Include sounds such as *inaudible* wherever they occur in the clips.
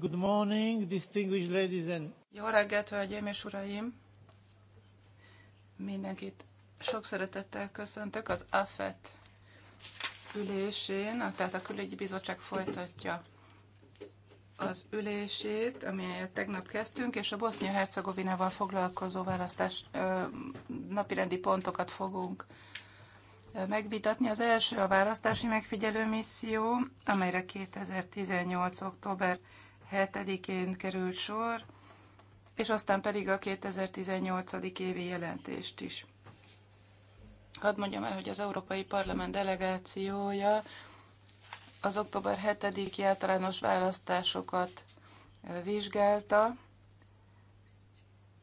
Good morning, distinguished ladies and... Jó reggelt, hölgyeim és uraim! Mindenkit sok szeretettel köszöntök az AFET ülésén, tehát a Külügyi Bizottság folytatja az ülését, amelyet tegnap kezdtünk, és a Bosznia-Hercegovinával foglalkozó választás napirendi pontokat fogunk megvitatni. Az első a választási megfigyelő misszió, amelyre 2018. október 7-én került sor, és aztán pedig a 2018. évi jelentést is. Hadd mondjam el, hogy az Európai Parlament delegációja az október 7-i általános választásokat vizsgálta,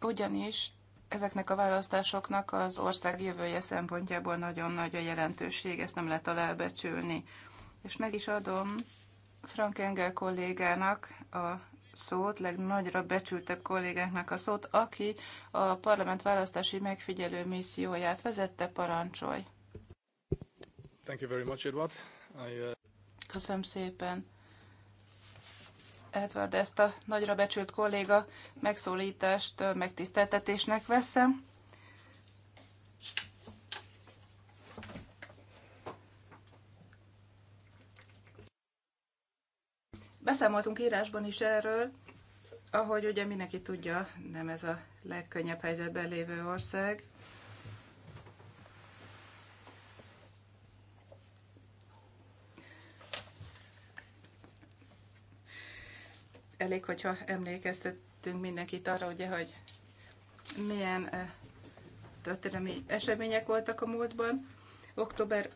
ugyanis ezeknek a választásoknak az ország jövője szempontjából nagyon nagy a jelentőség, ezt nem lehet alábecsülni. És meg is adom Frank Engel kollégának a szót, legnagyra becsültebb kollégáknak a szót, aki a parlament választási megfigyelő misszióját vezette, parancsolj. Thank you very much, Edward. I, uh... Köszönöm szépen. Edward ezt a nagyra becsült kolléga megszólítást megtiszteltetésnek veszem. Beszámoltunk írásban is erről, ahogy ugye mindenki tudja, nem ez a legkönnyebb helyzetben lévő ország. elég, hogyha emlékeztetünk mindenkit arra, ugye, hogy milyen eh, történelmi események voltak a múltban. Október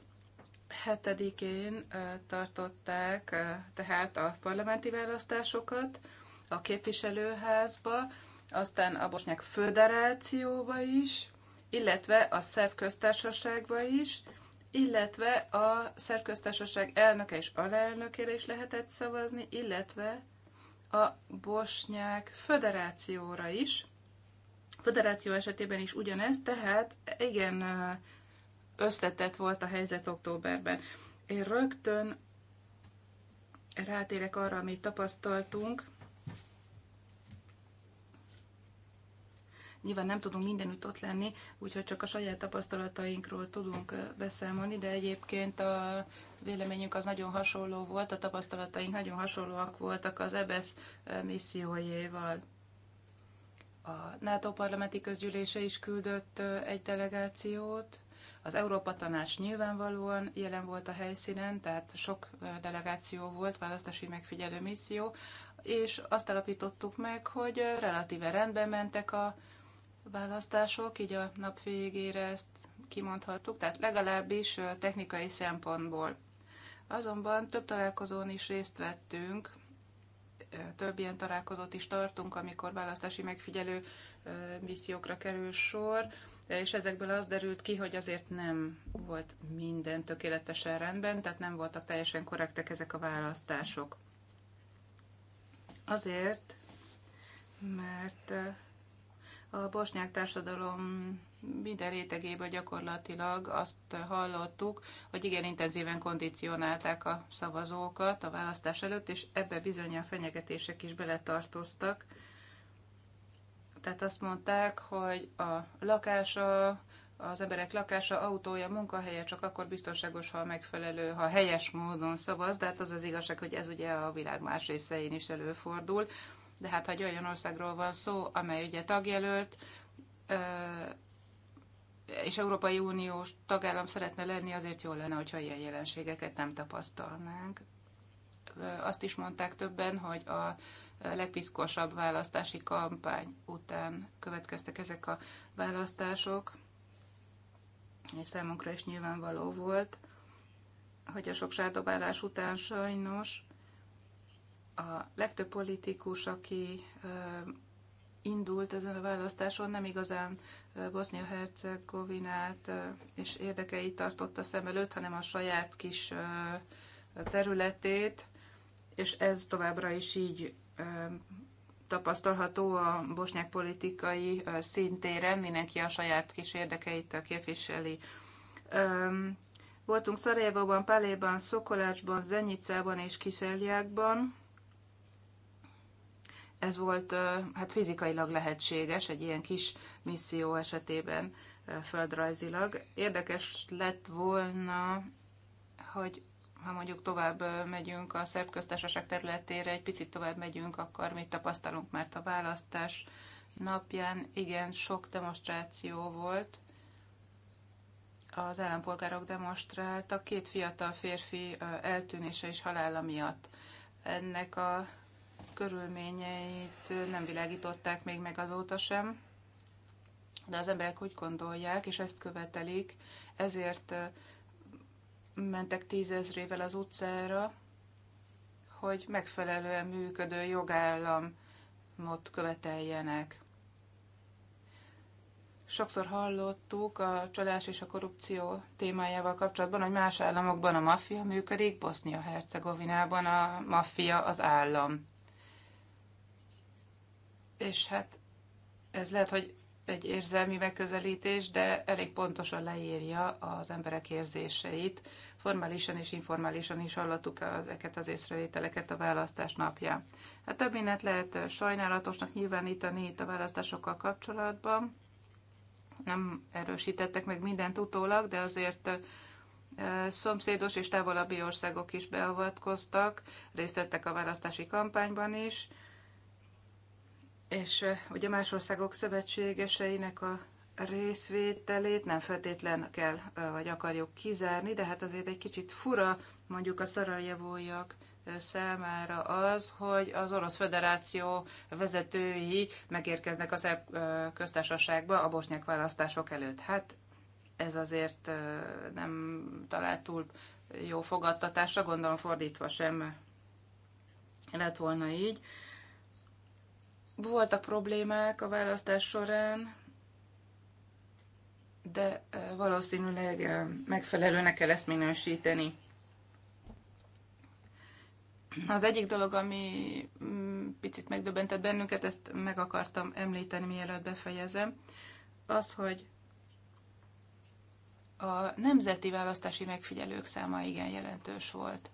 7-én eh, tartották eh, tehát a parlamenti választásokat a képviselőházba, aztán a Bosnyák Föderációba is, illetve a Szerb Köztársaságba is, illetve a Szerb Köztársaság elnöke és alelnökére is lehetett szavazni, illetve a Bosnyák Föderációra is. föderáció esetében is ugyanez, tehát igen összetett volt a helyzet októberben. Én rögtön rátérek arra, amit tapasztaltunk. Nyilván nem tudunk mindenütt ott lenni, úgyhogy csak a saját tapasztalatainkról tudunk beszámolni, de egyébként a véleményünk az nagyon hasonló volt, a tapasztalataink nagyon hasonlóak voltak az EBS e eh, missziójéval. A NATO parlamenti közgyűlése is küldött eh, egy delegációt, az Európa Tanács nyilvánvalóan jelen volt a helyszínen, tehát sok eh, delegáció volt, választási megfigyelő misszió, és azt alapítottuk meg, hogy relatíve rendben mentek a választások, így a nap végére ezt kimondhattuk, tehát legalábbis technikai szempontból. Azonban több találkozón is részt vettünk, több ilyen találkozót is tartunk, amikor választási megfigyelő missziókra kerül sor, és ezekből az derült ki, hogy azért nem volt minden tökéletesen rendben, tehát nem voltak teljesen korrektek ezek a választások. Azért, mert a bosnyák társadalom minden rétegéből gyakorlatilag azt hallottuk, hogy igen intenzíven kondicionálták a szavazókat a választás előtt, és ebbe bizony a fenyegetések is beletartoztak. Tehát azt mondták, hogy a lakása, az emberek lakása, autója, munkahelye csak akkor biztonságos, ha megfelelő, ha helyes módon szavaz, de hát az az igazság, hogy ez ugye a világ más részein is előfordul. De hát, ha egy olyan országról van szó, amely ugye tagjelölt, és Európai Uniós tagállam szeretne lenni, azért jó lenne, hogyha ilyen jelenségeket nem tapasztalnánk. Azt is mondták többen, hogy a legpiszkosabb választási kampány után következtek ezek a választások, és számunkra is nyilvánvaló volt, hogy a sok sárdobálás után sajnos a legtöbb politikus, aki indult ezen a választáson, nem igazán bosnia hercegovinát és érdekeit tartotta szem előtt, hanem a saját kis területét, és ez továbbra is így tapasztalható a bosnyák politikai szintéren, mindenki a saját kis érdekeit képviseli. Voltunk Szarajevóban, Páléban, Szokolácsban, Zenyicában és Kiseljákban, ez volt hát fizikailag lehetséges egy ilyen kis misszió esetében földrajzilag. Érdekes lett volna, hogy ha mondjuk tovább megyünk a szerb köztársaság területére, egy picit tovább megyünk, akkor mit tapasztalunk, mert a választás napján igen sok demonstráció volt, az állampolgárok demonstráltak, két fiatal férfi eltűnése és halála miatt. Ennek a körülményeit nem világították még meg azóta sem, de az emberek úgy gondolják, és ezt követelik, ezért mentek tízezrével az utcára, hogy megfelelően működő jogállamot követeljenek. Sokszor hallottuk a csalás és a korrupció témájával kapcsolatban, hogy más államokban a maffia működik, Bosznia-Hercegovinában a maffia az állam és hát ez lehet, hogy egy érzelmi megközelítés, de elég pontosan leírja az emberek érzéseit. Formálisan és informálisan is hallottuk ezeket az észrevételeket a választás napján. Hát több mindent lehet sajnálatosnak nyilvánítani itt a választásokkal kapcsolatban. Nem erősítettek meg mindent utólag, de azért szomszédos és távolabbi országok is beavatkoztak, részt vettek a választási kampányban is és ugye más országok szövetségeseinek a részvételét nem feltétlen kell, vagy akarjuk kizárni, de hát azért egy kicsit fura mondjuk a szarajevóiak számára az, hogy az Orosz Föderáció vezetői megérkeznek a szerb köztársaságba a bosnyák választások előtt. Hát ez azért nem talált túl jó fogadtatásra, gondolom fordítva sem lett volna így. Voltak problémák a választás során, de valószínűleg megfelelőnek kell ezt minősíteni. Az egyik dolog, ami mm, picit megdöbbentett bennünket, ezt meg akartam említeni, mielőtt befejezem, az, hogy a nemzeti választási megfigyelők száma igen jelentős volt.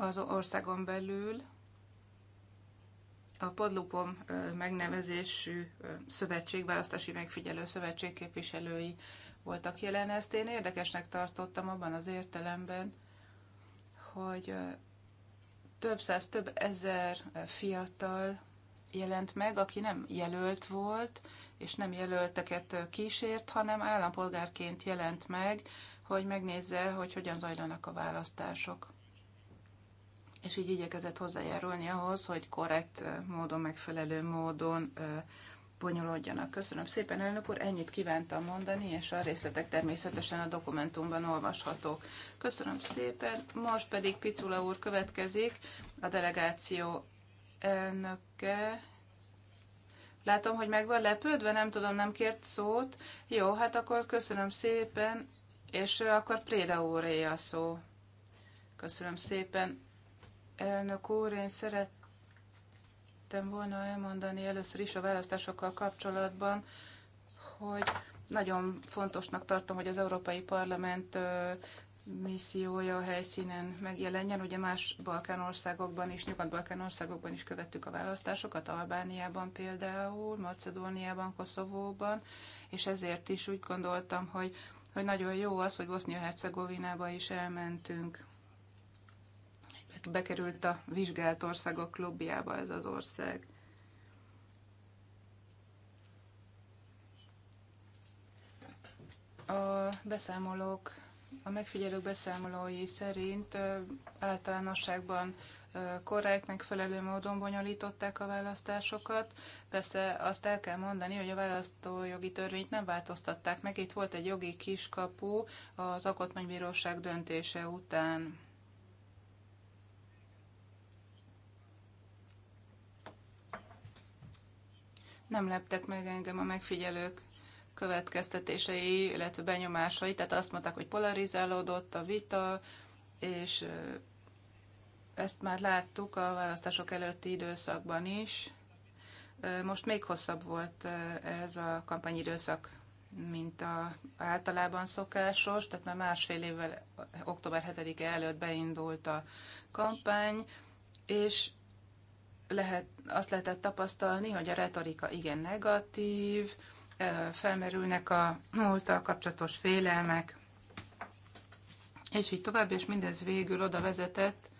az országon belül a Podlupom megnevezésű szövetség, választási megfigyelő szövetség képviselői voltak jelen. Ezt én érdekesnek tartottam abban az értelemben, hogy több száz, több ezer fiatal jelent meg, aki nem jelölt volt, és nem jelölteket kísért, hanem állampolgárként jelent meg, hogy megnézze, hogy hogyan zajlanak a választások és így igyekezett hozzájárulni ahhoz, hogy korrekt módon, megfelelő módon bonyolódjanak. Köszönöm szépen, elnök úr, ennyit kívántam mondani, és a részletek természetesen a dokumentumban olvashatók. Köszönöm szépen, most pedig Picula úr következik, a delegáció elnöke. Látom, hogy meg van lepődve, nem tudom, nem kért szót. Jó, hát akkor köszönöm szépen, és akkor Préda úré a szó. Köszönöm szépen, Elnök úr, én szerettem volna elmondani először is a választásokkal kapcsolatban, hogy nagyon fontosnak tartom, hogy az Európai Parlament missziója a helyszínen megjelenjen. Ugye más Balkán országokban is, Nyugat-Balkán országokban is követtük a választásokat, Albániában például, Macedóniában, Koszovóban, és ezért is úgy gondoltam, hogy, hogy nagyon jó az, hogy Bosznia-Hercegovinába is elmentünk bekerült a vizsgált országok klubjába ez az ország. A beszámolók, a megfigyelők beszámolói szerint általánosságban korrekt, megfelelő módon bonyolították a választásokat. Persze azt el kell mondani, hogy a választójogi törvényt nem változtatták meg. Itt volt egy jogi kiskapu az Alkotmánybíróság döntése után. nem leptek meg engem a megfigyelők következtetései, illetve benyomásai, tehát azt mondták, hogy polarizálódott a vita, és ezt már láttuk a választások előtti időszakban is. Most még hosszabb volt ez a kampányidőszak, mint a általában szokásos, tehát már másfél évvel, október 7-e előtt beindult a kampány, és lehet, azt lehetett tapasztalni, hogy a retorika igen negatív, felmerülnek a múlttal kapcsolatos félelmek, és így tovább, és mindez végül oda vezetett,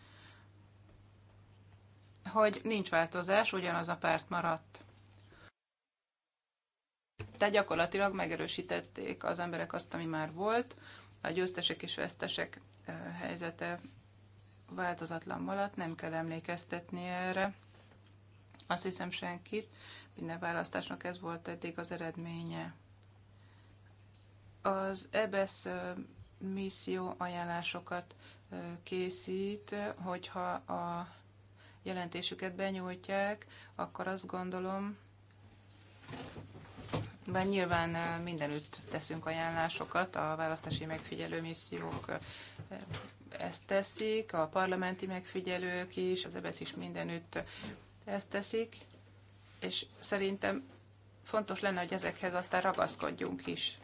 hogy nincs változás, ugyanaz a párt maradt. Tehát gyakorlatilag megerősítették az emberek azt, ami már volt, a győztesek és vesztesek helyzete változatlan maradt, nem kell emlékeztetni erre. Azt hiszem senkit. Minden választásnak ez volt eddig az eredménye. Az EBESZ misszió ajánlásokat készít, hogyha a jelentésüket benyújtják, akkor azt gondolom, bár nyilván mindenütt teszünk ajánlásokat, a választási megfigyelő missziók ezt teszik, a parlamenti megfigyelők is, az EBSZ e is mindenütt ezt teszik, és szerintem fontos lenne, hogy ezekhez aztán ragaszkodjunk is.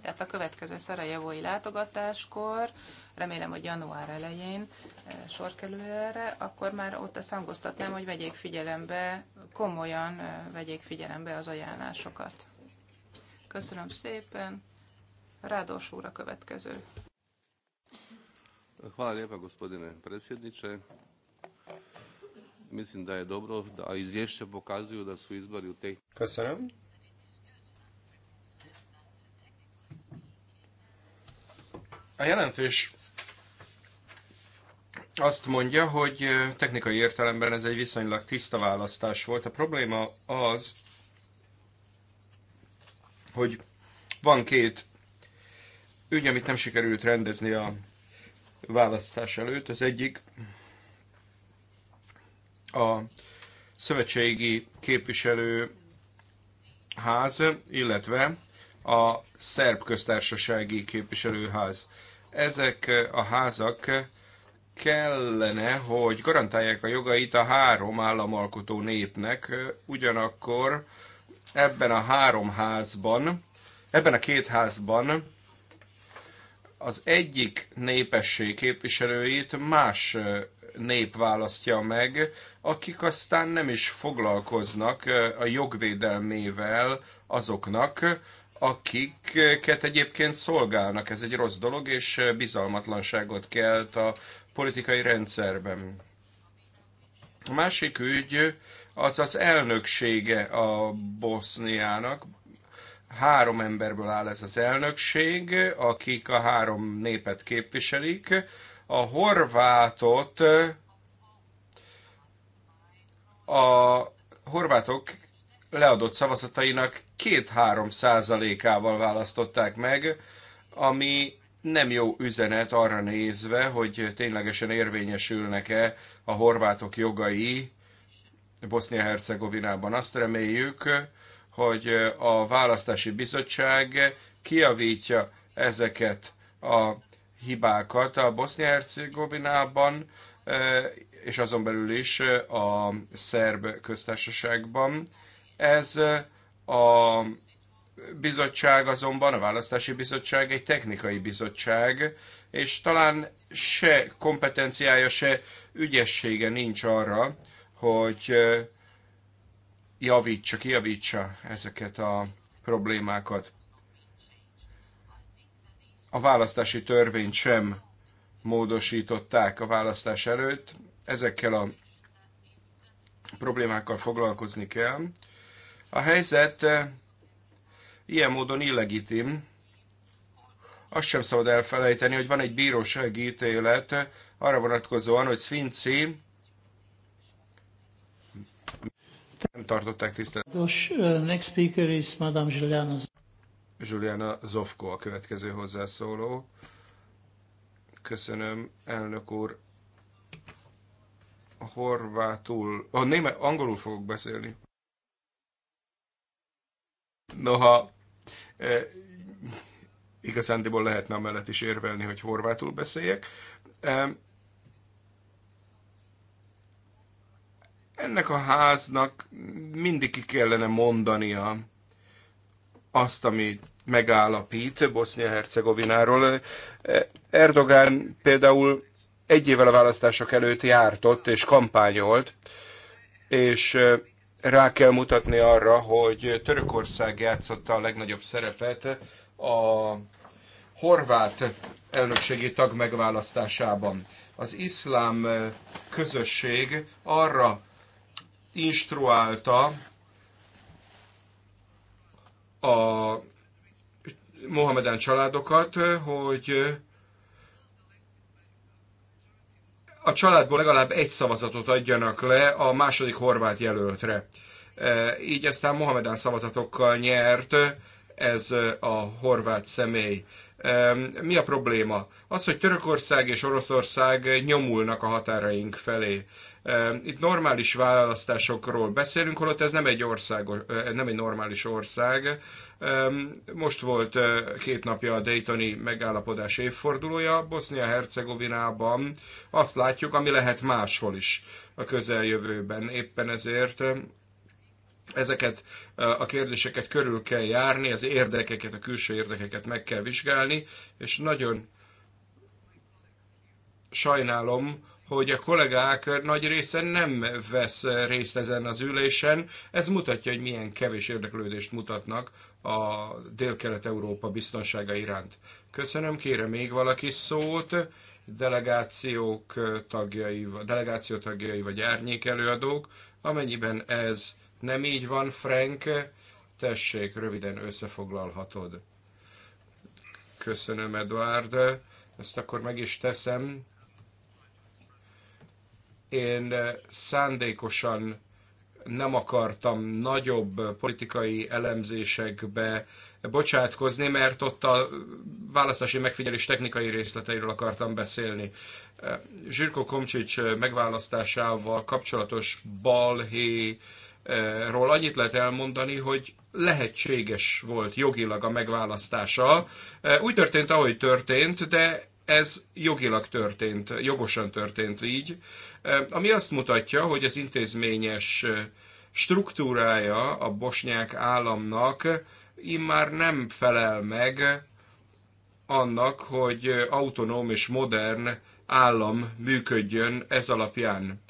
Tehát a következő szarajevói látogatáskor, remélem, hogy január elején eh, sor kerül erre, akkor már ott ezt hangoztatnám, hogy vegyék figyelembe, komolyan eh, vegyék figyelembe az ajánlásokat. Köszönöm szépen. Rádós úr a következő. Hvala lijepa gospodine predsjedniče mislim da je dobro, da izvješće pokazuju da su izbori u tehnici. Köszönöm. A jelentés azt mondja, hogy technikai értelemben ez egy viszonylag tiszta választás volt. A probléma az, hogy van két ügy, amit nem sikerült rendezni a választás előtt. Az egyik a szövetségi képviselő ház, illetve a szerb köztársasági képviselőház. Ezek a házak kellene, hogy garantálják a jogait a három államalkotó népnek, ugyanakkor ebben a három házban, ebben a két házban az egyik népesség képviselőit más nép választja meg, akik aztán nem is foglalkoznak a jogvédelmével azoknak, akiket egyébként szolgálnak. Ez egy rossz dolog, és bizalmatlanságot kelt a politikai rendszerben. A másik ügy az az elnöksége a Boszniának. Három emberből áll ez az elnökség, akik a három népet képviselik a horvátot a horvátok leadott szavazatainak 2-3 százalékával választották meg, ami nem jó üzenet arra nézve, hogy ténylegesen érvényesülnek-e a horvátok jogai Bosznia-Hercegovinában. Azt reméljük, hogy a választási bizottság kiavítja ezeket a hibákat a Bosznia-Hercegovinában, és azon belül is a szerb köztársaságban. Ez a bizottság azonban, a választási bizottság egy technikai bizottság, és talán se kompetenciája, se ügyessége nincs arra, hogy javítsa, kijavítsa ezeket a problémákat a választási törvényt sem módosították a választás előtt. Ezekkel a problémákkal foglalkozni kell. A helyzet eh, ilyen módon illegitim. Azt sem szabad elfelejteni, hogy van egy bírósági ítélet arra vonatkozóan, hogy Svinci nem tartották tiszteletben. Eh, next speaker is Madame Juliana Juliana Zofko a következő hozzászóló. Köszönöm, elnök úr. Horvátul, a német, angolul fogok beszélni. Noha, e, igazándiból lehetne mellett is érvelni, hogy horvátul beszéljek. E, ennek a háznak mindig ki kellene mondania, azt, ami megállapít Bosznia-Hercegovináról. Erdogán például egy évvel a választások előtt jártott és kampányolt, és rá kell mutatni arra, hogy Törökország játszotta a legnagyobb szerepet a horvát elnökségi tag megválasztásában. Az iszlám közösség arra instruálta a Mohamedán családokat, hogy a családból legalább egy szavazatot adjanak le a második horvát jelöltre. E, így aztán Mohamedán szavazatokkal nyert ez a horvát személy. E, mi a probléma? Az, hogy Törökország és Oroszország nyomulnak a határaink felé. Itt normális választásokról beszélünk, holott ez nem egy, ország, nem egy normális ország. Most volt két napja a Daytoni megállapodás évfordulója. Bosznia-Hercegovinában azt látjuk, ami lehet máshol is a közeljövőben. Éppen ezért ezeket a kérdéseket körül kell járni, az érdekeket, a külső érdekeket meg kell vizsgálni, és nagyon sajnálom, hogy a kollégák nagy része nem vesz részt ezen az ülésen. Ez mutatja, hogy milyen kevés érdeklődést mutatnak a Dél-Kelet-Európa biztonsága iránt. Köszönöm, kérem még valaki szót, delegációk tagjai, delegáció tagjai vagy árnyék előadók, amennyiben ez nem így van, Frank, tessék, röviden összefoglalhatod. Köszönöm, Eduard, ezt akkor meg is teszem én eh, szándékosan nem akartam nagyobb politikai elemzésekbe bocsátkozni, mert ott a választási megfigyelés technikai részleteiről akartam beszélni. Eh, Zsirko Komcsics eh, megválasztásával kapcsolatos balhé ról annyit lehet elmondani, hogy lehetséges volt jogilag a megválasztása. Úgy történt, ahogy történt, de ez jogilag történt, jogosan történt így ami azt mutatja, hogy az intézményes struktúrája a bosnyák államnak immár nem felel meg annak, hogy autonóm és modern állam működjön ez alapján.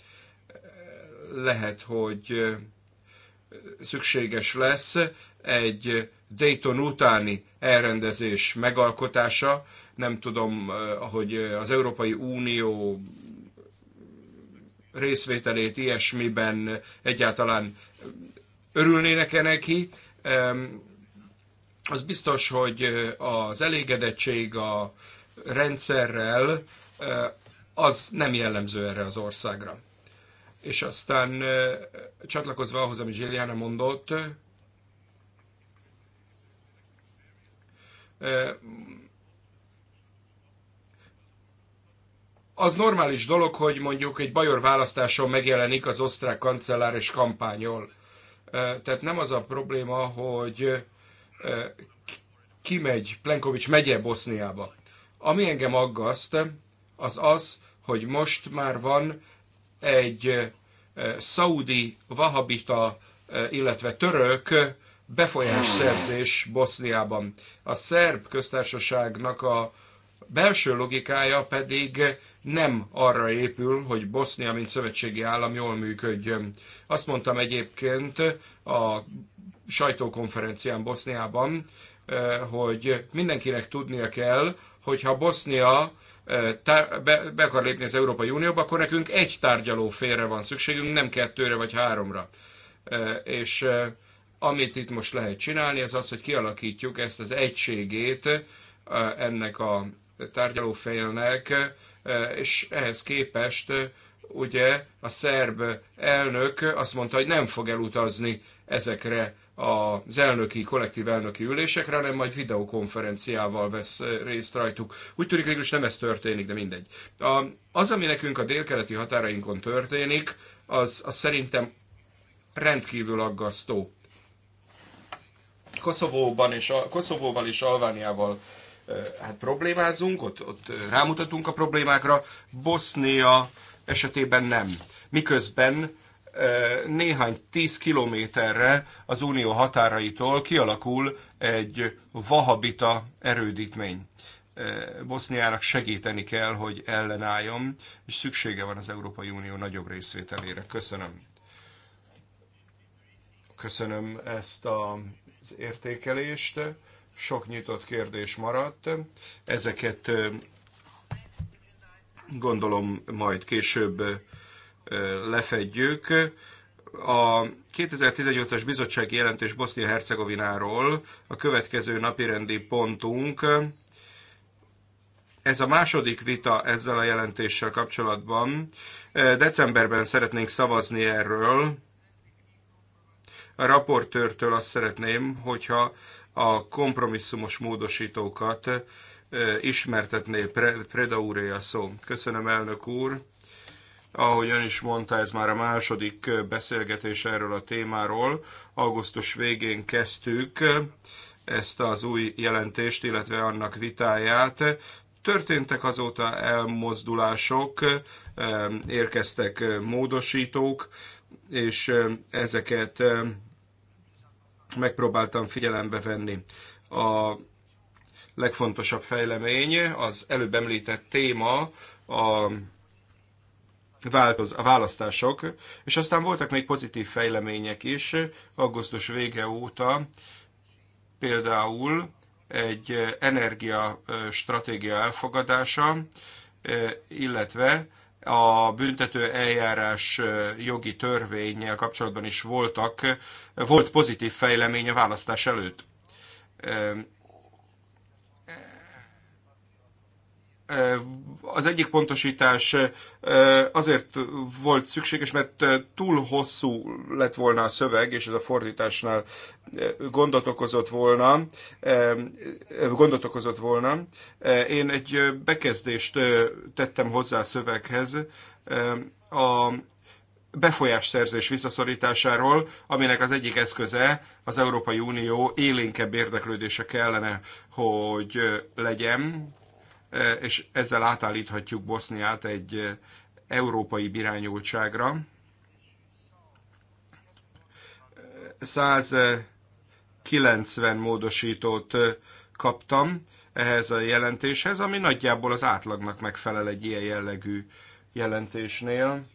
Lehet, hogy szükséges lesz egy Dayton utáni elrendezés megalkotása. Nem tudom, hogy az Európai Unió részvételét ilyesmiben egyáltalán örülnének-e neki. Az biztos, hogy az elégedettség a rendszerrel az nem jellemző erre az országra. És aztán csatlakozva ahhoz, amit Zsiliana mondott, az normális dolog, hogy mondjuk egy bajor választáson megjelenik az osztrák kancellár és kampányol. Tehát nem az a probléma, hogy kimegy, Plenkovics megye Boszniába. Ami engem aggaszt, az az, hogy most már van egy szaudi, vahabita, illetve török befolyásszerzés Boszniában. A szerb köztársaságnak a belső logikája pedig nem arra épül, hogy Bosznia, mint szövetségi állam jól működjön. Azt mondtam egyébként a sajtókonferencián Boszniában, hogy mindenkinek tudnia kell, hogy ha Bosznia be, be akar lépni az Európai Unióba, akkor nekünk egy tárgyaló félre van szükségünk, nem kettőre vagy háromra. És amit itt most lehet csinálni, az az, hogy kialakítjuk ezt az egységét ennek a tárgyalófélnek, és ehhez képest ugye a szerb elnök azt mondta, hogy nem fog elutazni ezekre az elnöki, kollektív elnöki ülésekre, hanem majd videokonferenciával vesz részt rajtuk. Úgy tűnik, hogy nem ez történik, de mindegy. Az, ami nekünk a délkeleti határainkon történik, az, az szerintem rendkívül aggasztó. Koszovóban és a, Koszovóval és Alvániával hát problémázunk, ott, ott rámutatunk a problémákra, Bosznia esetében nem. Miközben néhány tíz kilométerre az unió határaitól kialakul egy vahabita erődítmény. Boszniának segíteni kell, hogy ellenálljon, és szüksége van az Európai Unió nagyobb részvételére. Köszönöm. Köszönöm ezt az értékelést sok nyitott kérdés maradt. Ezeket gondolom majd később lefedjük. A 2018-as bizottsági jelentés Bosznia-Hercegovináról a következő napirendi pontunk. Ez a második vita ezzel a jelentéssel kapcsolatban. Decemberben szeretnénk szavazni erről. A raportőrtől azt szeretném, hogyha a kompromisszumos módosítókat ismertetné. Preda úr a szó. Köszönöm, elnök úr. Ahogy ön is mondta, ez már a második beszélgetés erről a témáról. Augusztus végén kezdtük ezt az új jelentést, illetve annak vitáját. Történtek azóta elmozdulások, érkeztek módosítók, és ezeket megpróbáltam figyelembe venni a legfontosabb fejlemény, az előbb említett téma a, változ, a választások, és aztán voltak még pozitív fejlemények is augusztus vége óta, például egy energiastratégia elfogadása, illetve a büntető eljárás jogi törvényel kapcsolatban is voltak, volt pozitív fejlemény a választás előtt Az egyik pontosítás azért volt szükséges, mert túl hosszú lett volna a szöveg, és ez a fordításnál gondot okozott volna. Gondot okozott volna. Én egy bekezdést tettem hozzá a szöveghez. A befolyásszerzés visszaszorításáról, aminek az egyik eszköze az Európai Unió élénkebb érdeklődése kellene, hogy legyen E, és ezzel átállíthatjuk Boszniát egy e, európai birányultságra. 190 módosítót e, kaptam ehhez a jelentéshez, ami nagyjából az átlagnak megfelel egy ilyen jellegű jelentésnél.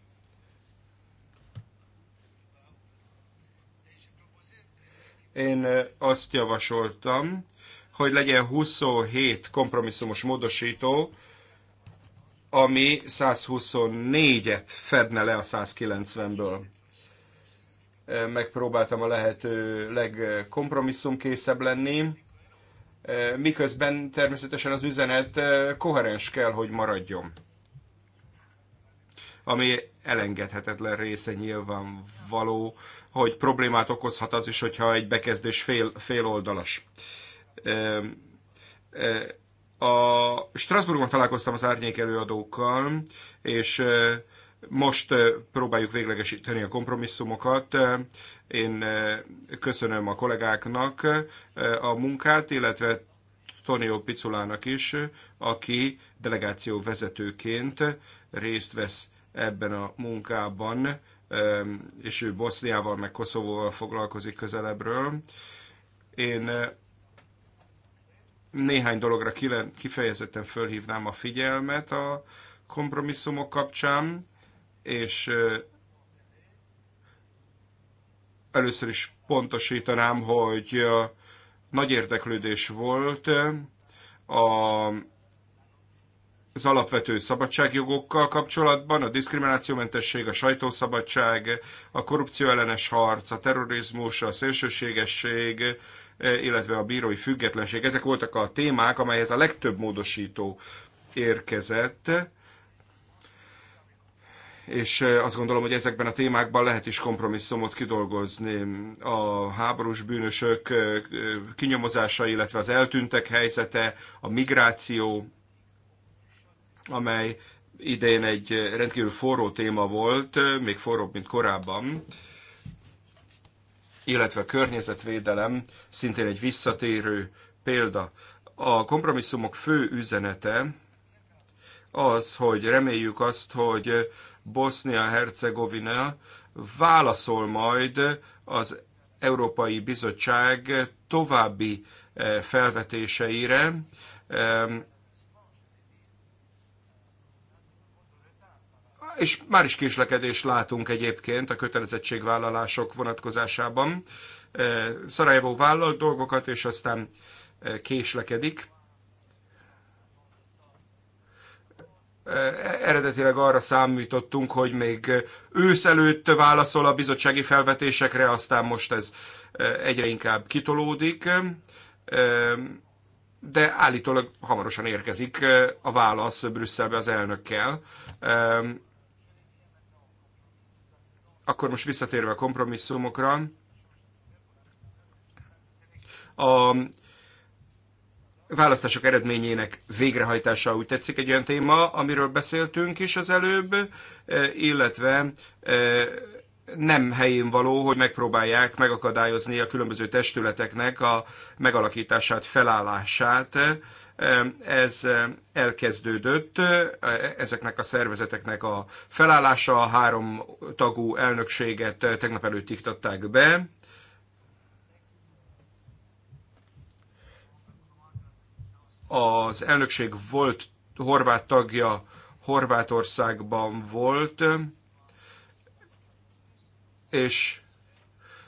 Én azt javasoltam, hogy legyen 27 kompromisszumos módosító, ami 124-et fedne le a 190-ből. E, megpróbáltam a lehető legkompromisszumkészebb lenni, e, miközben természetesen az üzenet e, koherens kell, hogy maradjon. Ami elengedhetetlen része nyilvánvaló, hogy problémát okozhat az is, hogyha egy bekezdés fél, fél oldalas. E, a Strasbourgban találkoztam az árnyék előadókkal, és e, most e, próbáljuk véglegesíteni a kompromisszumokat. Én köszönöm a kollégáknak a munkát, illetve Tonio Piculának is, aki delegáció vezetőként részt vesz ebben a munkában, és ő Boszniával meg Koszovóval foglalkozik közelebbről. Én néhány dologra kifejezetten fölhívnám a figyelmet a kompromisszumok kapcsán, és először is pontosítanám, hogy nagy érdeklődés volt a az alapvető szabadságjogokkal kapcsolatban, a diszkriminációmentesség, a sajtószabadság, a korrupcióellenes harc, a terrorizmus, a szélsőségesség, E, illetve a bírói függetlenség. Ezek voltak a témák, amelyhez a legtöbb módosító érkezett, és e, azt gondolom, hogy ezekben a témákban lehet is kompromisszumot kidolgozni. A háborús bűnösök e, kinyomozása, illetve az eltűntek helyzete, a migráció, amely idén egy rendkívül forró téma volt, még forróbb, mint korábban illetve a környezetvédelem szintén egy visszatérő példa. A kompromisszumok fő üzenete az, hogy reméljük azt, hogy Bosznia-Hercegovina válaszol majd az Európai Bizottság további eh, felvetéseire, és már is késlekedés látunk egyébként a kötelezettségvállalások vonatkozásában. E, Szarajevó vállal dolgokat, és aztán e, késlekedik. E, eredetileg arra számítottunk, hogy még ősz előtt válaszol a bizottsági felvetésekre, aztán most ez egyre inkább kitolódik, de állítólag hamarosan érkezik a válasz Brüsszelbe az elnökkel. Akkor most visszatérve a kompromisszumokra. A választások eredményének végrehajtása úgy tetszik egy olyan téma, amiről beszéltünk is az előbb, e, illetve e, nem helyén való, hogy megpróbálják megakadályozni a különböző testületeknek a megalakítását, felállását, ez elkezdődött, ezeknek a szervezeteknek a felállása, a három tagú elnökséget tegnap előtt iktatták be. Az elnökség volt horvát tagja, Horvátországban volt, és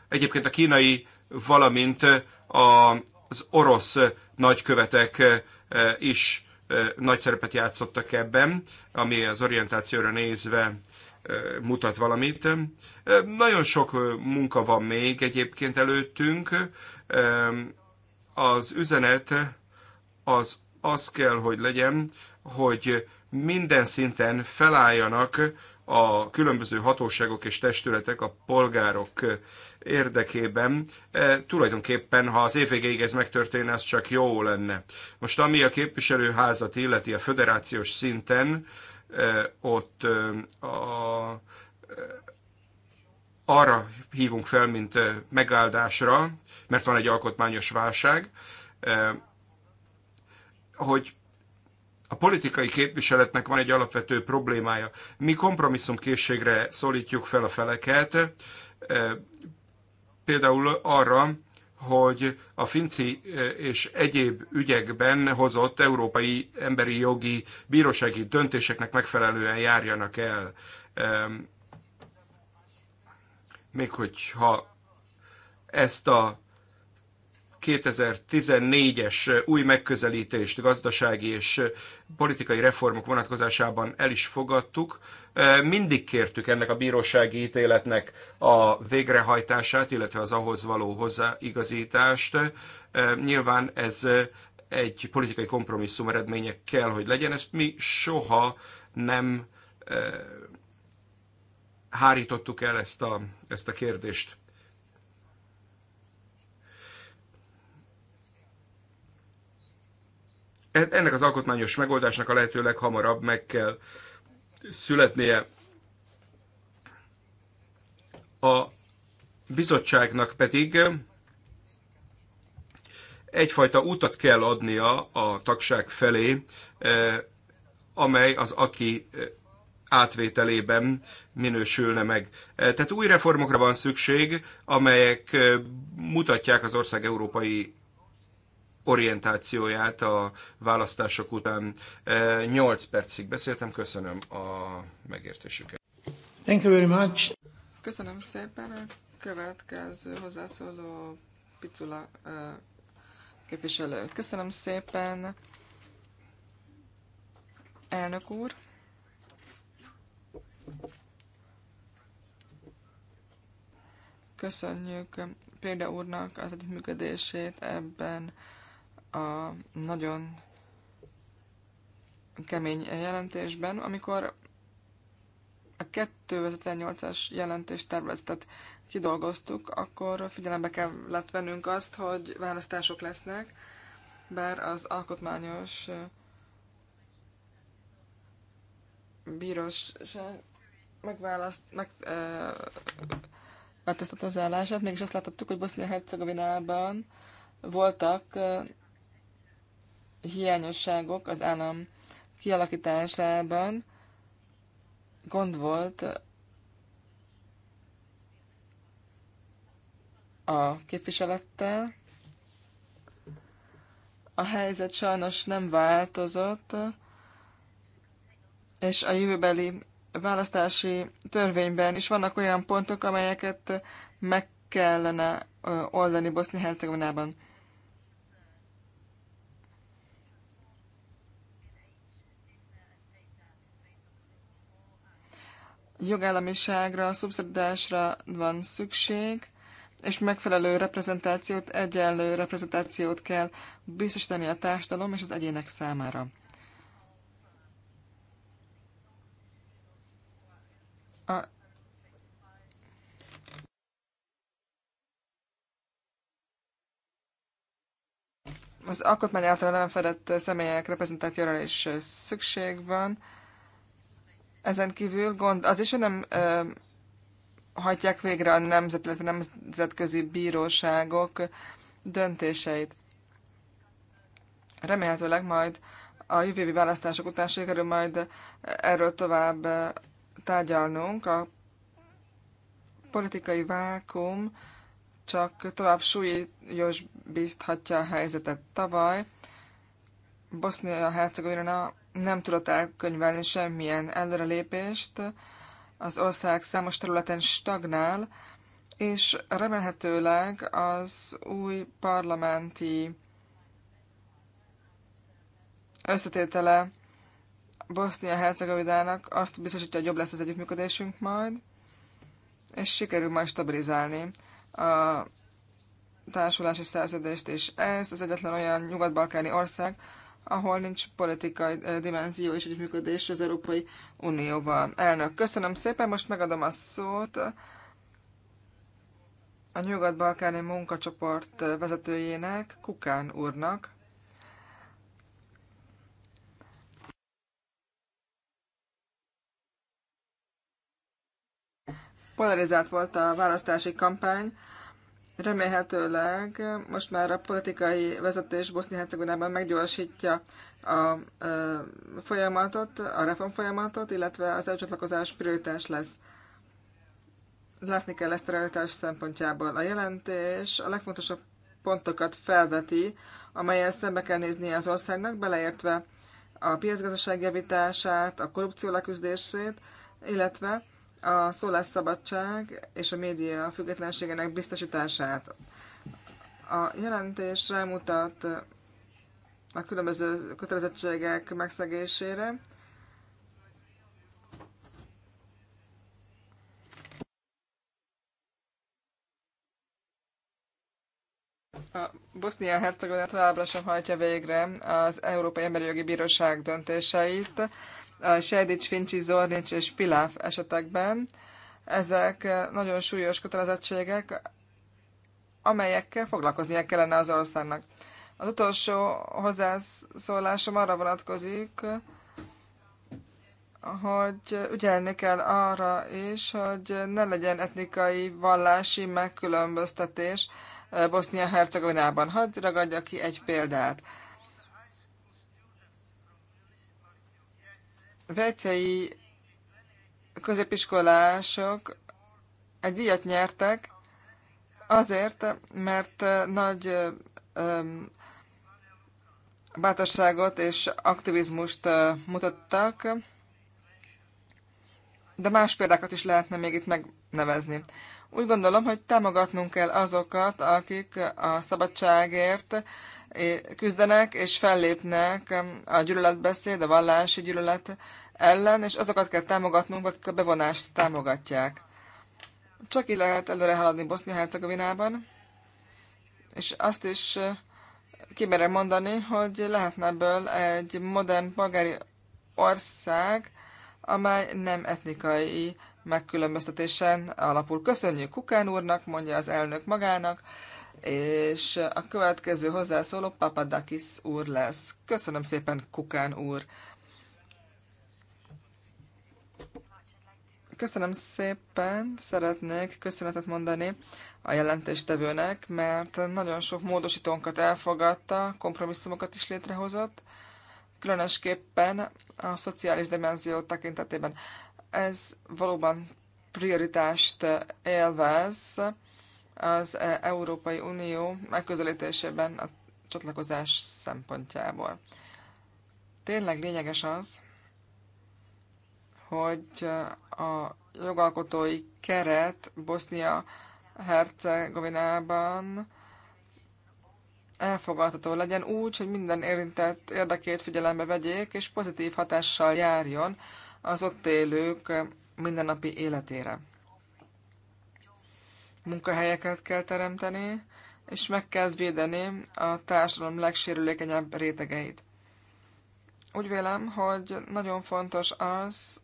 egyébként a kínai, valamint az orosz nagykövetek is nagy szerepet játszottak ebben, ami az orientációra nézve mutat valamit. Nagyon sok munka van még egyébként előttünk. Az üzenet az az kell, hogy legyen, hogy minden szinten felálljanak a különböző hatóságok és testületek a polgárok érdekében. E, tulajdonképpen, ha az végéig ez megtörténne, az csak jó lenne. Most ami a képviselőházat illeti a föderációs szinten, e, ott e, a, arra hívunk fel, mint megáldásra, mert van egy alkotmányos válság, e, hogy a politikai képviseletnek van egy alapvető problémája. Mi kompromisszumkészségre szólítjuk fel a feleket, e, például arra, hogy a finci e, és egyéb ügyekben hozott európai emberi jogi bírósági döntéseknek megfelelően járjanak el. E, még hogyha ezt a 2014-es új megközelítést gazdasági és politikai reformok vonatkozásában el is fogadtuk. Mindig kértük ennek a bírósági ítéletnek a végrehajtását, illetve az ahhoz való hozzáigazítást. Nyilván ez egy politikai kompromisszum eredménye kell, hogy legyen. Ezt mi soha nem hárítottuk el ezt a, ezt a kérdést. E- ennek az alkotmányos megoldásnak a lehető leghamarabb meg kell születnie. A bizottságnak pedig egyfajta útat kell adnia a tagság felé, e, amely az aki e, átvételében minősülne meg. Tehát új reformokra van szükség, amelyek mutatják az ország európai orientációját a választások után. 8 e, percig beszéltem, köszönöm a megértésüket. Thank you very much. Köszönöm szépen. A következő hozzászóló Picula e, képviselő. Köszönöm szépen, elnök úr. Köszönjük Préda úrnak az együttműködését ebben a nagyon kemény jelentésben, amikor a 2018-as jelentést terveztet kidolgoztuk, akkor figyelembe kellett vennünk azt, hogy választások lesznek, bár az alkotmányos bíróság megválaszt, meg, eh, változtatta az állását, mégis azt láthattuk, hogy Bosznia-Hercegovinában voltak hiányosságok az állam kialakításában gond volt a képviselettel. A helyzet sajnos nem változott, és a jövőbeli választási törvényben is vannak olyan pontok, amelyeket meg kellene oldani Bosznia-Hercegovinában. jogállamiságra, szubszidásra van szükség, és megfelelő reprezentációt, egyenlő reprezentációt kell biztosítani a társadalom és az egyének számára. A az alkotmány által nem fedett személyek reprezentációra is szükség van. Ezen kívül gond az is, hogy nem ö, hagyják végre a nemzet, illetve nemzetközi bíróságok döntéseit. Remélhetőleg majd a jövő választások után sikerül majd erről tovább tárgyalnunk. A politikai vákum csak tovább súlyos bízhatja a helyzetet tavaly. Bosznia-Hercegovina nem tudott elkönyvelni semmilyen előrelépést, az ország számos területen stagnál, és remélhetőleg az új parlamenti összetétele Bosznia-Hercegovinának azt biztosítja, hogy jobb lesz az együttműködésünk majd, és sikerül majd stabilizálni a társulási szerződést, és ez az egyetlen olyan nyugat-balkáni ország, ahol nincs politikai eh, dimenzió és működés az Európai Unióval. Elnök, köszönöm szépen, most megadom a szót a Nyugat-Balkáni munkacsoport eh, vezetőjének, Kukán úrnak. Polarizált volt a választási kampány, remélhetőleg most már a politikai vezetés Bosznia-Hercegovinában meggyorsítja a folyamatot, a reform folyamatot, illetve az elcsatlakozás prioritás lesz. Látni kell ezt a realitás szempontjából. A jelentés a legfontosabb pontokat felveti, amelyen szembe kell néznie az országnak, beleértve a piacgazdaság javítását, a korrupció leküzdését, illetve a szólásszabadság és a média függetlenségének biztosítását. A jelentés rámutat a különböző kötelezettségek megszegésére, Bosznia-Hercegovina továbbra sem hajtja végre az Európai Emberi Jogi Bíróság döntéseit, a Sejdics, Fincsi, Zornics és Pilaf esetekben. Ezek nagyon súlyos kötelezettségek, amelyekkel foglalkoznia kellene az országnak. Az utolsó hozzászólásom arra vonatkozik, hogy ügyelni kell arra is, hogy ne legyen etnikai, vallási megkülönböztetés Bosznia-Hercegovinában. Hadd ragadja ki egy példát. vecei középiskolások egy díjat nyertek azért, mert nagy bátorságot és aktivizmust mutattak, de más példákat is lehetne még itt megnevezni. Úgy gondolom, hogy támogatnunk kell azokat, akik a szabadságért, küzdenek és fellépnek a gyűlöletbeszéd, a vallási gyűlölet ellen, és azokat kell támogatnunk, akik a bevonást támogatják. Csak így lehet előre haladni Bosznia-Hercegovinában, és azt is kimerem mondani, hogy lehetne ebből egy modern polgári ország, amely nem etnikai megkülönböztetésen alapul. Köszönjük Kukán úrnak, mondja az elnök magának, és a következő hozzászóló Papadakis úr lesz. Köszönöm szépen, Kukán úr! Köszönöm szépen, szeretnék köszönetet mondani a jelentéstevőnek, mert nagyon sok módosítónkat elfogadta, kompromisszumokat is létrehozott, különösképpen a szociális dimenzió tekintetében. Ez valóban prioritást élvez, az e- Európai Unió megközelítésében a csatlakozás szempontjából. Tényleg lényeges az, hogy a jogalkotói keret Bosznia-Hercegovinában elfogadható legyen úgy, hogy minden érintett érdekét figyelembe vegyék, és pozitív hatással járjon az ott élők mindennapi életére munkahelyeket kell teremteni, és meg kell védeni a társadalom legsérülékenyebb rétegeit. Úgy vélem, hogy nagyon fontos az,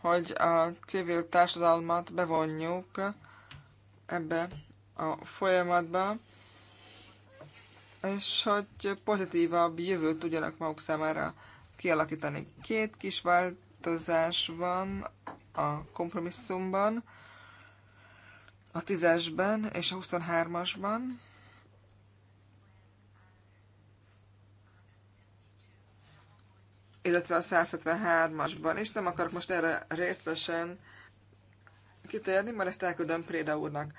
hogy a civil társadalmat bevonjuk ebbe a folyamatba, és hogy pozitívabb jövőt tudjanak maguk számára kialakítani. Két kis változás van a kompromisszumban a 10-esben és a 23-asban. illetve a 173-asban is. Nem akarok most erre részletesen kitérni, mert ezt elküldöm Préda úrnak.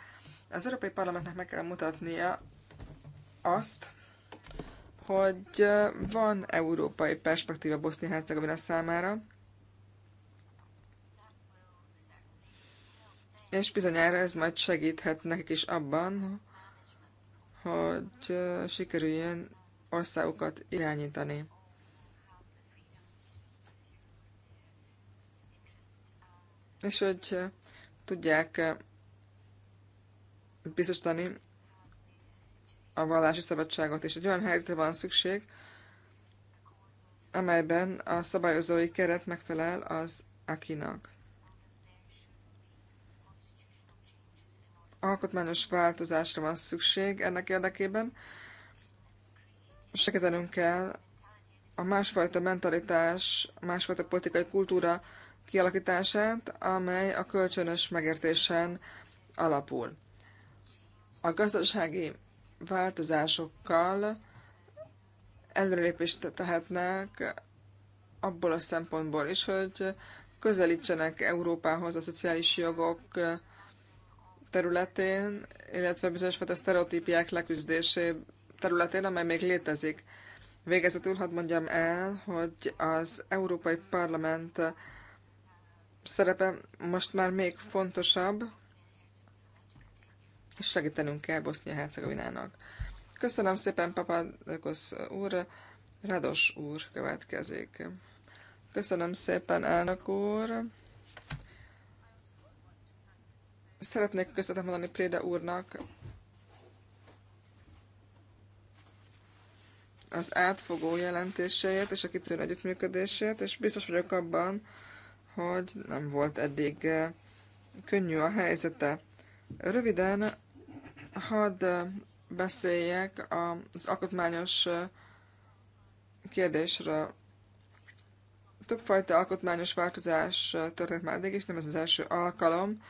Az Európai Parlamentnek meg kell mutatnia azt, hogy van európai perspektíva Bosznia-Hercegovina számára, és bizonyára ez majd segíthet nekik is abban, hogy sikerüljön országokat irányítani. És hogy tudják biztosítani a vallási szabadságot. És egy olyan helyzetre van szükség, amelyben a szabályozói keret megfelel az akinak. alkotmányos változásra van szükség ennek érdekében. Segítenünk kell a másfajta mentalitás, másfajta politikai kultúra kialakítását, amely a kölcsönös megértésen alapul. A gazdasági változásokkal előrelépést tehetnek abból a szempontból is, hogy közelítsenek Európához a szociális jogok területén, illetve bizonyos fajta sztereotípiák leküzdésé területén, amely még létezik. Végezetül hadd mondjam el, hogy az Európai Parlament szerepe most már még fontosabb, és segítenünk kell Bosznia-Hercegovinának. Köszönöm szépen, Papadakos úr, Rados úr következik. Köszönöm szépen, elnök úr. Szeretnék köszönetet mondani Préda úrnak az átfogó jelentéséért és a kitűnő együttműködését, és biztos vagyok abban, hogy nem volt eddig eh, könnyű a helyzete. Röviden hadd eh, beszéljek az alkotmányos eh, kérdésről. Többfajta alkotmányos változás történt már eddig, és nem ez az első alkalom.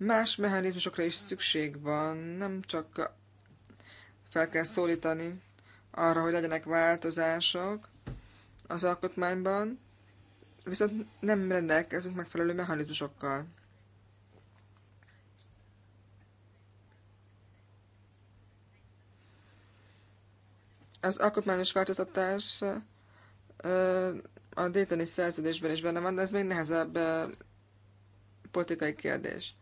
Más mechanizmusokra is szükség van, nem csak fel kell szólítani arra, hogy legyenek változások az alkotmányban, viszont nem rendelkezünk megfelelő mechanizmusokkal. Az alkotmányos változtatás a Daytoni szerződésben is benne van, de ez még nehezebb politikai kérdés.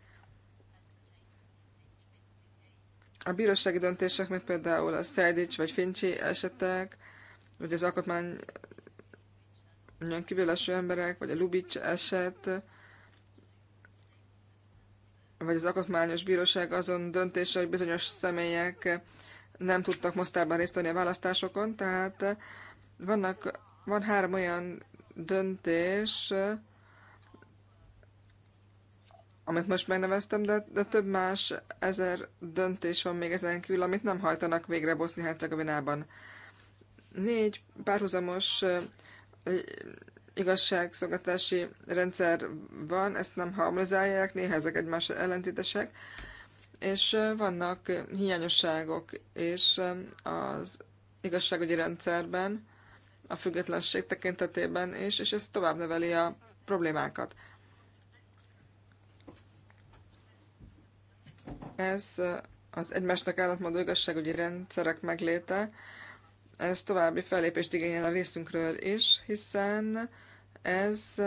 A bírósági döntések, mint például a Szejdics vagy Fincsi esetek, vagy az alkotmány kívülállású emberek, vagy a Lubics eset, vagy az alkotmányos bíróság azon döntése, hogy bizonyos személyek nem tudtak mostában részt venni a választásokon, tehát vannak, van három olyan döntés, amit most megneveztem, de, de több más ezer döntés van még ezen kívül, amit nem hajtanak végre Bosznia-Hercegovinában. Négy párhuzamos igazságszolgatási rendszer van, ezt nem harmonizálják, néha ezek egymás ellentétesek, és vannak hiányosságok és az igazságügyi rendszerben, a függetlenség tekintetében is, és ez tovább növeli a problémákat. Ez az egymásnak ellentmondó igazságügyi rendszerek megléte, ez további fellépést igényel a részünkről is, hiszen ez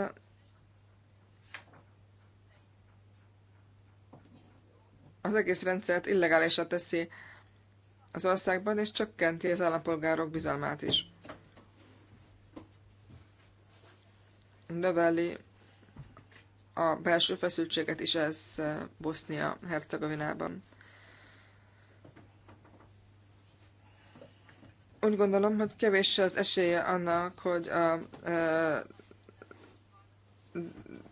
az egész rendszert illegálisra teszi az országban, és csökkenti az állampolgárok bizalmát is. Növeli a belső feszültséget is ez Bosznia-Hercegovinában. Úgy gondolom, hogy kevés az esélye annak, hogy a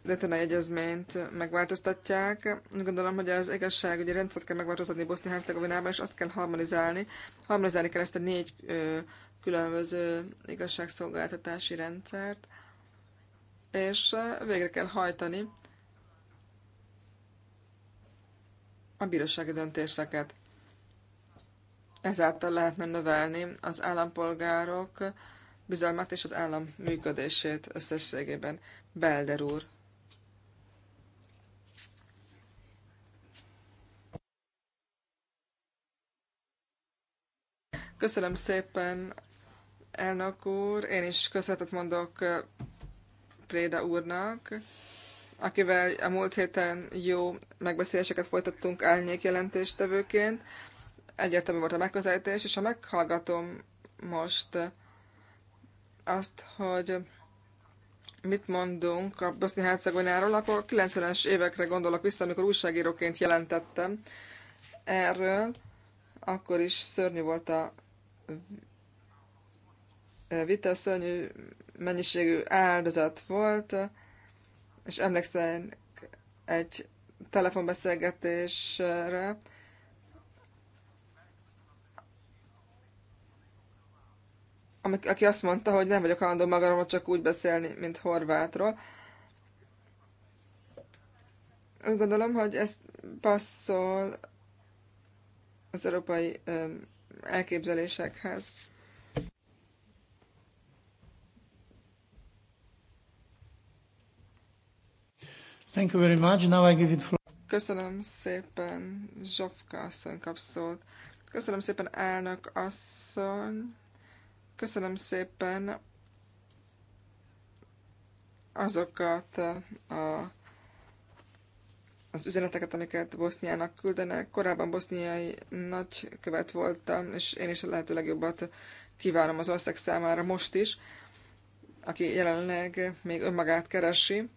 Letonai Egyezményt megváltoztatják. Úgy gondolom, hogy az igazságügyi rendszert kell megváltoztatni Bosznia-Hercegovinában, és azt kell harmonizálni. Harmonizálni kell ezt a négy ö, különböző igazságszolgáltatási rendszert és végre kell hajtani a bírósági döntéseket. Ezáltal lehetne növelni az állampolgárok bizalmát és az állam működését összességében. Belder úr. Köszönöm szépen, elnök úr. Én is köszönetet mondok Préda úrnak, akivel a múlt héten jó megbeszéléseket folytattunk elnyék jelentéstevőként. Egyértelmű volt a megközelítés, és ha meghallgatom most azt, hogy mit mondunk a bosznia hercegonyáról akkor 90-es évekre gondolok vissza, amikor újságíróként jelentettem erről, akkor is szörnyű volt a vita szörnyű mennyiségű áldozat volt, és emlékszem egy telefonbeszélgetésre, aki azt mondta, hogy nem vagyok hajlandó magamról csak úgy beszélni, mint Horvátról. Úgy gondolom, hogy ez passzol az európai elképzelésekhez. Thank you very much. Now I give it floor. Köszönöm szépen, Zsofka asszony kap szót. Köszönöm szépen, elnök asszony. Köszönöm szépen azokat a, az üzeneteket, amiket Boszniának küldenek. Korábban boszniai nagykövet voltam, és én is a lehető legjobbat kívánom az ország számára most is, aki jelenleg még önmagát keresi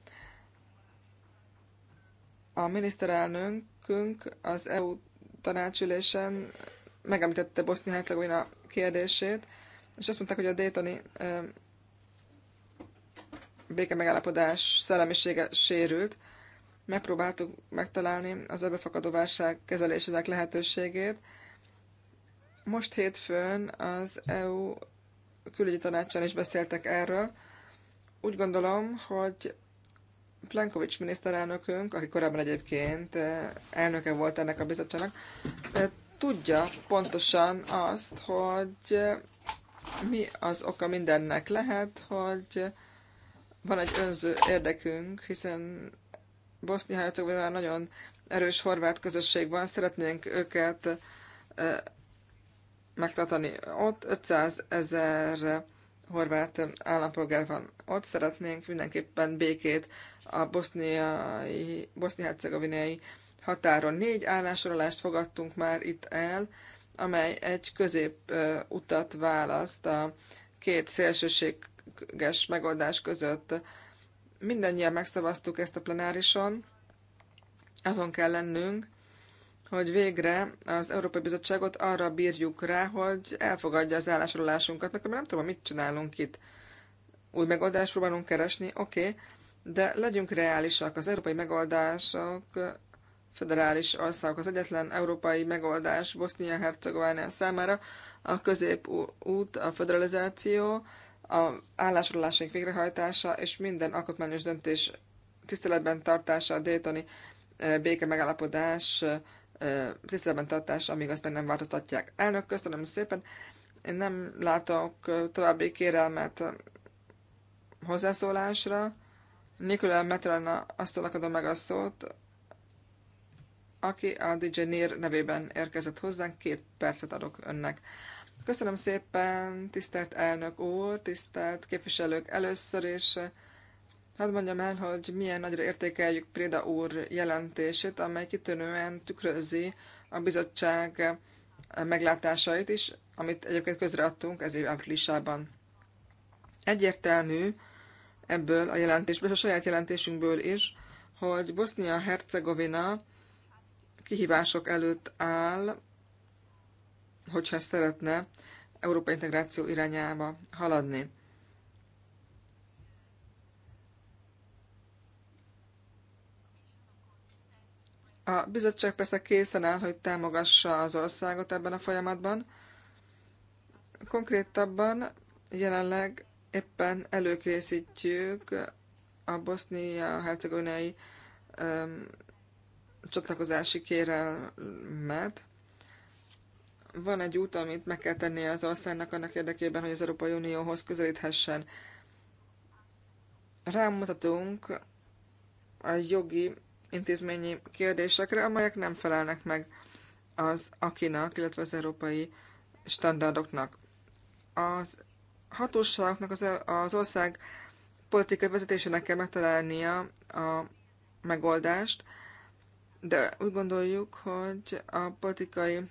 a miniszterelnökünk az EU tanácsülésen megemlítette Bosznia-Hercegovina kérdését, és azt mondták, hogy a Daytoni béke megállapodás szellemisége sérült. Megpróbáltuk megtalálni az fakadó válság kezelésének lehetőségét. Most hétfőn az EU külügyi tanácsán is beszéltek erről. Úgy gondolom, hogy Plenkovics miniszterelnökünk, aki korábban egyébként eh, elnöke volt ennek a bizottságnak, eh, tudja pontosan azt, hogy eh, mi az oka mindennek. Lehet, hogy van egy önző érdekünk, hiszen Bosznia-Hercegovinában nagyon erős horvát közösség van, szeretnénk őket megtartani ott. 500 ezer horvát állampolgár van ott, szeretnénk mindenképpen békét a boszniai, bosznia-hercegovinai határon. Négy állásorolást fogadtunk már itt el, amely egy középutat választ a két szélsőséges megoldás között. Mindennyien megszavaztuk ezt a plenárison, azon kell lennünk, hogy végre az Európai Bizottságot arra bírjuk rá, hogy elfogadja az állásolásunkat, mert nem tudom, mit csinálunk itt. Új megoldást próbálunk keresni, oké, okay, de legyünk reálisak. Az európai megoldások federális országok. Az egyetlen európai megoldás bosznia hercegovina számára a középút, a federalizáció, a állásolásaink végrehajtása és minden alkotmányos döntés tiszteletben tartása, a Daytoni béke megállapodás tiszteletben tartása, amíg azt meg nem változtatják. Elnök, köszönöm szépen. Én nem látok további kérelmet hozzászólásra. Nikola Metrana aztól akadom meg a szót, aki a DJ Nir nevében érkezett hozzánk, két percet adok önnek. Köszönöm szépen, tisztelt elnök úr, tisztelt képviselők először is. Hadd mondjam el, hogy milyen nagyra értékeljük Préda úr jelentését, amely kitűnően tükrözi a bizottság meglátásait is, amit egyébként közreadtunk ez év áprilisában. Egyértelmű, ebből a jelentésből, és a saját jelentésünkből is, hogy Bosznia-Hercegovina kihívások előtt áll, hogyha szeretne Európa integráció irányába haladni. A bizottság persze készen áll, hogy támogassa az országot ebben a folyamatban. Konkrétabban jelenleg éppen előkészítjük a bosznia-hercegovinai csatlakozási kérelmet. Van egy út, amit meg kell tennie az országnak annak érdekében, hogy az Európai Unióhoz közelíthessen. Rámutatunk a jogi intézményi kérdésekre, amelyek nem felelnek meg az akinak, illetve az európai standardoknak. Az hatóságoknak az, az ország politikai vezetésének kell megtalálnia a megoldást, de úgy gondoljuk, hogy a politikai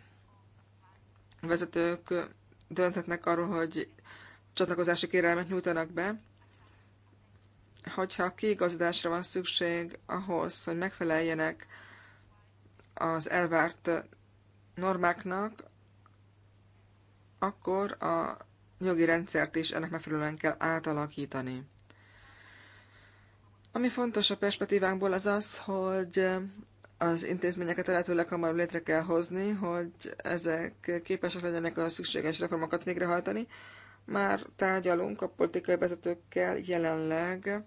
vezetők dönthetnek arról, hogy csatlakozási kérelmet nyújtanak be, hogyha kiigazdásra van szükség ahhoz, hogy megfeleljenek az elvárt normáknak, akkor a jogi rendszert is ennek megfelelően kell átalakítani. Ami fontos a perspektívánkból az az, hogy az intézményeket a lehető leghamarabb létre kell hozni, hogy ezek képesek legyenek a szükséges reformokat végrehajtani. Már tárgyalunk a politikai vezetőkkel jelenleg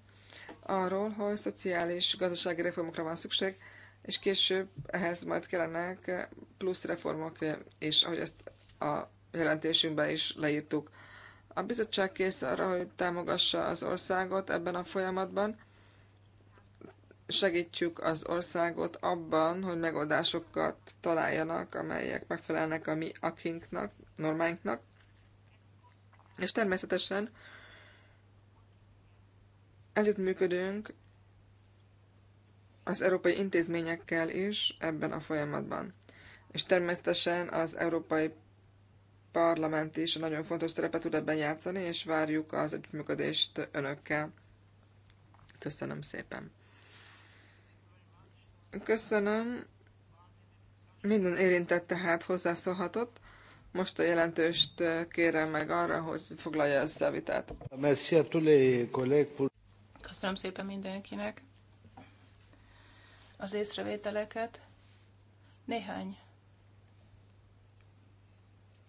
arról, hogy szociális, gazdasági reformokra van szükség, és később ehhez majd kellenek plusz reformok, és ahogy ezt a jelentésünkben is leírtuk. A bizottság kész arra, hogy támogassa az országot ebben a folyamatban. Segítjük az országot abban, hogy megoldásokat találjanak, amelyek megfelelnek a mi akinknak, normáinknak. És természetesen együttműködünk az európai intézményekkel is ebben a folyamatban. És természetesen az Európai Parlament is nagyon fontos szerepet tud ebben játszani, és várjuk az együttműködést önökkel. Köszönöm szépen. Köszönöm. Minden érintett tehát hozzászólhatott. Most a jelentőst kérem meg arra, hogy foglalja össze a vitát. Köszönöm szépen mindenkinek az észrevételeket. Néhány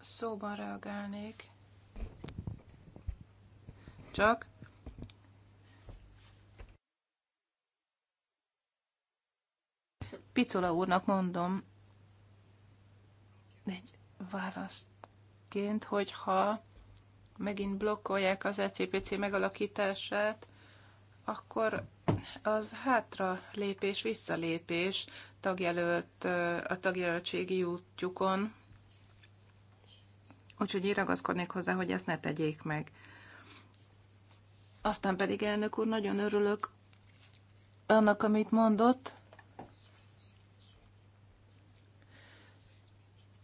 szóban reagálnék. Csak Picola úrnak mondom egy választként, hogyha megint blokkolják az ECPC megalakítását, akkor az hátra lépés, visszalépés tagjelölt, a tagjelöltségi útjukon. Úgyhogy én ragaszkodnék hozzá, hogy ezt ne tegyék meg. Aztán pedig, elnök úr, nagyon örülök annak, amit mondott.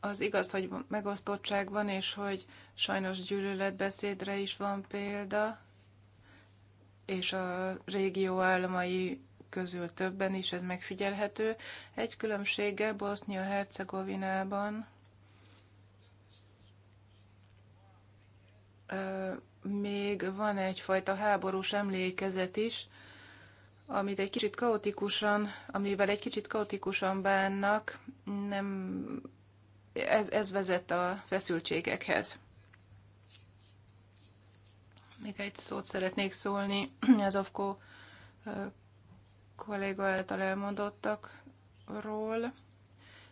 Az igaz, hogy megosztottság van, és hogy sajnos gyűlöletbeszédre is van példa, és a régió államai közül többen is ez megfigyelhető. Egy különbsége Bosznia-Hercegovinában még van egyfajta háborús emlékezet is, amit egy kicsit kaotikusan, amivel egy kicsit kaotikusan bánnak, nem, ez, ez vezet a feszültségekhez. Még egy szót szeretnék szólni *clears throat* az AFKO kolléga által elmondottakról.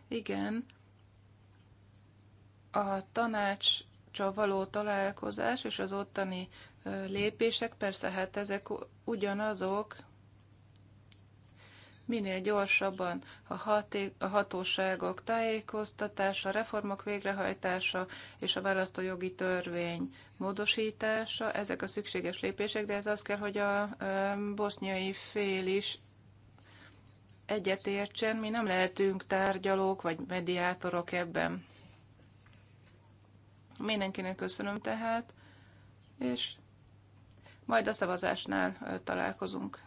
Igen, a tanács való találkozás és az ottani lépések, persze hát ezek ugyanazok, minél gyorsabban a, haté- a hatóságok tájékoztatása, reformok végrehajtása és a választójogi törvény módosítása, ezek a szükséges lépések, de ez az kell, hogy a boszniai fél is egyetértsen, mi nem lehetünk tárgyalók vagy mediátorok ebben. Mindenkinek köszönöm tehát, és majd a szavazásnál találkozunk.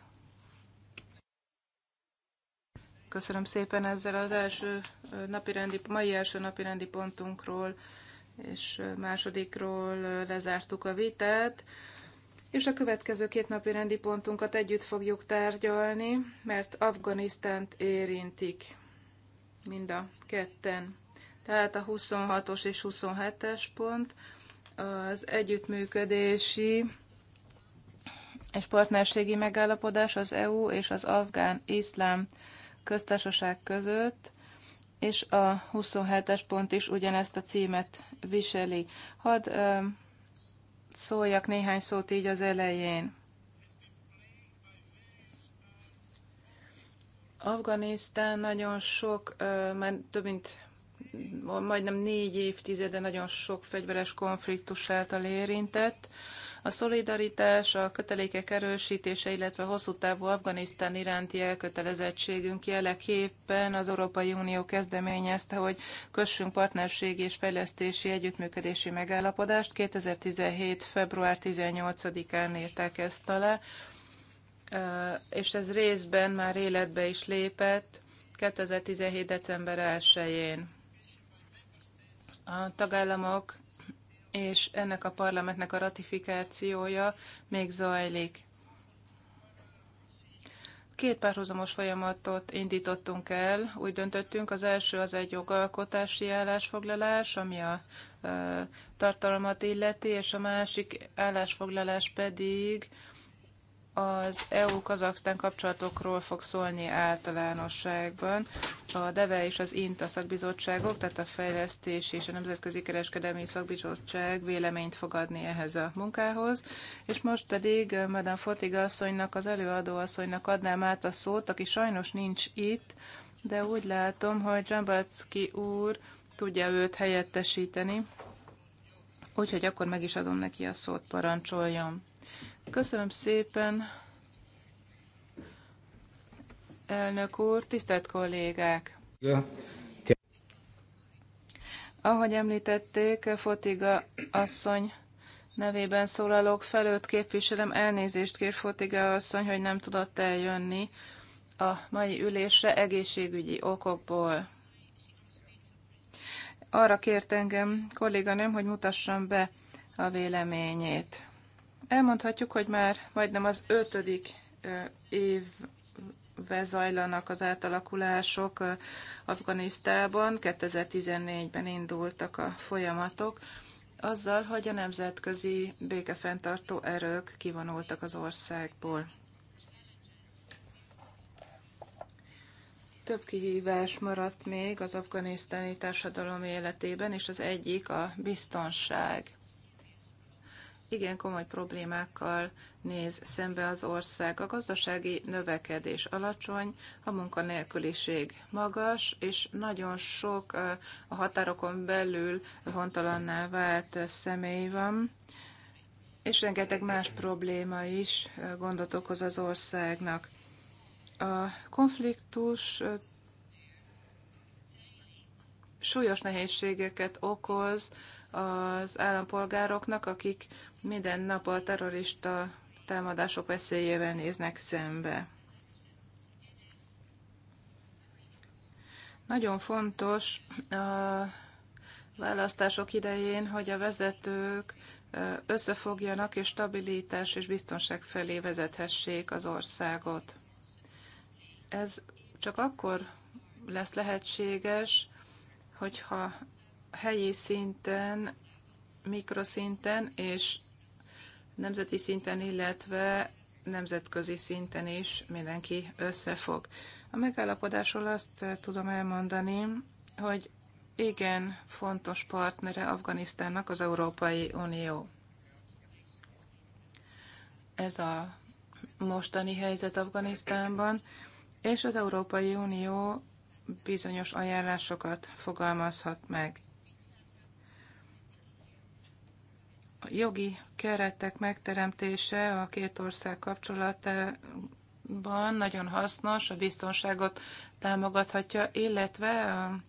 Köszönöm szépen ezzel az első napirendi, mai első napirendi pontunkról és másodikról lezártuk a vitát, és a következő két napi rendi pontunkat együtt fogjuk tárgyalni, mert Afganisztánt érintik mind a ketten. Tehát a 26-os és 27-es pont az együttműködési és partnerségi megállapodás az EU és az afgán iszlám köztársaság között, és a 27-es pont is ugyanezt a címet viseli. Hadd szóljak néhány szót így az elején. Afganisztán nagyon sok, már több mint majdnem négy évtizede nagyon sok fegyveres konfliktus által érintett. A szolidaritás, a kötelékek erősítése, illetve hosszú távú Afganisztán iránti elkötelezettségünk jeleképpen az Európai Unió kezdeményezte, hogy kössünk partnerségi és fejlesztési együttműködési megállapodást. 2017. február 18-án írták ezt alá, és ez részben már életbe is lépett 2017. december 1-én a tagállamok és ennek a parlamentnek a ratifikációja még zajlik. Két párhuzamos folyamatot indítottunk el, úgy döntöttünk, az első az egy jogalkotási állásfoglalás, ami a tartalmat illeti, és a másik állásfoglalás pedig az EU-Kazaksztán kapcsolatokról fog szólni általánosságban. A DEVE és az INTA szakbizottságok, tehát a Fejlesztés és a Nemzetközi Kereskedelmi Szakbizottság véleményt fog adni ehhez a munkához. És most pedig eh, Madame Fortiga asszonynak, az előadó asszonynak adnám át a szót, aki sajnos nincs itt, de úgy látom, hogy Zsambacki úr tudja őt helyettesíteni. Úgyhogy akkor meg is adom neki a szót, parancsoljon. Köszönöm szépen, elnök úr, tisztelt kollégák! Ja. Ahogy említették, Fotiga asszony nevében szólalok felőtt képviselem. Elnézést kér Fotiga asszony, hogy nem tudott eljönni a mai ülésre egészségügyi okokból. Arra kért engem kolléganőm, hogy mutassam be a véleményét. Elmondhatjuk, hogy már majdnem az ötödik év zajlanak az átalakulások Afganisztában. 2014-ben indultak a folyamatok, azzal, hogy a nemzetközi békefenntartó erők kivonultak az országból. Több kihívás maradt még az afganisztáni társadalom életében, és az egyik a biztonság igen komoly problémákkal néz szembe az ország. A gazdasági növekedés alacsony, a munkanélküliség magas, és nagyon sok a határokon belül hontalanná vált személy van, és rengeteg más probléma is gondot okoz az országnak. A konfliktus súlyos nehézségeket okoz, az állampolgároknak, akik minden nap a terrorista támadások veszélyével néznek szembe. Nagyon fontos a választások idején, hogy a vezetők összefogjanak és stabilitás és biztonság felé vezethessék az országot. Ez csak akkor lesz lehetséges, hogyha helyi szinten, mikroszinten és nemzeti szinten, illetve nemzetközi szinten is mindenki összefog. A megállapodásról azt eh, tudom elmondani, hogy igen fontos partnere Afganisztánnak az Európai Unió. Ez a mostani helyzet Afganisztánban, és az Európai Unió bizonyos ajánlásokat fogalmazhat meg. jogi keretek megteremtése a két ország kapcsolatában nagyon hasznos, a biztonságot támogathatja, illetve a,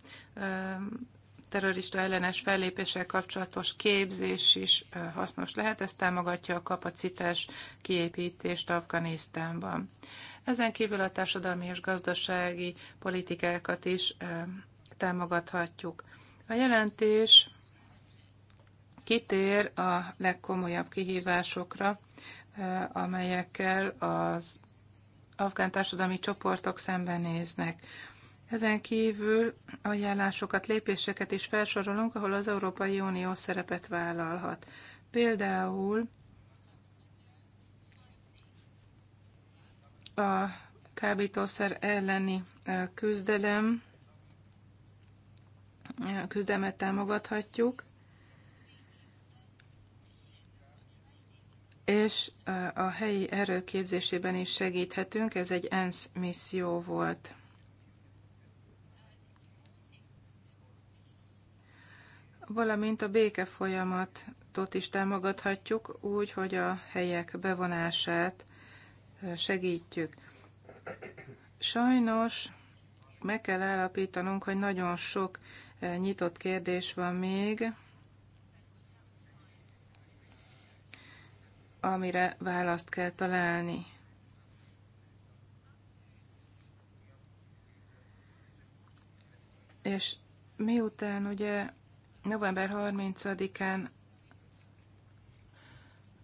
terrorista ellenes fellépéssel kapcsolatos képzés is hasznos lehet, ez támogatja a kapacitás kiépítést Afganisztánban. Ezen kívül a társadalmi és gazdasági politikákat is támogathatjuk. A jelentés kitér a legkomolyabb kihívásokra, amelyekkel az afgán társadalmi csoportok szembenéznek. Ezen kívül ajánlásokat, lépéseket is felsorolunk, ahol az Európai Unió szerepet vállalhat. Például a kábítószer elleni küzdelem, küzdelmet támogathatjuk, és a helyi erők képzésében is segíthetünk, ez egy ENSZ misszió volt. Valamint a béke folyamatot is támogathatjuk úgy, hogy a helyek bevonását segítjük. Sajnos meg kell állapítanunk, hogy nagyon sok nyitott kérdés van még, amire választ kell találni. És miután ugye november 30-án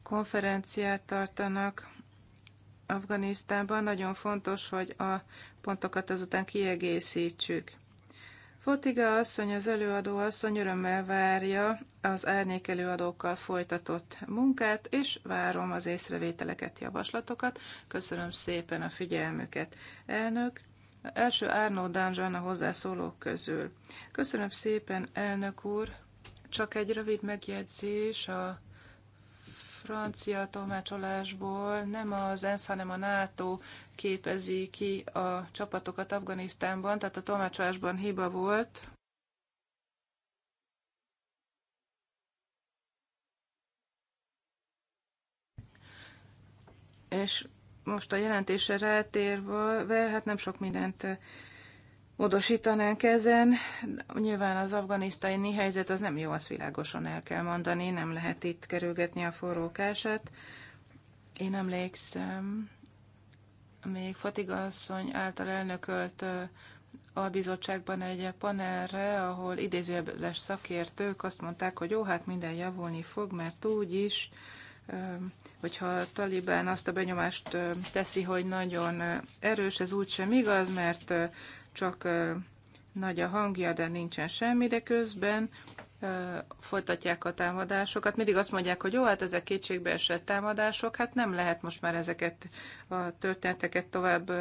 konferenciát tartanak Afganisztánban, nagyon fontos, hogy a pontokat azután kiegészítsük. Fotiga asszony, az előadó asszony örömmel várja az árnyék előadókkal folytatott munkát, és várom az észrevételeket, javaslatokat. Köszönöm szépen a figyelmüket. Elnök, első Árnó Dánzsán a hozzászólók közül. Köszönöm szépen, elnök úr. Csak egy rövid megjegyzés a francia tolmácsolásból nem az ENSZ, hanem a NATO képezi ki a csapatokat Afganisztánban, tehát a tolmácsolásban hiba volt. És most a jelentésre rátérve, hát nem sok mindent módosítanánk ezen. Nyilván az afganisztáni helyzet az nem jó, azt világosan el kell mondani, nem lehet itt kerülgetni a forrókását. Én emlékszem, még Fatiga asszony által elnökölt a bizottságban egy panelre, ahol idézőjeles szakértők azt mondták, hogy jó, hát minden javulni fog, mert úgy is, hogyha a Talibán azt a benyomást teszi, hogy nagyon erős, ez úgysem igaz, mert csak nagy a hangja, de nincsen semmi, de közben folytatják a támadásokat. Mindig azt mondják, hogy jó, hát ezek kétségbe esett támadások, hát nem lehet most már ezeket a történeteket tovább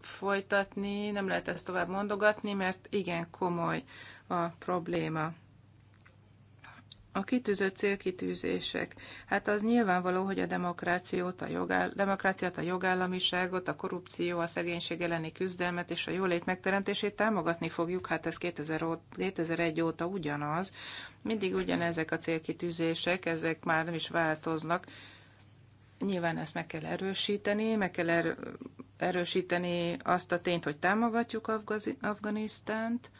folytatni, nem lehet ezt tovább mondogatni, mert igen komoly a probléma. A kitűzött célkitűzések. Hát az nyilvánvaló, hogy a demokrációt, a jogáll- demokráciát, a jogállamiságot, a korrupció, a szegénység elleni küzdelmet és a jólét megteremtését támogatni fogjuk. Hát ez 2000 ó- 2001 óta ugyanaz. Mindig ugyanezek a célkitűzések, ezek már nem is változnak. Nyilván ezt meg kell erősíteni, meg kell erősíteni azt a tényt, hogy támogatjuk Afgaz- Afganisztánt,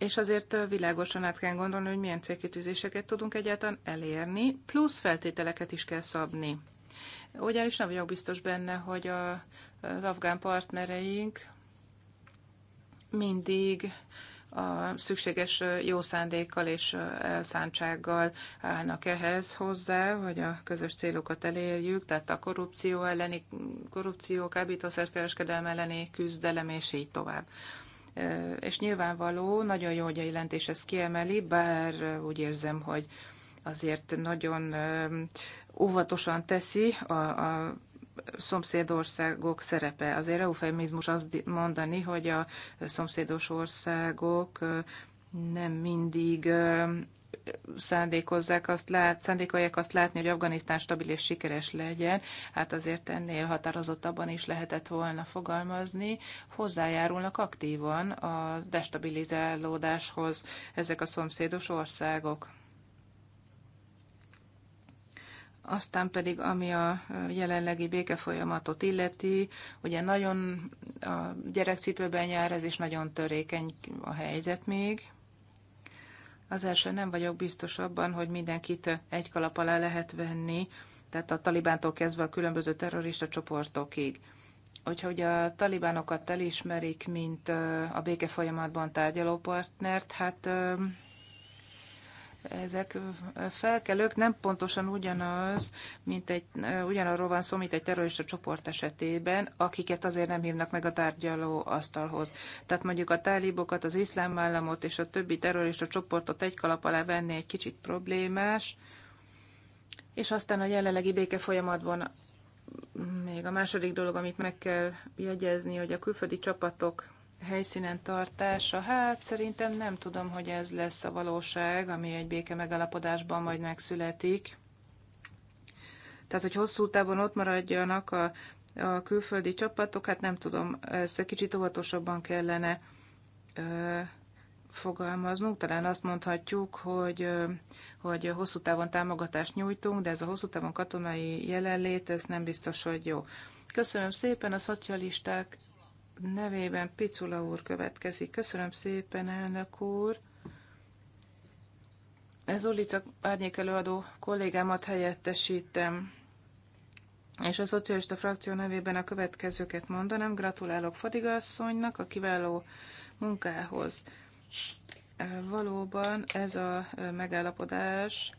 és azért világosan át kell gondolni, hogy milyen célkitűzéseket tudunk egyáltalán elérni, plusz feltételeket is kell szabni. Ugyanis nem vagyok biztos benne, hogy a, az afgán partnereink mindig a szükséges jó szándékkal és elszántsággal állnak ehhez hozzá, hogy a közös célokat elérjük, tehát a korrupció elleni, korrupció, kábítószerkereskedelem elleni küzdelem, és így tovább és nyilvánvaló, nagyon jó, hogy a jelentés ezt kiemeli, bár úgy érzem, hogy azért nagyon óvatosan teszi a, a szomszédországok szerepe. Azért eufemizmus azt mondani, hogy a szomszédos országok nem mindig szándékozzák azt lát, szándékolják azt látni, hogy Afganisztán stabil és sikeres legyen, hát azért ennél határozottabban is lehetett volna fogalmazni, hozzájárulnak aktívan a destabilizálódáshoz ezek a szomszédos országok. Aztán pedig, ami a jelenlegi békefolyamatot illeti, ugye nagyon a gyerekcipőben jár, ez is nagyon törékeny a helyzet még. Az első, nem vagyok biztos abban, hogy mindenkit egy kalap alá lehet venni, tehát a talibántól kezdve a különböző terrorista csoportokig. Hogyha ugye a talibánokat elismerik, mint a béke folyamatban tárgyaló partnert, hát ezek felkelők nem pontosan ugyanaz, mint egy, ugyanarról van szó, mint egy terrorista csoport esetében, akiket azért nem hívnak meg a tárgyaló asztalhoz. Tehát mondjuk a tálibokat, az iszlám államot és a többi terrorista csoportot egy kalap alá venni egy kicsit problémás, és aztán a jelenlegi béke folyamatban még a második dolog, amit meg kell jegyezni, hogy a külföldi csapatok helyszínen tartása, hát szerintem nem tudom, hogy ez lesz a valóság, ami egy béke megalapodásban majd megszületik. Tehát, hogy hosszú távon ott maradjanak a, a külföldi csapatok, hát nem tudom, ezt kicsit óvatosabban kellene ö, fogalmaznunk. Talán azt mondhatjuk, hogy, ö, hogy hosszú távon támogatást nyújtunk, de ez a hosszú távon katonai jelenlét, ez nem biztos, hogy jó. Köszönöm szépen a szocialisták nevében Picula úr következik. Köszönöm szépen, elnök úr. Ez Ulica árnyék előadó kollégámat helyettesítem. És a szocialista frakció nevében a következőket mondanám. Gratulálok Fadiga asszonynak a kiváló munkához. Valóban ez a megállapodás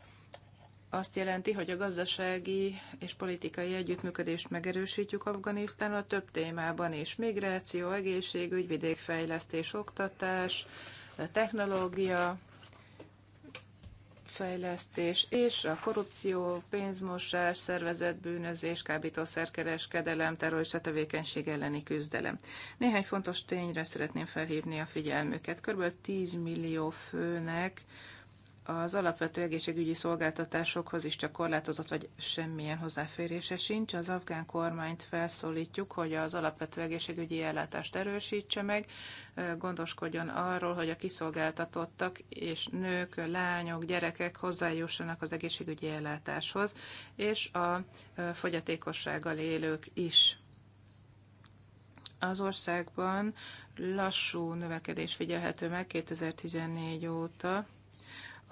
azt jelenti, hogy a gazdasági és politikai együttműködést megerősítjük Afganisztánnal több témában is. Migráció, egészségügy, vidékfejlesztés, oktatás, technológia, fejlesztés és a korrupció, pénzmosás, szervezetbűnözés, kábítószerkereskedelem, terrorista tevékenység elleni küzdelem. Néhány fontos tényre szeretném felhívni a figyelmüket. Körülbelül 10 millió főnek az alapvető egészségügyi szolgáltatásokhoz is csak korlátozott vagy semmilyen hozzáférése sincs. Az afgán kormányt felszólítjuk, hogy az alapvető egészségügyi ellátást erősítse meg, gondoskodjon arról, hogy a kiszolgáltatottak és nők, lányok, gyerekek hozzájussanak az egészségügyi ellátáshoz, és a fogyatékossággal élők is. Az országban lassú növekedés figyelhető meg 2014 óta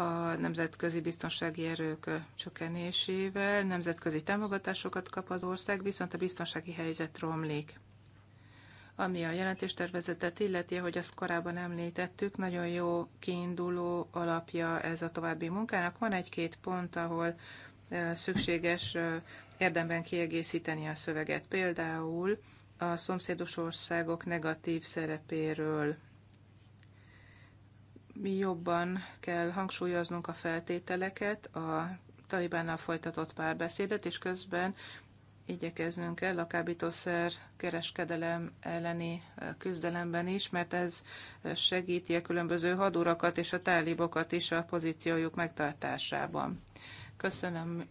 a nemzetközi biztonsági erők csökkenésével, nemzetközi támogatásokat kap az ország, viszont a biztonsági helyzet romlik. Ami a jelentéstervezetet illeti, hogy azt korábban említettük, nagyon jó kiinduló alapja ez a további munkának. Van egy-két pont, ahol szükséges érdemben kiegészíteni a szöveget. Például a szomszédos országok negatív szerepéről mi jobban kell hangsúlyoznunk a feltételeket, a talibánnal folytatott párbeszédet, és közben igyekeznünk kell a kábítószer kereskedelem elleni küzdelemben is, mert ez segíti a különböző hadurakat és a tálibokat is a pozíciójuk megtartásában. Köszönöm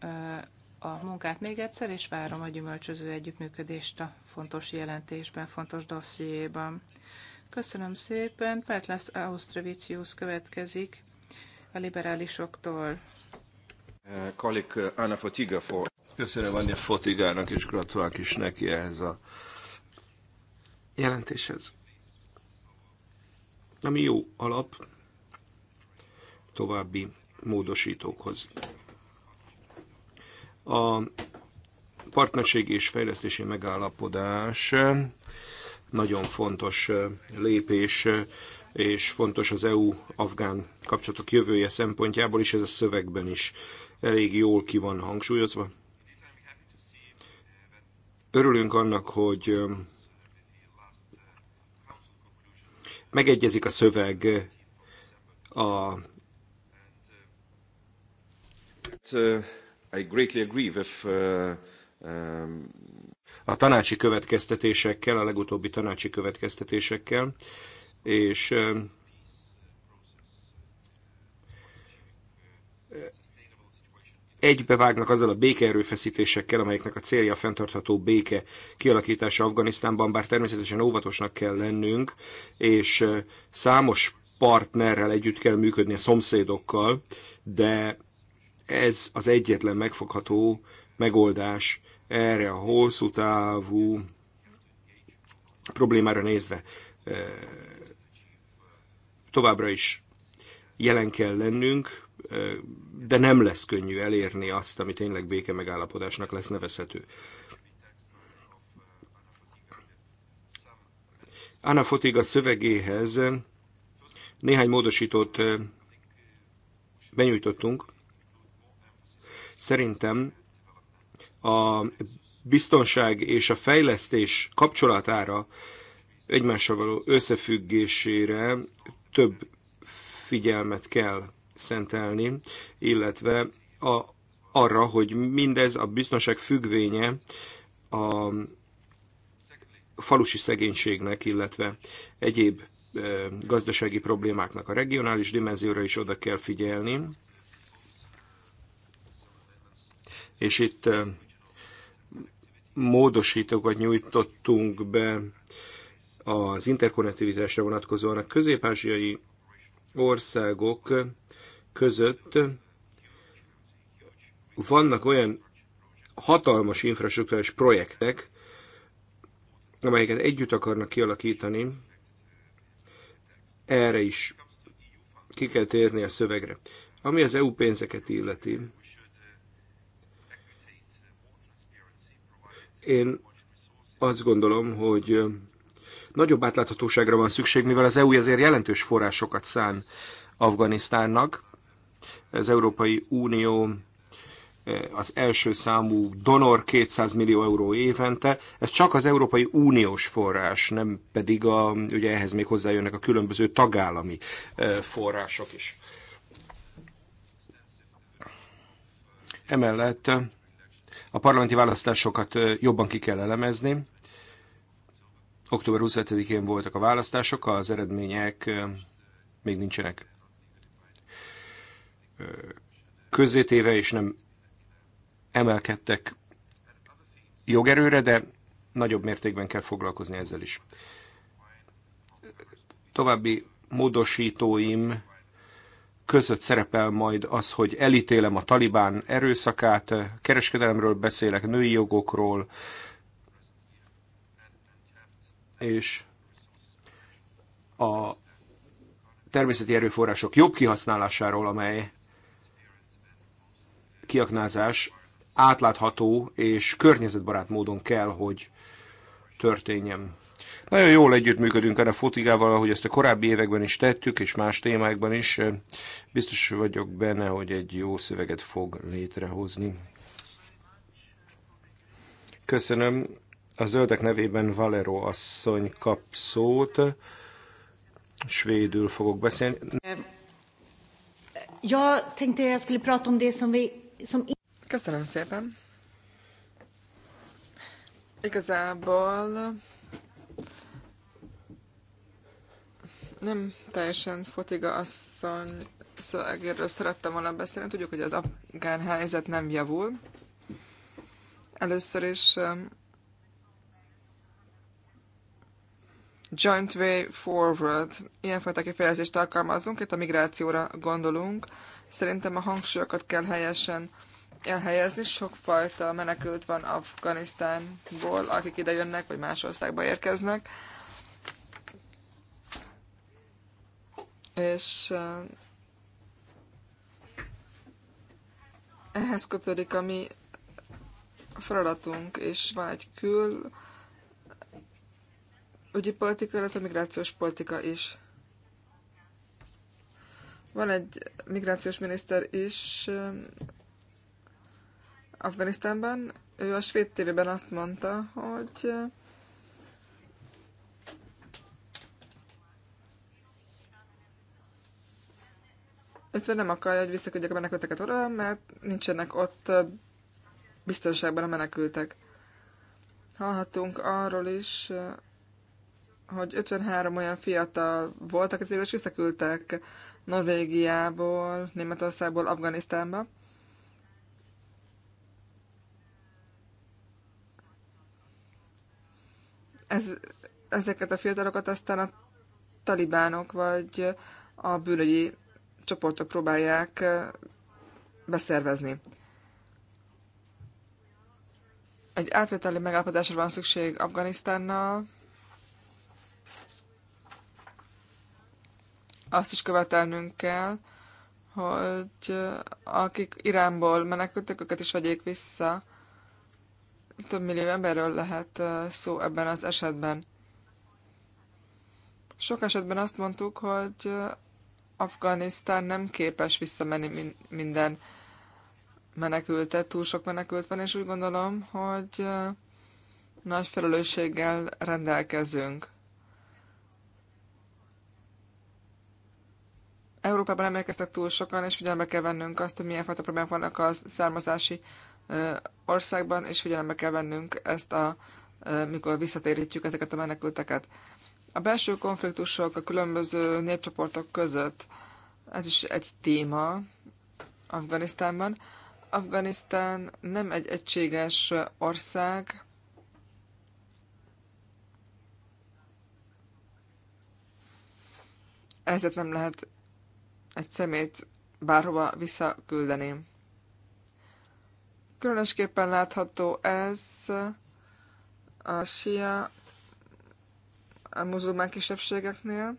a munkát még egyszer, és várom a gyümölcsöző együttműködést a fontos jelentésben, fontos dossziéban. Köszönöm szépen. Petlas Austrovicius következik a liberálisoktól. Kalik eh, Anna Fotiga for. Köszönöm Anna Fotigának, és gratulálok is neki ehhez a jelentéshez. Ami jó alap további módosítókhoz. A partnerség és fejlesztési megállapodás nagyon fontos lépés, és fontos az EU-afgán kapcsolatok jövője szempontjából is, ez a szövegben is elég jól ki van hangsúlyozva. Örülünk annak, hogy megegyezik a szöveg a uh, I greatly agree with uh, um, a tanácsi következtetésekkel, a legutóbbi tanácsi következtetésekkel, és egybevágnak azzal a békeerőfeszítésekkel, amelyeknek a célja a fenntartható béke kialakítása Afganisztánban, bár természetesen óvatosnak kell lennünk, és számos partnerrel együtt kell működni a szomszédokkal, de ez az egyetlen megfogható megoldás erre a hosszú távú problémára nézve továbbra is jelen kell lennünk, de nem lesz könnyű elérni azt, ami tényleg béke megállapodásnak lesz nevezhető. Anna a szövegéhez néhány módosítót benyújtottunk. Szerintem a biztonság és a fejlesztés kapcsolatára, egymással való összefüggésére több figyelmet kell szentelni, illetve a, arra, hogy mindez a biztonság függvénye a falusi szegénységnek, illetve egyéb gazdasági problémáknak. A regionális dimenzióra is oda kell figyelni. És itt módosítókat nyújtottunk be az interkonnektivitásra vonatkozóan. A közép-ázsiai országok között vannak olyan hatalmas infrastruktúrás projektek, amelyeket együtt akarnak kialakítani, erre is ki kell térni a szövegre. Ami az EU pénzeket illeti, Én azt gondolom, hogy nagyobb átláthatóságra van szükség, mivel az EU azért jelentős forrásokat szán Afganisztánnak. Az Európai Unió az első számú donor 200 millió euró évente. Ez csak az Európai Uniós forrás, nem pedig a, ugye ehhez még hozzájönnek a különböző tagállami források is. Emellett a parlamenti választásokat jobban ki kell elemezni. Október 27-én voltak a választások, az eredmények még nincsenek közzétéve, és nem emelkedtek jogerőre, de nagyobb mértékben kell foglalkozni ezzel is. További módosítóim között szerepel majd az, hogy elítélem a talibán erőszakát, kereskedelemről beszélek, női jogokról, és a természeti erőforrások jobb kihasználásáról, amely kiaknázás átlátható és környezetbarát módon kell, hogy történjen. Nagyon jól együttműködünk a Fotigával, ahogy ezt a korábbi években is tettük, és más témákban is. Biztos vagyok benne, hogy egy jó szöveget fog létrehozni. Köszönöm. A zöldek nevében Valero asszony kap szót. Svédül fogok beszélni. Eh, ja, tänkte jag skulle prata om det som vi... Som... Köszönöm szépen. Igazából nem teljesen Fotiga asszony szövegéről szerettem volna beszélni. Tudjuk, hogy az afgán helyzet nem javul. Először is um, Joint Way Forward. Ilyenfajta kifejezést alkalmazunk, itt a migrációra gondolunk. Szerintem a hangsúlyokat kell helyesen elhelyezni. Sokfajta menekült van Afganisztánból, akik ide jönnek, vagy más országba érkeznek. és ehhez kötődik a mi feladatunk, és van egy kül ügyi politika, illetve migrációs politika is. Van egy migrációs miniszter is Afganisztánban. Ő a svéd tévében azt mondta, hogy illetve nem akarja, hogy visszaküldjek a menekülteket oda, mert nincsenek ott biztonságban a menekültek. Hallhatunk arról is, hogy 53 olyan fiatal volt, akit végül is visszaküldtek Norvégiából, Németországból, Afganisztánba. Ez, ezeket a fiatalokat aztán a talibánok vagy a bűnögyi csoportok próbálják beszervezni. Egy átvételi megállapodásra van szükség Afganisztánnal. Azt is követelnünk kell, hogy akik Iránból menekültek, őket is vegyék vissza. Több millió emberről lehet szó ebben az esetben. Sok esetben azt mondtuk, hogy Afganisztán nem képes visszamenni minden menekültet, túl sok menekült van, és úgy gondolom, hogy nagy felelősséggel rendelkezünk. Európában nem érkeztek túl sokan, és figyelembe kell vennünk azt, hogy milyen fajta problémák vannak a származási országban, és figyelembe kell vennünk ezt, a, mikor visszatérítjük ezeket a menekülteket. A belső konfliktusok a különböző népcsoportok között, ez is egy téma Afganisztánban. Afganisztán nem egy egységes ország, ezért nem lehet egy szemét bárhova visszaküldeni. Különösképpen látható ez a Sia a muzulmán kisebbségeknél.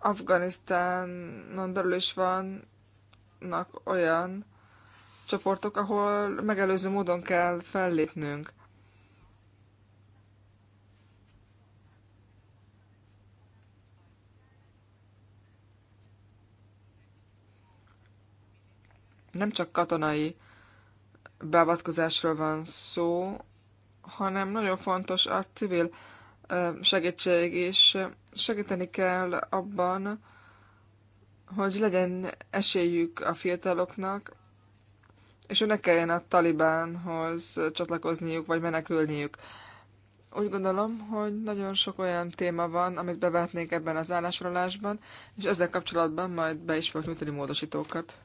Afganisztánon belül is vannak olyan csoportok, ahol megelőző módon kell fellépnünk. Nem csak katonai beavatkozásról van szó, hanem nagyon fontos a civil segítség is. Segíteni kell abban, hogy legyen esélyük a fiataloknak, és ne kelljen a talibánhoz csatlakozniuk, vagy menekülniük. Úgy gondolom, hogy nagyon sok olyan téma van, amit bevetnék ebben az állásfoglalásban, és ezzel kapcsolatban majd be is fogok nyújtani módosítókat.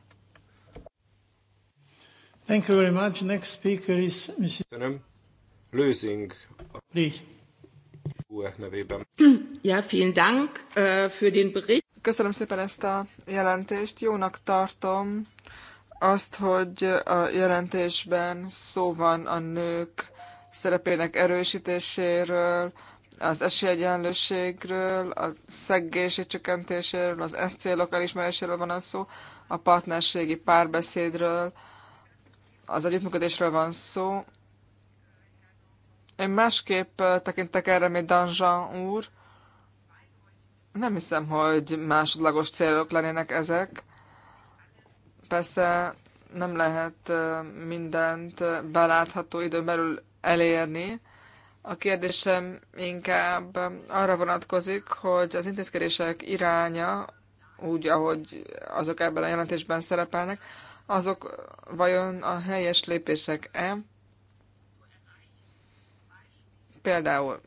Thank you very much. Next speaker is Mrs. Köszönöm. Lösing. Please. nevében. Ja, vielen Dank äh, für den Bericht. Köszönöm szépen ezt a jelentést. Jónak tartom azt, hogy a jelentésben szó van a nők szerepének erősítéséről, az esélyegyenlőségről, a szeggési csökkentéséről, az ezt célok elismeréséről van a szó, a partnerségi párbeszédről, az együttműködésről van szó, én másképp tekintek erre, mint Danjean úr. Nem hiszem, hogy másodlagos célok lennének ezek. Persze nem lehet mindent belátható időn belül elérni. A kérdésem inkább arra vonatkozik, hogy az intézkedések iránya, úgy, ahogy azok ebben a jelentésben szerepelnek, azok vajon a helyes lépések-e? Például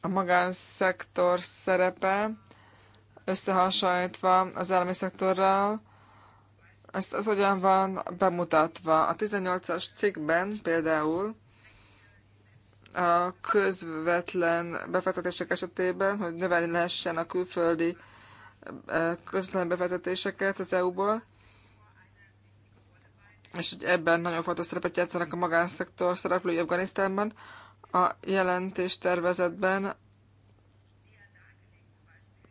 a magánszektor szerepe összehasonlítva az állami szektorral, ezt az hogyan van bemutatva. A 18-as cikkben például a közvetlen befektetések esetében, hogy növelni lehessen a külföldi eh, közvetlen befektetéseket az EU-ból, és hogy ebben nagyon fontos szerepet játszanak a magánszektor szereplői Afganisztánban. A jelentés tervezetben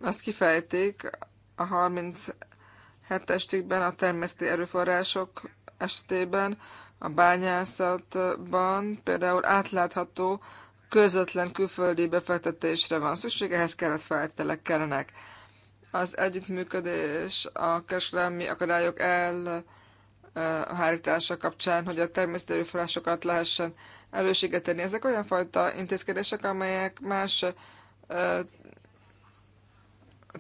azt kifejték a 37-es cikkben a természeti erőforrások esetében, a bányászatban például átlátható közvetlen külföldi befektetésre van szükség, ehhez keretfeltételek kellenek. Az együttműködés, a kereskedelmi akadályok el a hárítása kapcsán, hogy a természeti erőforrásokat lehessen előségeteni. Ezek olyan fajta intézkedések, amelyek más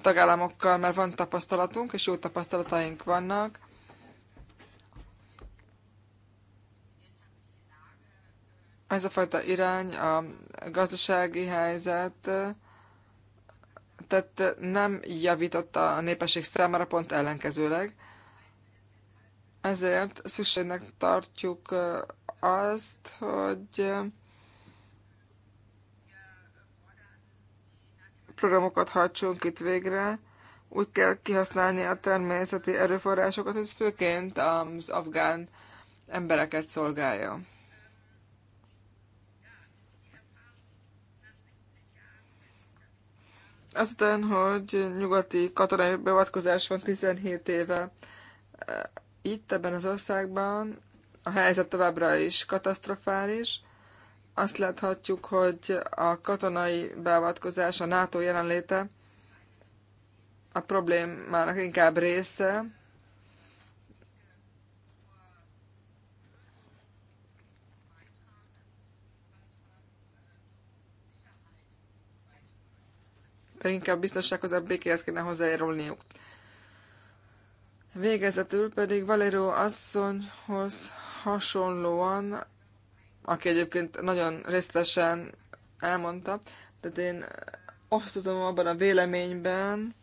tagállamokkal már van tapasztalatunk, és jó tapasztalataink vannak. Ez a fajta irány, a gazdasági helyzet, tehát nem javította a népesség számára, pont ellenkezőleg. Ezért szükségnek tartjuk azt, hogy programokat hajtsunk itt végre, úgy kell kihasználni a természeti erőforrásokat, ez főként az afgán embereket szolgálja. Azután, hogy nyugati katonai beavatkozás van 17 éve itt, ebben az országban a helyzet továbbra is katasztrofális. Azt láthatjuk, hogy a katonai beavatkozás, a NATO jelenléte a problémának inkább része, pedig inkább biztonsághoz, a békéhez kéne hozzájárulniuk. Végezetül pedig Valero asszonyhoz hasonlóan, aki egyébként nagyon részletesen elmondta, de én osztozom abban a véleményben,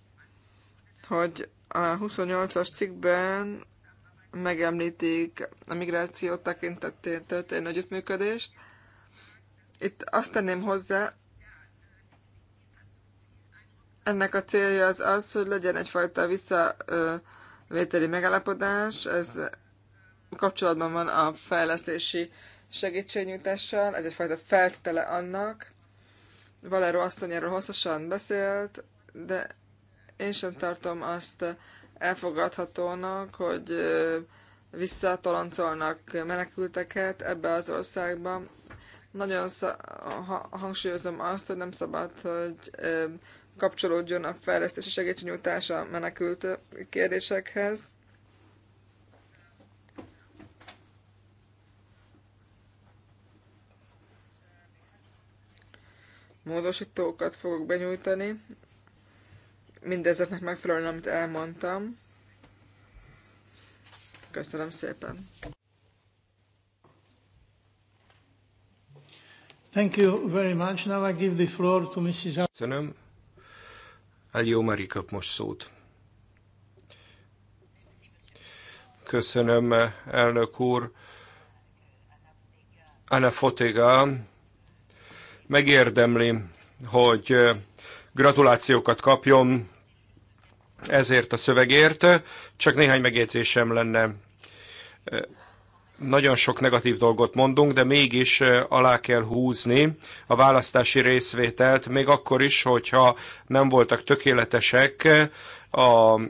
hogy a 28-as cikkben megemlítik a migráció tekintetén történő együttműködést. Itt azt tenném hozzá, ennek a célja az az, hogy legyen egyfajta vissza vételi megállapodás, ez kapcsolatban van a fejlesztési segítségnyújtással, ez egyfajta feltétele annak. Valero asszony erről hosszasan beszélt, de én sem tartom azt elfogadhatónak, hogy visszatoloncolnak menekülteket ebbe az országba. Nagyon hangsúlyozom azt, hogy nem szabad, hogy kapcsolódjon a fejlesztési segítségnyújtás a menekült kérdésekhez. Módosítókat fogok benyújtani, mindezeknek megfelelően, amit elmondtam. Köszönöm szépen! Thank you very much. Now I give the floor to Mrs. Köszönöm. Eljó Mari kap most szót. Köszönöm, elnök úr. Anna Fotiga megérdemli, hogy eh, gratulációkat kapjon ezért a szövegért, csak néhány megjegyzésem lenne. Eh, nagyon sok negatív dolgot mondunk, de mégis alá kell húzni a választási részvételt, még akkor is, hogyha nem voltak tökéletesek a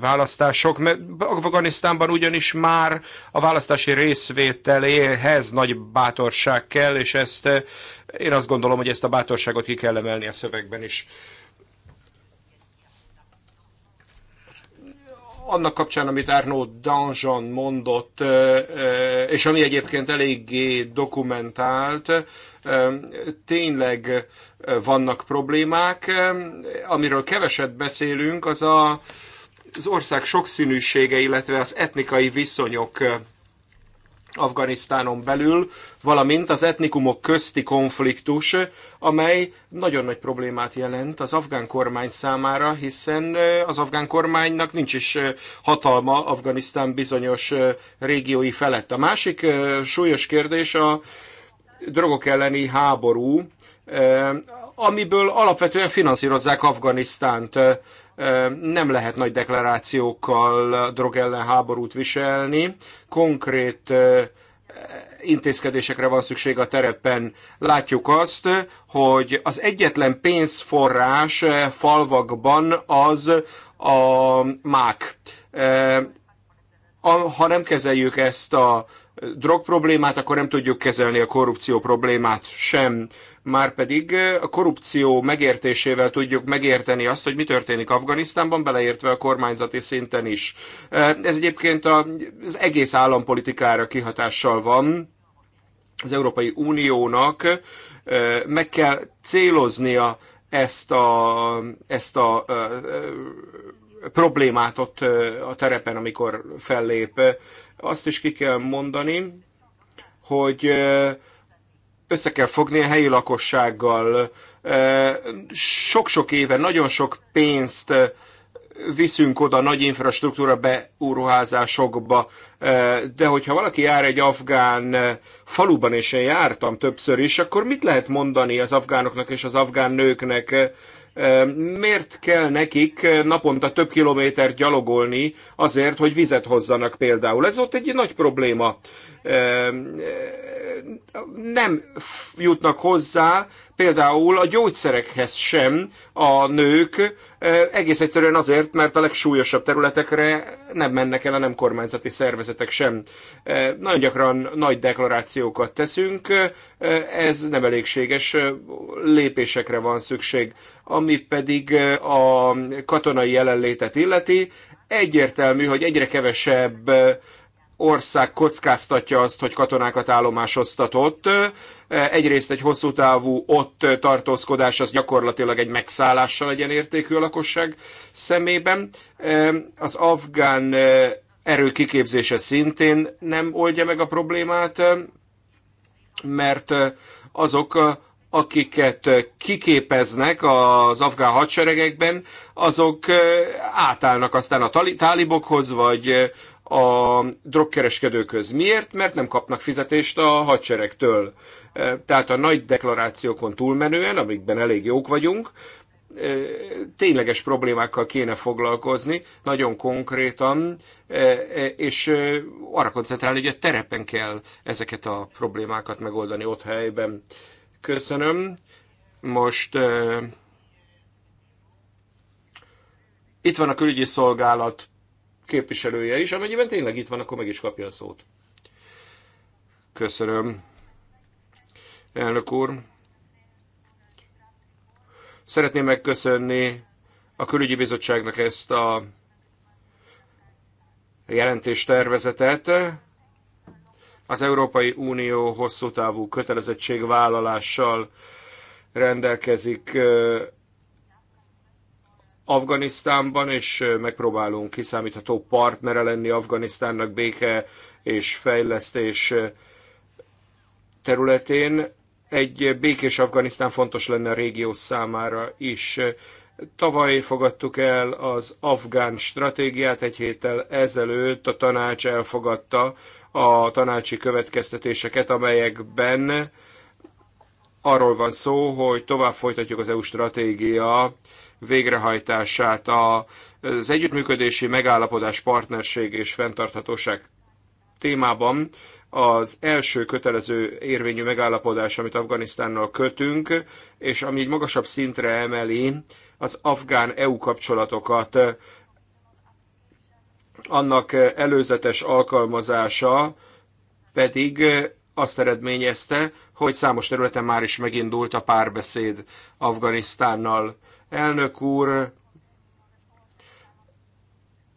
választások, mert Afganisztánban ugyanis már a választási részvételéhez nagy bátorság kell, és ezt én azt gondolom, hogy ezt a bátorságot ki kell emelni a szövegben is. annak kapcsán, amit Arnaud Danjean mondott, és ami egyébként eléggé dokumentált, tényleg vannak problémák. Amiről keveset beszélünk, az a, az ország sokszínűsége, illetve az etnikai viszonyok Afganisztánon belül, valamint az etnikumok közti konfliktus, amely nagyon nagy problémát jelent az afgán kormány számára, hiszen az afgán kormánynak nincs is hatalma Afganisztán bizonyos régiói felett. A másik súlyos kérdés a drogok elleni háború, amiből alapvetően finanszírozzák Afganisztánt nem lehet nagy deklarációkkal drog ellen háborút viselni, konkrét intézkedésekre van szükség a terepen. Látjuk azt, hogy az egyetlen pénzforrás falvakban az a mák. Ha nem kezeljük ezt a drog problémát, akkor nem tudjuk kezelni a korrupció problémát sem. Márpedig a korrupció megértésével tudjuk megérteni azt, hogy mi történik Afganisztánban, beleértve a kormányzati szinten is. Ez egyébként az egész állampolitikára kihatással van. Az Európai Uniónak meg kell céloznia ezt a, ezt a problémát ott a terepen, amikor fellép. Azt is ki kell mondani, hogy össze kell fogni a helyi lakossággal. Sok-sok éve nagyon sok pénzt viszünk oda nagy infrastruktúra beúruházásokba, de hogyha valaki jár egy afgán faluban, és én jártam többször is, akkor mit lehet mondani az afgánoknak és az afgán nőknek? Miért kell nekik naponta több kilométer gyalogolni azért, hogy vizet hozzanak például? Ez ott egy nagy probléma nem jutnak hozzá például a gyógyszerekhez sem a nők, egész egyszerűen azért, mert a legsúlyosabb területekre nem mennek el a nem kormányzati szervezetek sem. Nagyon gyakran nagy deklarációkat teszünk, ez nem elégséges, lépésekre van szükség. Ami pedig a katonai jelenlétet illeti, egyértelmű, hogy egyre kevesebb ország kockáztatja azt, hogy katonákat állomásoztatott. Egyrészt egy hosszú távú ott tartózkodás az gyakorlatilag egy megszállással legyen értékű a lakosság szemében. Az afgán erő kiképzése szintén nem oldja meg a problémát, mert azok, akiket kiképeznek az afgán hadseregekben, azok átállnak aztán a talibokhoz, vagy a drogkereskedőköz. Miért? Mert nem kapnak fizetést a hadseregtől. E, tehát a nagy deklarációkon túlmenően, amikben elég jók vagyunk, e, tényleges problémákkal kéne foglalkozni, nagyon konkrétan, e, és arra koncentrálni, hogy a terepen kell ezeket a problémákat megoldani ott helyben. Köszönöm. Most itt van a külügyi szolgálat képviselője is, amennyiben tényleg itt van, akkor meg is kapja a szót. Köszönöm. Elnök úr, szeretném megköszönni a külügyi bizottságnak ezt a jelentéstervezetet. Az Európai Unió hosszú távú kötelezettségvállalással rendelkezik Afganisztánban, és megpróbálunk kiszámítható partnere lenni Afganisztánnak béke és fejlesztés területén. Egy békés Afganisztán fontos lenne a régió számára is. Tavaly fogadtuk el az afgán stratégiát, egy héttel ezelőtt a tanács elfogadta a tanácsi következtetéseket, amelyekben arról van szó, hogy tovább folytatjuk az EU stratégia végrehajtását. Az együttműködési megállapodás, partnerség és fenntarthatóság témában az első kötelező érvényű megállapodás, amit Afganisztánnal kötünk, és ami egy magasabb szintre emeli az afgán-EU kapcsolatokat. Annak előzetes alkalmazása pedig azt eredményezte, hogy számos területen már is megindult a párbeszéd Afganisztánnal. Elnök úr,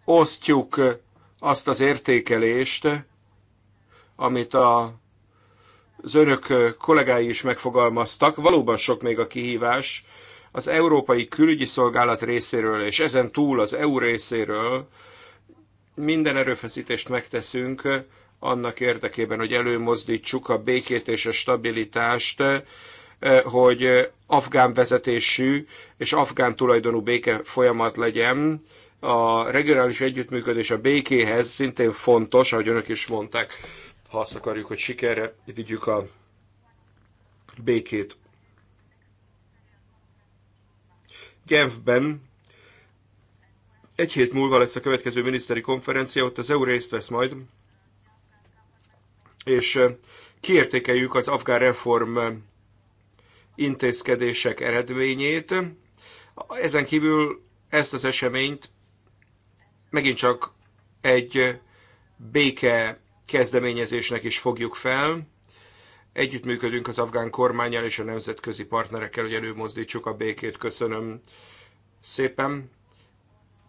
osztjuk azt az értékelést, amit a, az önök kollégái is megfogalmaztak. Valóban sok még a kihívás az Európai Külügyi Szolgálat részéről, és ezen túl az EU részéről minden erőfeszítést megteszünk annak érdekében, hogy előmozdítsuk a békét és a stabilitást, eh, hogy afgán vezetésű és afgán tulajdonú béke folyamat legyen. A regionális együttműködés a békéhez szintén fontos, ahogy önök is mondták, ha azt akarjuk, hogy sikerre vigyük a békét. Genfben egy hét múlva lesz a következő miniszteri konferencia, ott az EU részt vesz majd, és kiértékeljük az afgán reform intézkedések eredményét. Ezen kívül ezt az eseményt megint csak egy béke kezdeményezésnek is fogjuk fel. Együttműködünk az afgán kormányjal és a nemzetközi partnerekkel, hogy előmozdítsuk a békét. Köszönöm szépen.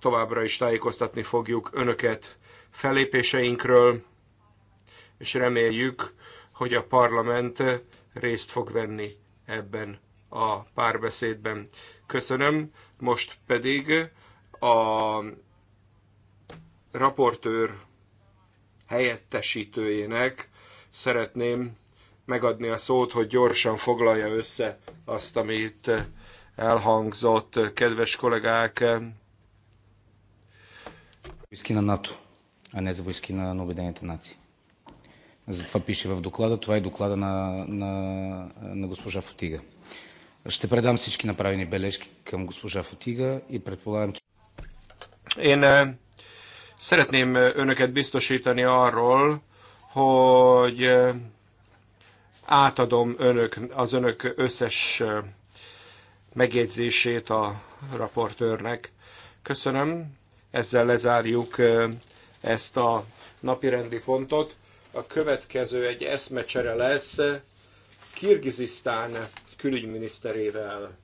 Továbbra is tájékoztatni fogjuk önöket fellépéseinkről, és reméljük, hogy a parlament részt fog venni ebben a párbeszédben. Köszönöm, most pedig a raportőr helyettesítőjének szeretném megadni a szót, hogy gyorsan foglalja össze azt, amit elhangzott, kedves kollégák. Viszkina NATO, a а a за войски на Обединените Затова пише в доклада. Това е доклада на, на, на госпожа Фотига. Ще предам всички направени бележки към госпожа Фотига и предполагам, че... Én szeretném önöket biztosítani arról, hogy átadom önök, az önök összes e, megjegyzését a raportőrnek. Köszönöm, ezzel lezárjuk e, ezt a napirendi pontot. A következő egy eszmecsere lesz Kirgizisztán külügyminiszterével.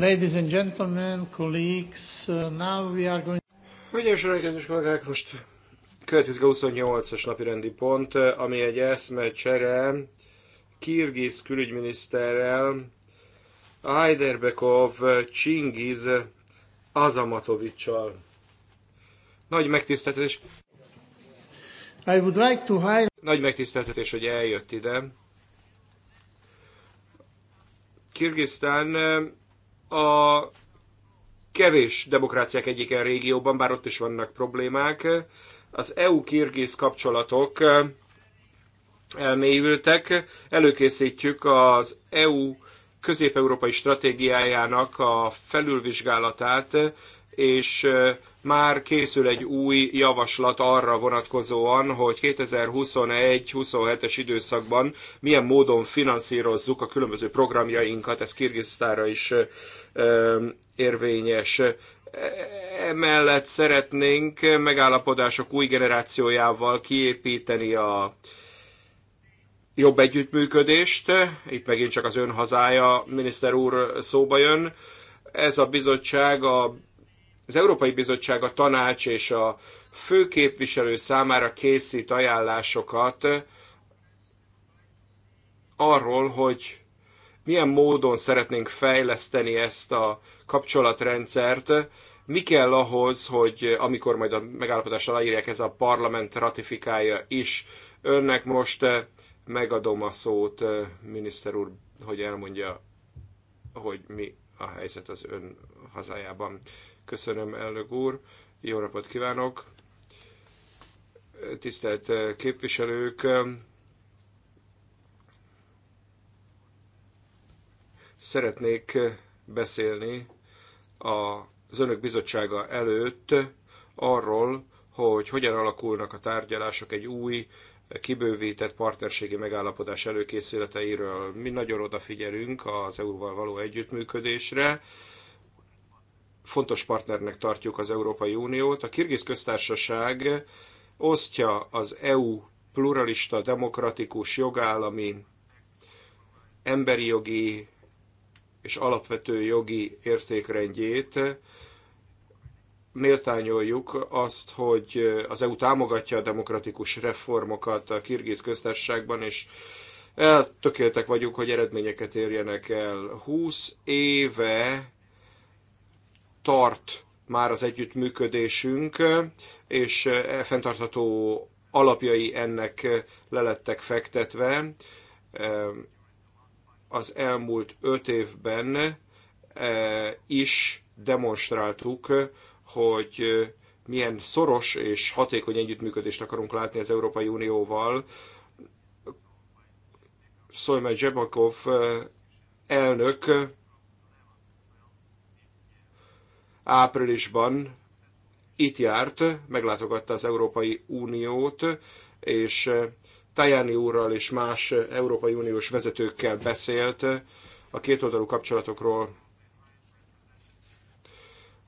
Ladies and gentlemen, colleagues, uh, now we are going... Hölgyeim és kedves kollégák, most következik a 28-as napi rendi pont, uh, ami egy eszme csere Kirgiz külügyminiszterrel, Ajderbekov uh, Csingiz Azamatovicsal. Nagy megtiszteltetés. I would like to hire... Nagy megtiszteltetés, hogy eljött ide. Kirgisztán a kevés demokráciák egyik a régióban, bár ott is vannak problémák. Az eu kirgész kapcsolatok elmélyültek. Előkészítjük az EU közép-európai stratégiájának a felülvizsgálatát, és már készül egy új javaslat arra vonatkozóan, hogy 2021-27-es időszakban milyen módon finanszírozzuk a különböző programjainkat, ez Kirgisztára is érvényes. Emellett szeretnénk megállapodások új generációjával kiépíteni a jobb együttműködést. Itt megint csak az ön hazája, miniszter úr szóba jön. Ez a bizottság, a, az Európai Bizottság, a tanács és a főképviselő számára készít ajánlásokat arról, hogy milyen módon szeretnénk fejleszteni ezt a kapcsolatrendszert, mi kell ahhoz, hogy amikor majd a megállapodás aláírják, ez a parlament ratifikálja is. Önnek most eh, megadom a szót, eh, miniszter úr, hogy elmondja, hogy mi a helyzet az ön hazájában. Köszönöm, elnök úr, jó napot kívánok! Tisztelt eh, képviselők, Szeretnék beszélni az önök bizottsága előtt arról, hogy hogyan alakulnak a tárgyalások egy új, kibővített partnerségi megállapodás előkészületeiről. Mi nagyon odafigyelünk az EU-val való együttműködésre. Fontos partnernek tartjuk az Európai Uniót. A Kirgiz köztársaság osztja az EU pluralista, demokratikus, jogállami, emberi jogi és alapvető jogi értékrendjét, méltányoljuk azt, hogy az EU támogatja a demokratikus reformokat a kirgész köztársaságban, és eltökéltek vagyunk, hogy eredményeket érjenek el. 20 éve tart már az együttműködésünk, és fenntartható alapjai ennek lelettek fektetve az elmúlt öt évben eh, is demonstráltuk, hogy eh, milyen szoros és hatékony együttműködést akarunk látni az Európai Unióval. Szolmen Zsebakov eh, elnök áprilisban itt járt, meglátogatta az Európai Uniót, és Tajani úrral és más Európai Uniós vezetőkkel beszélt a kétoldalú kapcsolatokról.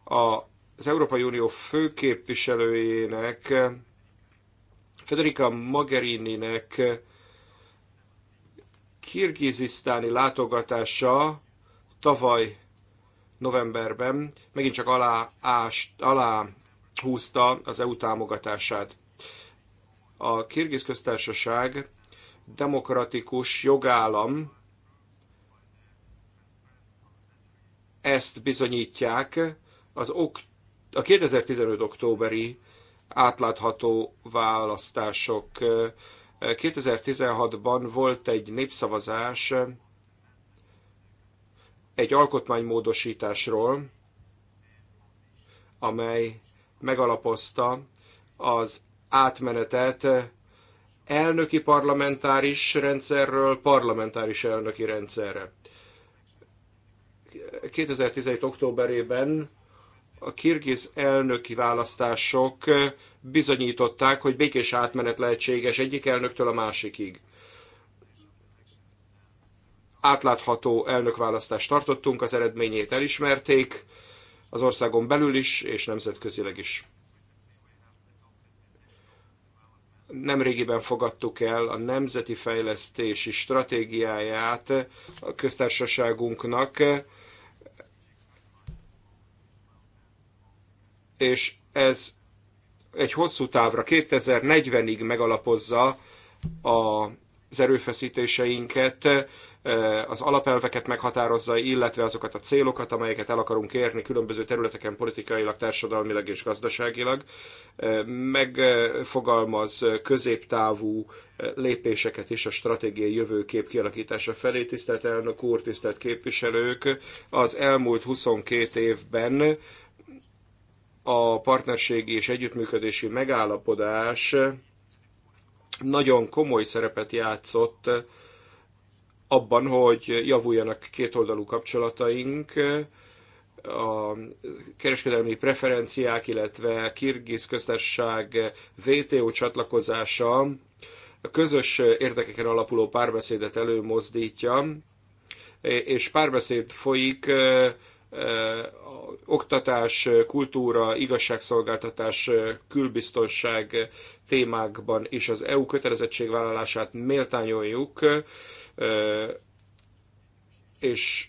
Az Európai Unió főképviselőjének, Federica Mogherininek kirgizisztáni látogatása tavaly novemberben megint csak alá, ást, alá húzta az EU támogatását. A Kirgiz köztársaság demokratikus jogállam, ezt bizonyítják az ok, a 2015. októberi átlátható választások. 2016-ban volt egy népszavazás egy alkotmánymódosításról, amely megalapozta az átmenetet eh, elnöki parlamentáris rendszerről parlamentáris elnöki rendszerre. 2017. októberében a kirgiz elnöki választások eh, bizonyították, hogy békés átmenet lehetséges egyik elnöktől a másikig. Átlátható elnökválasztást tartottunk, az eredményét elismerték, az országon belül is és nemzetközileg is. nemrégiben fogadtuk el a nemzeti fejlesztési stratégiáját a köztársaságunknak, és ez egy hosszú távra, 2040-ig megalapozza a az erőfeszítéseinket, az alapelveket meghatározza, illetve azokat a célokat, amelyeket el akarunk érni különböző területeken politikailag, társadalmilag és gazdaságilag, megfogalmaz középtávú lépéseket is a stratégiai jövőkép kialakítása felé. Tisztelt elnök úr, tisztelt képviselők, az elmúlt 22 évben a partnerségi és együttműködési megállapodás nagyon komoly szerepet játszott eh, abban, hogy javuljanak kétoldalú kapcsolataink, eh, a kereskedelmi preferenciák, illetve Kirgiz köztársaság VTO eh, csatlakozása a közös érdekeken alapuló párbeszédet előmozdítja, és párbeszéd folyik oktatás, kultúra, igazságszolgáltatás, külbiztonság témákban is az EU kötelezettségvállalását méltányoljuk, és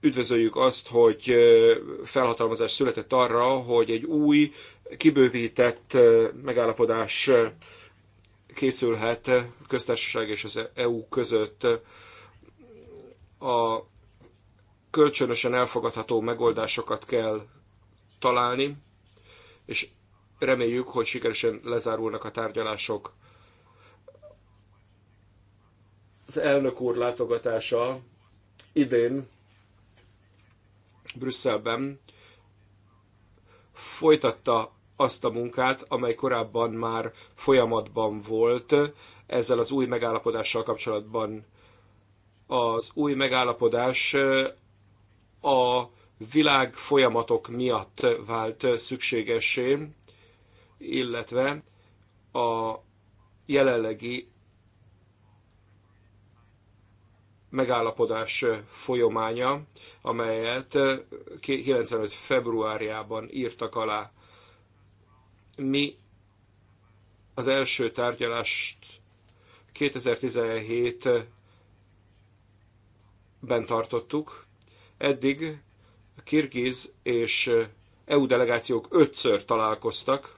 üdvözöljük azt, hogy felhatalmazás született arra, hogy egy új, kibővített megállapodás készülhet köztársaság és az EU között a kölcsönösen elfogadható megoldásokat kell találni, és reméljük, hogy sikeresen lezárulnak a tárgyalások. Az elnök úr látogatása idén Brüsszelben folytatta azt a munkát, amely korábban már folyamatban volt ezzel az új megállapodással kapcsolatban. Az új megállapodás a világ folyamatok miatt vált szükségessé, illetve a jelenlegi megállapodás folyománya, amelyet 95. februárjában írtak alá. Mi az első tárgyalást 2017-ben tartottuk, Eddig a Kirgiz és eh, EU delegációk ötször találkoztak.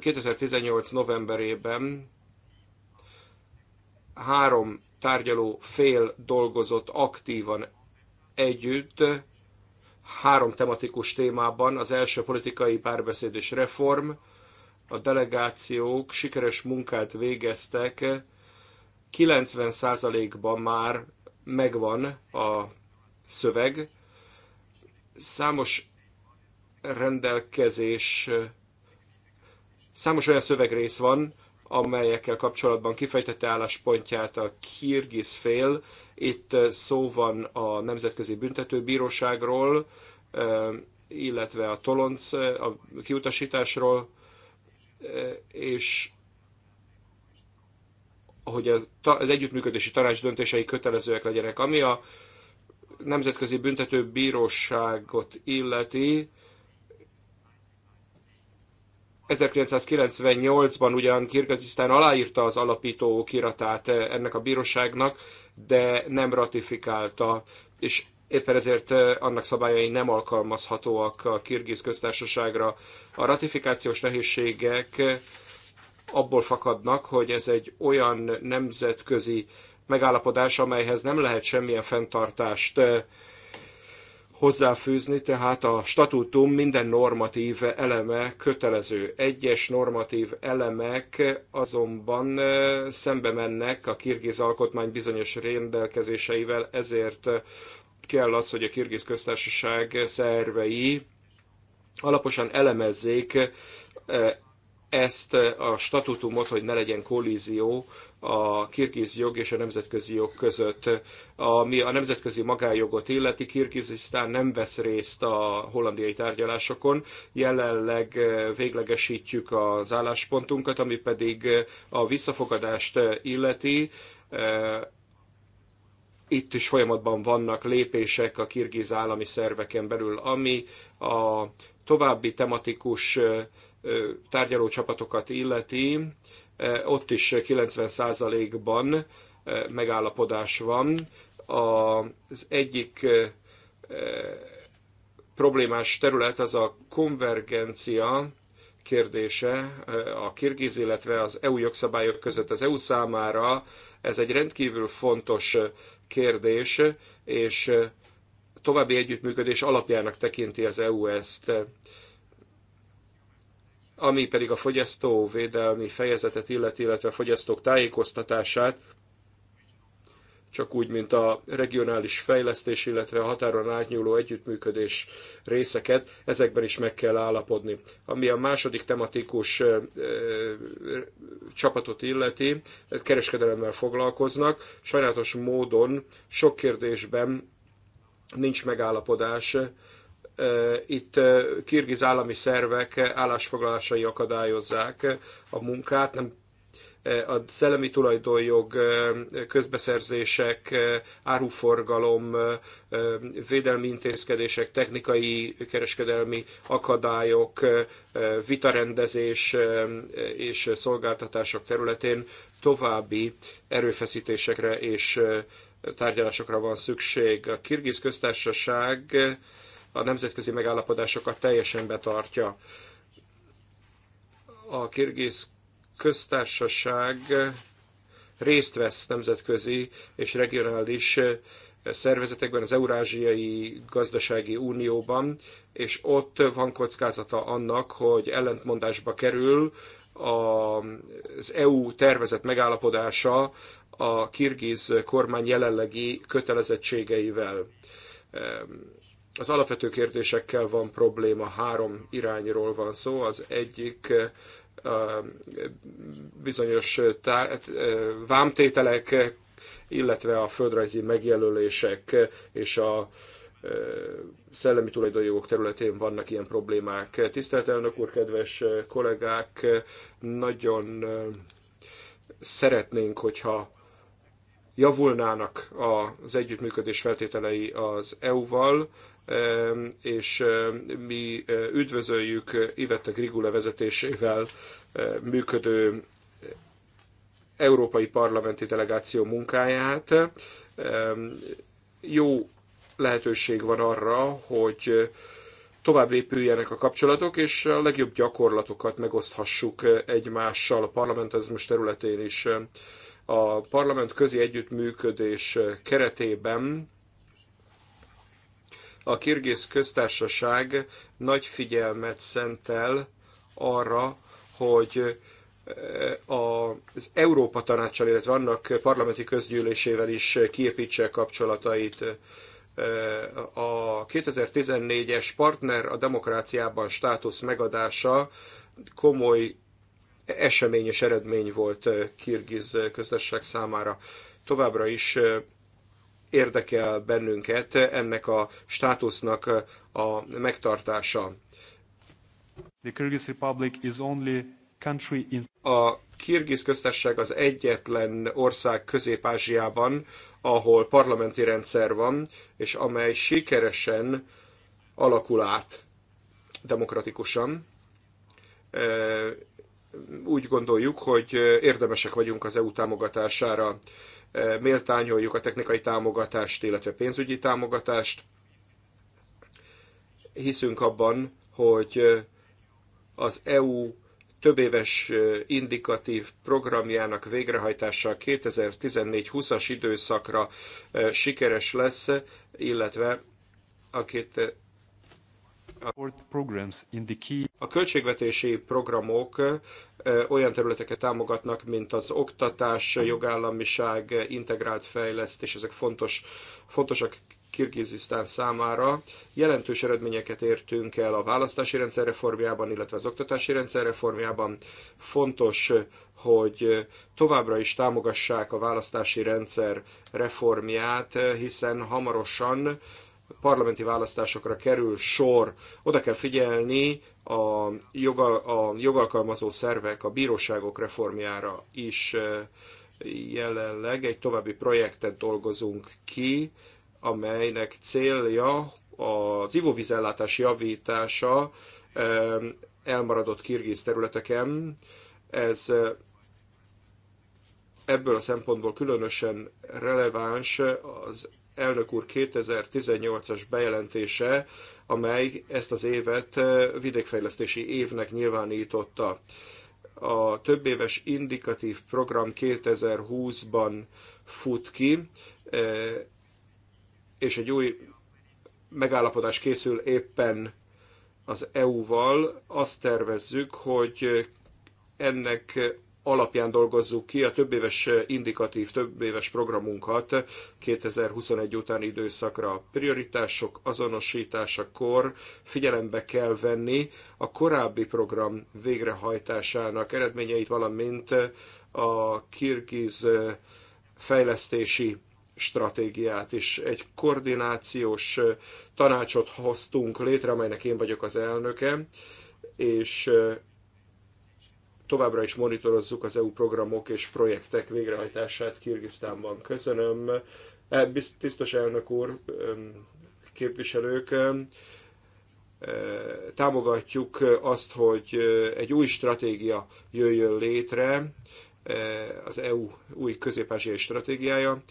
2018. novemberében három tárgyaló fél dolgozott aktívan együtt három tematikus témában. Az első politikai párbeszéd és reform. A delegációk sikeres munkát végeztek, 90%-ban már megvan a szöveg. Számos rendelkezés, számos olyan szövegrész van, amelyekkel kapcsolatban kifejtette álláspontját a kirgiz fél. Itt szó van a Nemzetközi Büntetőbíróságról, illetve a tolonc, a kiutasításról, és hogy az, az együttműködési tanács döntései kötelezőek legyenek. Ami a Nemzetközi Büntető Bíróságot illeti, 1998-ban ugyan Kirgazisztán aláírta az alapító kiratát ennek a bíróságnak, de nem ratifikálta, és éppen ezért annak szabályai nem alkalmazhatóak a Kirgiz köztársaságra. A ratifikációs nehézségek abból fakadnak, hogy ez egy olyan nemzetközi megállapodás, amelyhez nem lehet semmilyen fenntartást hozzáfűzni, tehát a statútum minden normatív eleme kötelező. Egyes normatív elemek azonban szembe mennek a kirgiz alkotmány bizonyos rendelkezéseivel, ezért kell az, hogy a kirgiz köztársaság szervei alaposan elemezzék ezt a statutumot, hogy ne legyen kollízió a kirgiz jog és a nemzetközi jog között. Ami a nemzetközi magájogot illeti, Kirgizisztán nem vesz részt a hollandiai tárgyalásokon. Jelenleg eh, véglegesítjük az álláspontunkat, ami pedig eh, a visszafogadást eh, illeti itt is folyamatban vannak lépések a kirgiz állami szerveken belül, ami a további tematikus tárgyaló csapatokat illeti, ott is 90%-ban megállapodás van. Az egyik problémás terület az a konvergencia kérdése a kirgiz, illetve az EU jogszabályok között az EU számára. Ez egy rendkívül fontos kérdés, és további együttműködés alapjának tekinti az EU ezt ami pedig a fogyasztóvédelmi fejezetet illeti, illetve a fogyasztók tájékoztatását, csak úgy, mint a regionális fejlesztés, illetve a határon átnyúló együttműködés részeket, ezekben is meg kell állapodni. Ami a második tematikus ö, ö, csapatot illeti, kereskedelemmel foglalkoznak, sajnálatos módon sok kérdésben nincs megállapodás itt kirgiz állami szervek állásfoglalásai akadályozzák a munkát, nem a szellemi tulajdonjog, közbeszerzések, áruforgalom, védelmi intézkedések, technikai kereskedelmi akadályok, vitarendezés és szolgáltatások területén további erőfeszítésekre és tárgyalásokra van szükség. A Kirgiz köztársaság a nemzetközi megállapodásokat teljesen betartja. A kirgiz köztársaság részt vesz nemzetközi és regionális szervezetekben, az Eurázsiai Gazdasági Unióban, és ott van kockázata annak, hogy ellentmondásba kerül az EU tervezett megállapodása a kirgiz kormány jelenlegi kötelezettségeivel az alapvető kérdésekkel van probléma, három irányról van szó. Az egyik bizonyos tá- vámtételek, illetve a földrajzi megjelölések és a szellemi tulajdonjogok területén vannak ilyen problémák. Tisztelt elnök úr, kedves kollégák, nagyon szeretnénk, hogyha javulnának az együttműködés feltételei az EU-val, és mi üdvözöljük Ivette Grigula vezetésével működő európai parlamenti delegáció munkáját. Jó lehetőség van arra, hogy tovább épüljenek a kapcsolatok, és a legjobb gyakorlatokat megoszthassuk egymással a parlamentezmus területén is. A parlament közi együttműködés keretében a kirgész köztársaság nagy figyelmet szentel arra, hogy eh, az Európa tanácsal, illetve annak parlamenti közgyűlésével is kiépítse kapcsolatait. Eh, a 2014-es partner a demokráciában státusz megadása komoly eseményes eredmény volt eh, Kirgiz köztársaság számára. Továbbra is érdekel bennünket ennek a státusznak a megtartása. The Kyrgyz Republic is only country in... A Kirgiz köztársaság az egyetlen ország Közép-Ázsiában, ahol parlamenti rendszer van, és amely sikeresen alakul át demokratikusan. Úgy gondoljuk, hogy érdemesek vagyunk az EU támogatására méltányoljuk a technikai támogatást, illetve pénzügyi támogatást. Hiszünk abban, hogy az EU több éves indikatív programjának végrehajtása 2014-20-as időszakra sikeres lesz, illetve a a költségvetési programok olyan területeket támogatnak, mint az oktatás, jogállamiság, integrált fejlesztés, ezek fontos, fontosak Kirgizisztán számára. Jelentős eredményeket értünk el a választási rendszer reformjában, illetve az oktatási rendszer reformjában. Fontos, hogy továbbra is támogassák a választási rendszer reformját, hiszen hamarosan parlamenti választásokra kerül sor, oda kell figyelni a, jogal, a jogalkalmazó szervek, a bíróságok reformjára is eh, jelenleg egy további projektet dolgozunk ki, amelynek célja az ivóvízellátás javítása eh, elmaradott kirgiz területeken. Ez eh, ebből a szempontból különösen releváns az elnök úr 2018-as bejelentése, amely ezt az évet vidékfejlesztési évnek nyilvánította. A többéves indikatív program 2020-ban fut ki, és egy új megállapodás készül éppen az EU-val. Azt tervezzük, hogy ennek alapján dolgozzuk ki a többéves indikatív, többéves programunkat 2021 utáni időszakra. Prioritások kor figyelembe kell venni a korábbi program végrehajtásának eredményeit, valamint a kirgiz fejlesztési stratégiát is. Egy koordinációs tanácsot hoztunk létre, amelynek én vagyok az elnöke, és Továbbra is monitorozzuk az EU programok és projektek végrehajtását Kirgisztánban. Köszönöm, e, biztos elnök úr, képviselők e, támogatjuk azt, hogy egy új stratégia jöjjön létre, e, az EU új közép stratégiája,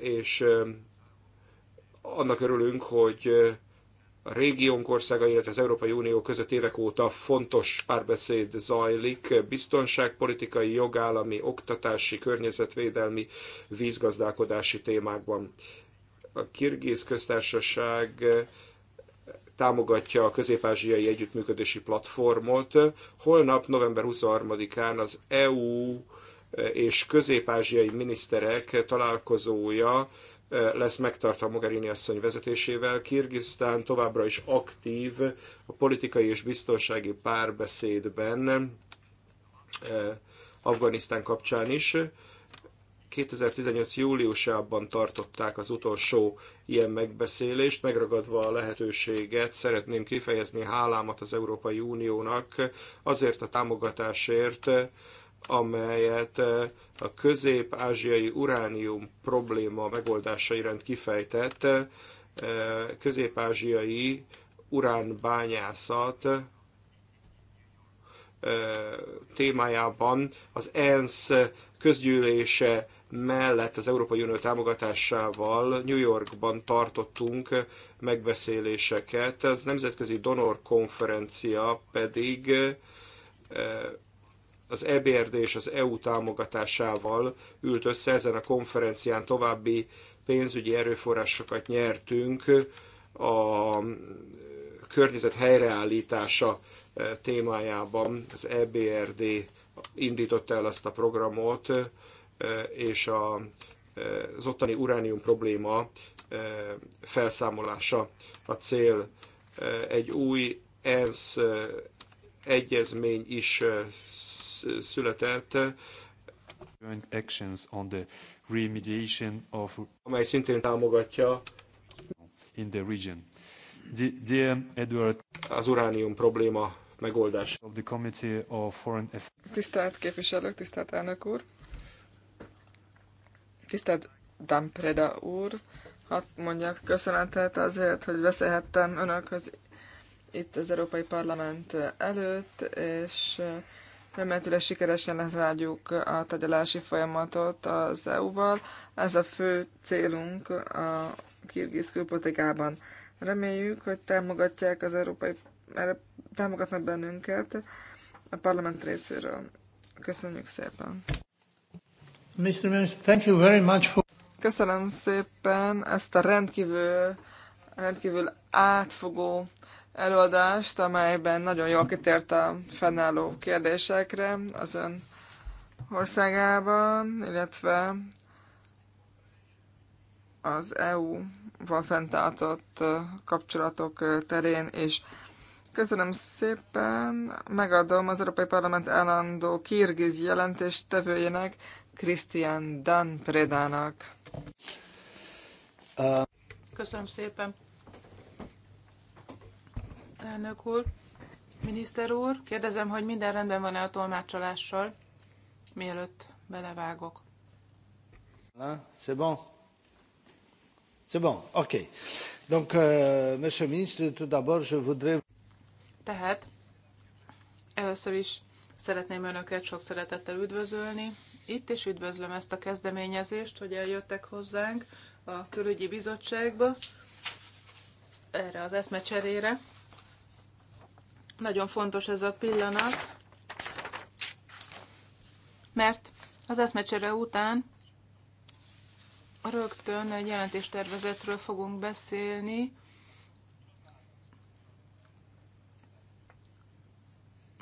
és annak örülünk, hogy a régiónk országa, illetve az Európai Unió között évek óta fontos párbeszéd zajlik, biztonságpolitikai, jogállami, oktatási, környezetvédelmi, vízgazdálkodási témákban. A Kirgiz köztársaság támogatja a közép-ázsiai együttműködési platformot. Holnap, november 23-án az EU és közép-ázsiai miniszterek találkozója lesz megtartva Mogherini asszony vezetésével. Kirgisztán továbbra is aktív a politikai és biztonsági párbeszédben eh, Afganisztán kapcsán is. 2018. júliusában tartották az utolsó ilyen megbeszélést, megragadva a lehetőséget szeretném kifejezni hálámat az Európai Uniónak azért a támogatásért, amelyet a közép-ázsiai uránium probléma megoldása iránt kifejtett közép-ázsiai uránbányászat témájában az ENSZ közgyűlése mellett az Európai Unió támogatásával New Yorkban tartottunk megbeszéléseket. Az nemzetközi donor konferencia pedig az EBRD és az EU támogatásával ült össze ezen a konferencián további pénzügyi erőforrásokat nyertünk a környezet helyreállítása eh, témájában az EBRD indította el azt a programot, eh, és a, eh, az ottani uránium probléma felszámolása a cél. Egy új ENSZ egyezmény is született, actions on the remediation of amely szintén támogatja in the region. The, the um, Edward az uránium probléma megoldás. Of the Committee of Foreign Affairs. Tisztelt képviselők, tisztelt elnök úr, tisztelt Dampreda úr, hadd mondjak köszönetet azért, hogy beszélhettem önökhöz itt az Európai Parlament előtt, és remetőleg sikeresen lezárjuk a tagyalási folyamatot az EU-val. Ez a fő célunk a kirgiz külpolitikában. Reméljük, hogy támogatják az Európai mert támogatnak bennünket a parlament részéről. Köszönjük szépen! Mr. Minister, thank you very much for... Köszönöm szépen ezt a rendkívül, rendkívül átfogó előadást, amelyben nagyon jól kitért a fennálló kérdésekre az ön országában, illetve az EU-val fenntartott kapcsolatok terén is. Köszönöm szépen, megadom az Európai Parlament állandó kirgiz tevőjének, Krisztián Dan Predának. Köszönöm szépen. Elnök úr, miniszter úr, kérdezem, hogy minden rendben van-e a tolmácsolással, mielőtt belevágok. C'est bon? C'est bon, ok. Donc, euh, monsieur le ministre, tout d'abord, je voudrais... Tehát, először is szeretném Önöket sok szeretettel üdvözölni. Itt is üdvözlöm ezt a kezdeményezést, hogy eljöttek hozzánk a külügyi bizottságba, erre az eszmecserére. Nagyon fontos ez a pillanat, mert az eszmecsere után rögtön egy jelentéstervezetről fogunk beszélni,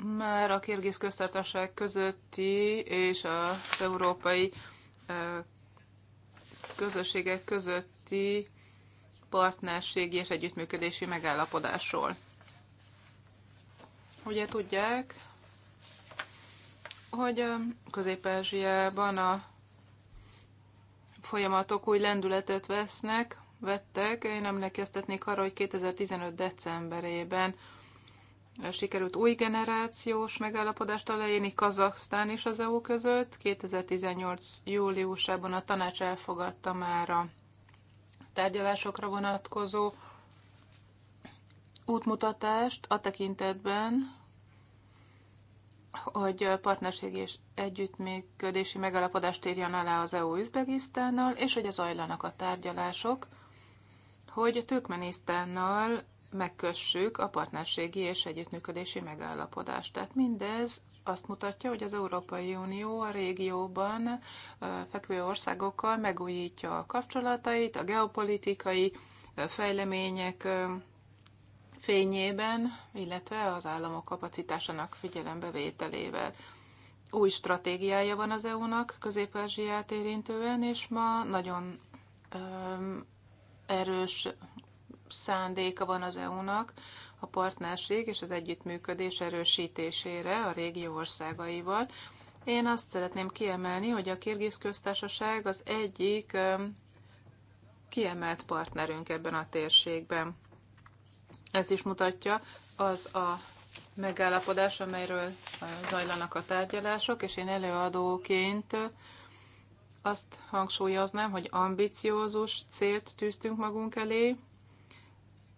már a kirgiz köztartaság közötti és az európai közösségek közötti partnerségi és együttműködési megállapodásról. Ugye tudják, hogy a közép a folyamatok új lendületet vesznek, vettek. Én emlékeztetnék arra, hogy 2015. decemberében sikerült új generációs megállapodást aláírni Kazaksztán és az EU között. 2018. júliusában a tanács elfogadta már a tárgyalásokra vonatkozó útmutatást a tekintetben, hogy partnerségi és együttműködési megalapodást írjan alá az EU Üzbegisztánnal, és hogy az ajlanak a tárgyalások, hogy Türkmenisztánnal megkössük a partnerségi és együttműködési megállapodást. Tehát mindez azt mutatja, hogy az Európai Unió a régióban fekvő országokkal megújítja a kapcsolatait, a geopolitikai fejlemények fényében, illetve az államok kapacitásának figyelembevételével. Új stratégiája van az EU-nak közép érintően, és ma nagyon um, erős szándéka van az EU-nak a partnerség és az együttműködés erősítésére a régió országaival. Én azt szeretném kiemelni, hogy a Kirgiz köztársaság az egyik kiemelt partnerünk ebben a térségben. Ez is mutatja az a megállapodás, amelyről zajlanak a tárgyalások, és én előadóként azt hangsúlyoznám, hogy ambiciózus célt tűztünk magunk elé.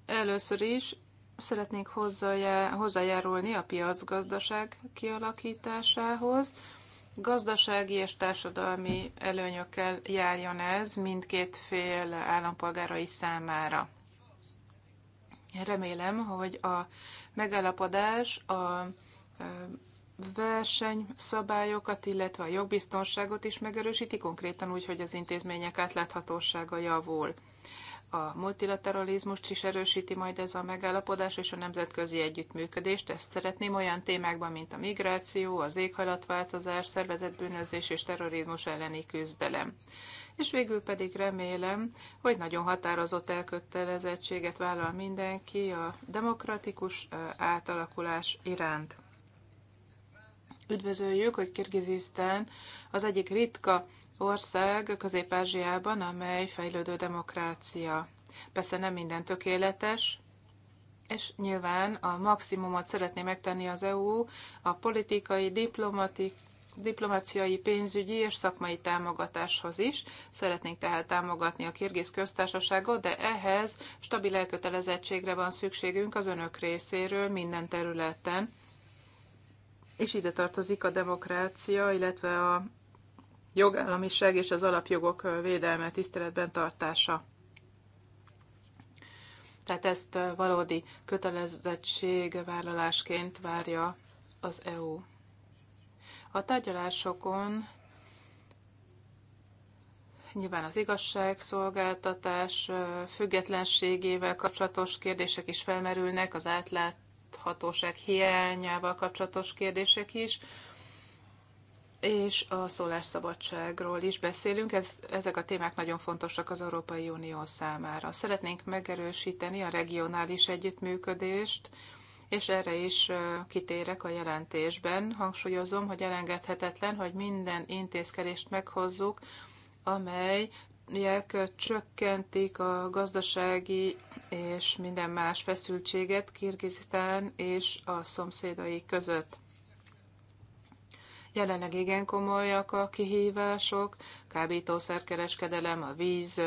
Először is szeretnénk hozzájárulni a piacgazdaság kialakításához. Gazdasági és társadalmi előnyökkel járjon ez mindkét fél állampolgárai számára. Remélem, hogy a megállapodás a versenyszabályokat, illetve a jogbiztonságot is megerősíti, konkrétan úgy, hogy az intézmények átláthatósága javul. A multilateralizmust is erősíti majd ez a megállapodás és a nemzetközi együttműködést. Ezt szeretném olyan témákban, mint a migráció, az éghajlatváltozás, szervezetbűnözés és terrorizmus elleni küzdelem és végül pedig remélem, hogy nagyon határozott elkötelezettséget vállal mindenki a demokratikus átalakulás iránt. Üdvözöljük, hogy Kirgizisztán az egyik ritka ország Közép-Ázsiában, amely fejlődő demokrácia. Persze nem minden tökéletes, és nyilván a maximumot szeretné megtenni az EU a politikai, diplomáciai, pénzügyi és szakmai támogatáshoz is. Szeretnénk tehát támogatni a Kirgiz köztársaságot, de ehhez stabil elkötelezettségre van szükségünk az önök részéről minden területen. És ide tartozik a demokrácia, illetve a jogállamiság és az alapjogok védelme tiszteletben tartása. Tehát ezt valódi kötelezettségvállalásként várja az EU. A tárgyalásokon nyilván az igazságszolgáltatás függetlenségével kapcsolatos kérdések is felmerülnek, az átláthatóság hiányával kapcsolatos kérdések is, és a szólásszabadságról is beszélünk. Ez, ezek a témák nagyon fontosak az Európai Unió számára. Szeretnénk megerősíteni a regionális együttműködést, és erre is kitérek a jelentésben. Hangsúlyozom, hogy elengedhetetlen, hogy minden intézkedést meghozzuk, amely csökkentik a gazdasági és minden más feszültséget Kirgizisztán és a szomszédai között. Jelenleg igen komolyak a kihívások, kábítószerkereskedelem, a víz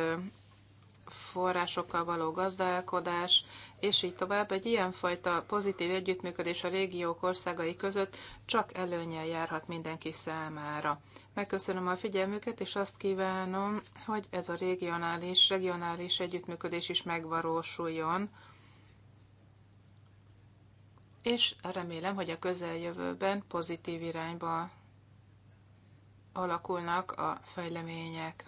forrásokkal való gazdálkodás, és így tovább. Egy ilyenfajta pozitív együttműködés a régiók országai között csak előnyel járhat mindenki számára. Megköszönöm a figyelmüket, és azt kívánom, hogy ez a regionális, regionális együttműködés is megvalósuljon, és remélem, hogy a közeljövőben pozitív irányba alakulnak a fejlemények.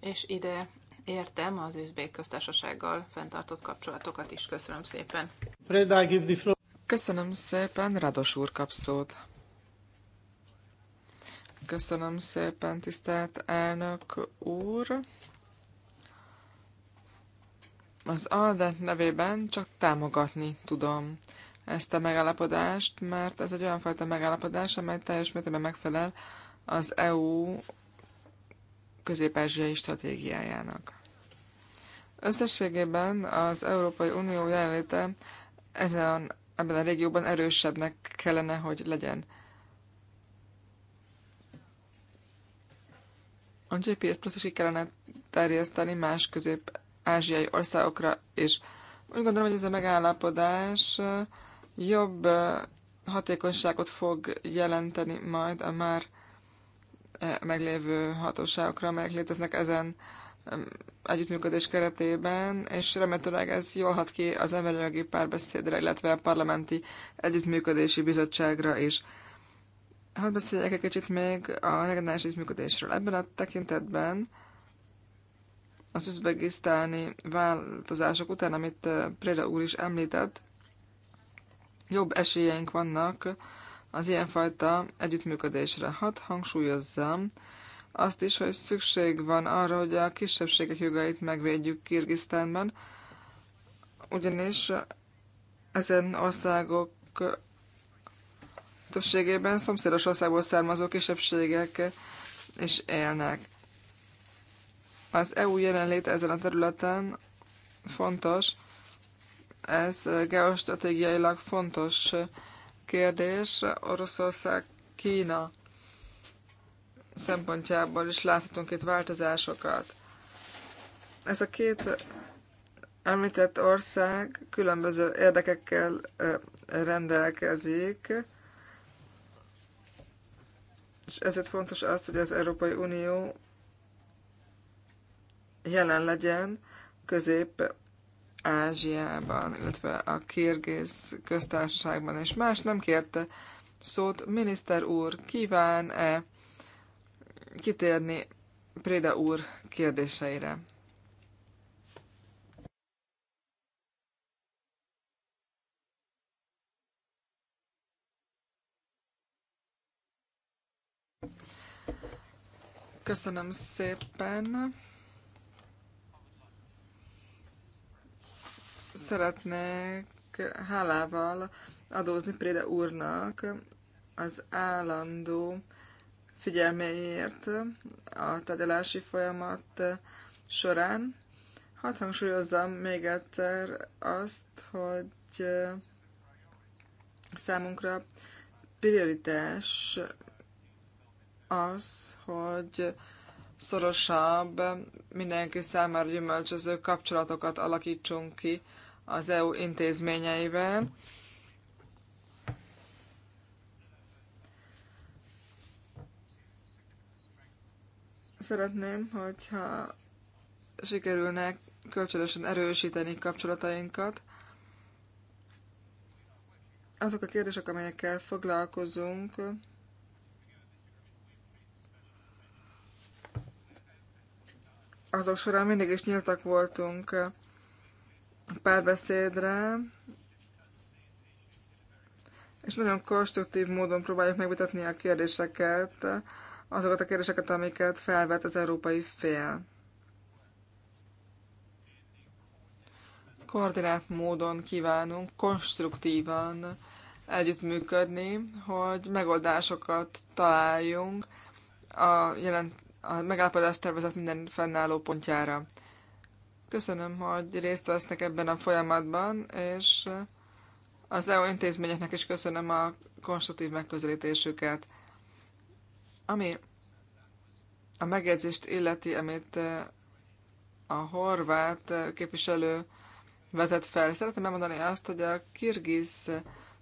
és ide értem az Üzbék köztársasággal fenntartott kapcsolatokat is. Köszönöm szépen. Köszönöm szépen, Rados úr kap szót. Köszönöm szépen, tisztelt elnök úr. Az ALDE nevében csak támogatni tudom ezt a megállapodást, mert ez egy olyan fajta megállapodás, amely teljes mértékben megfelel az EU közép-ázsiai stratégiájának. Összességében az Európai Unió jelenléte ezen, ebben a régióban erősebbnek kellene, hogy legyen. A GPS plusz is ki kellene terjeszteni más közép-ázsiai országokra és Úgy gondolom, hogy ez a megállapodás jobb hatékonyságot fog jelenteni majd a már E, meglévő hatóságokra, amelyek léteznek ezen együttműködés keretében, és remélhetőleg ez jól hat ki az emberi párbeszédre, illetve a parlamenti együttműködési bizottságra is. Hadd beszéljek egy kicsit még a regionális együttműködésről. Ebben a tekintetben az üzbegisztáni változások után, amit e, Preda úr is említett, jobb esélyeink vannak az ilyenfajta együttműködésre. Hadd hangsúlyozzam azt is, hogy szükség van arra, hogy a kisebbségek jogait megvédjük Kirgisztánban, ugyanis ezen országok többségében szomszédos országból származó kisebbségek is élnek. Az EU jelenléte ezen a területen fontos, ez geostratégiailag fontos kérdés Oroszország, Kína szempontjából is láthatunk itt változásokat. Ez a két említett ország különböző érdekekkel rendelkezik, és ezért fontos az, hogy az Európai Unió jelen legyen Közép- Ázsiában, illetve a Kirgiz köztársaságban, és más nem kérte szót. Miniszter úr, kíván-e kitérni Préda úr kérdéseire? Köszönöm szépen. Szeretnék hálával adózni Préde úrnak az állandó figyelméért a tárgyalási folyamat során. Hadd hangsúlyozzam még egyszer azt, hogy számunkra prioritás az, hogy szorosabb, mindenki számára gyümölcsöző kapcsolatokat alakítsunk ki az EU intézményeivel. Szeretném, hogyha sikerülnek kölcsönösen erősíteni kapcsolatainkat. Azok a kérdések, amelyekkel foglalkozunk, azok során mindig is nyíltak voltunk párbeszédre, és nagyon konstruktív módon próbáljuk megvitatni a kérdéseket, azokat a kérdéseket, amiket felvet az európai fél. Koordinált módon kívánunk konstruktívan együttműködni, hogy megoldásokat találjunk a, jelent, a megállapodás tervezett minden fennálló pontjára. Köszönöm, hogy részt vesznek ebben a folyamatban, és az EU intézményeknek is köszönöm a konstruktív megközelítésüket. Ami a megjegyzést illeti, amit a horvát képviselő vetett fel, szeretném elmondani azt, hogy a kirgiz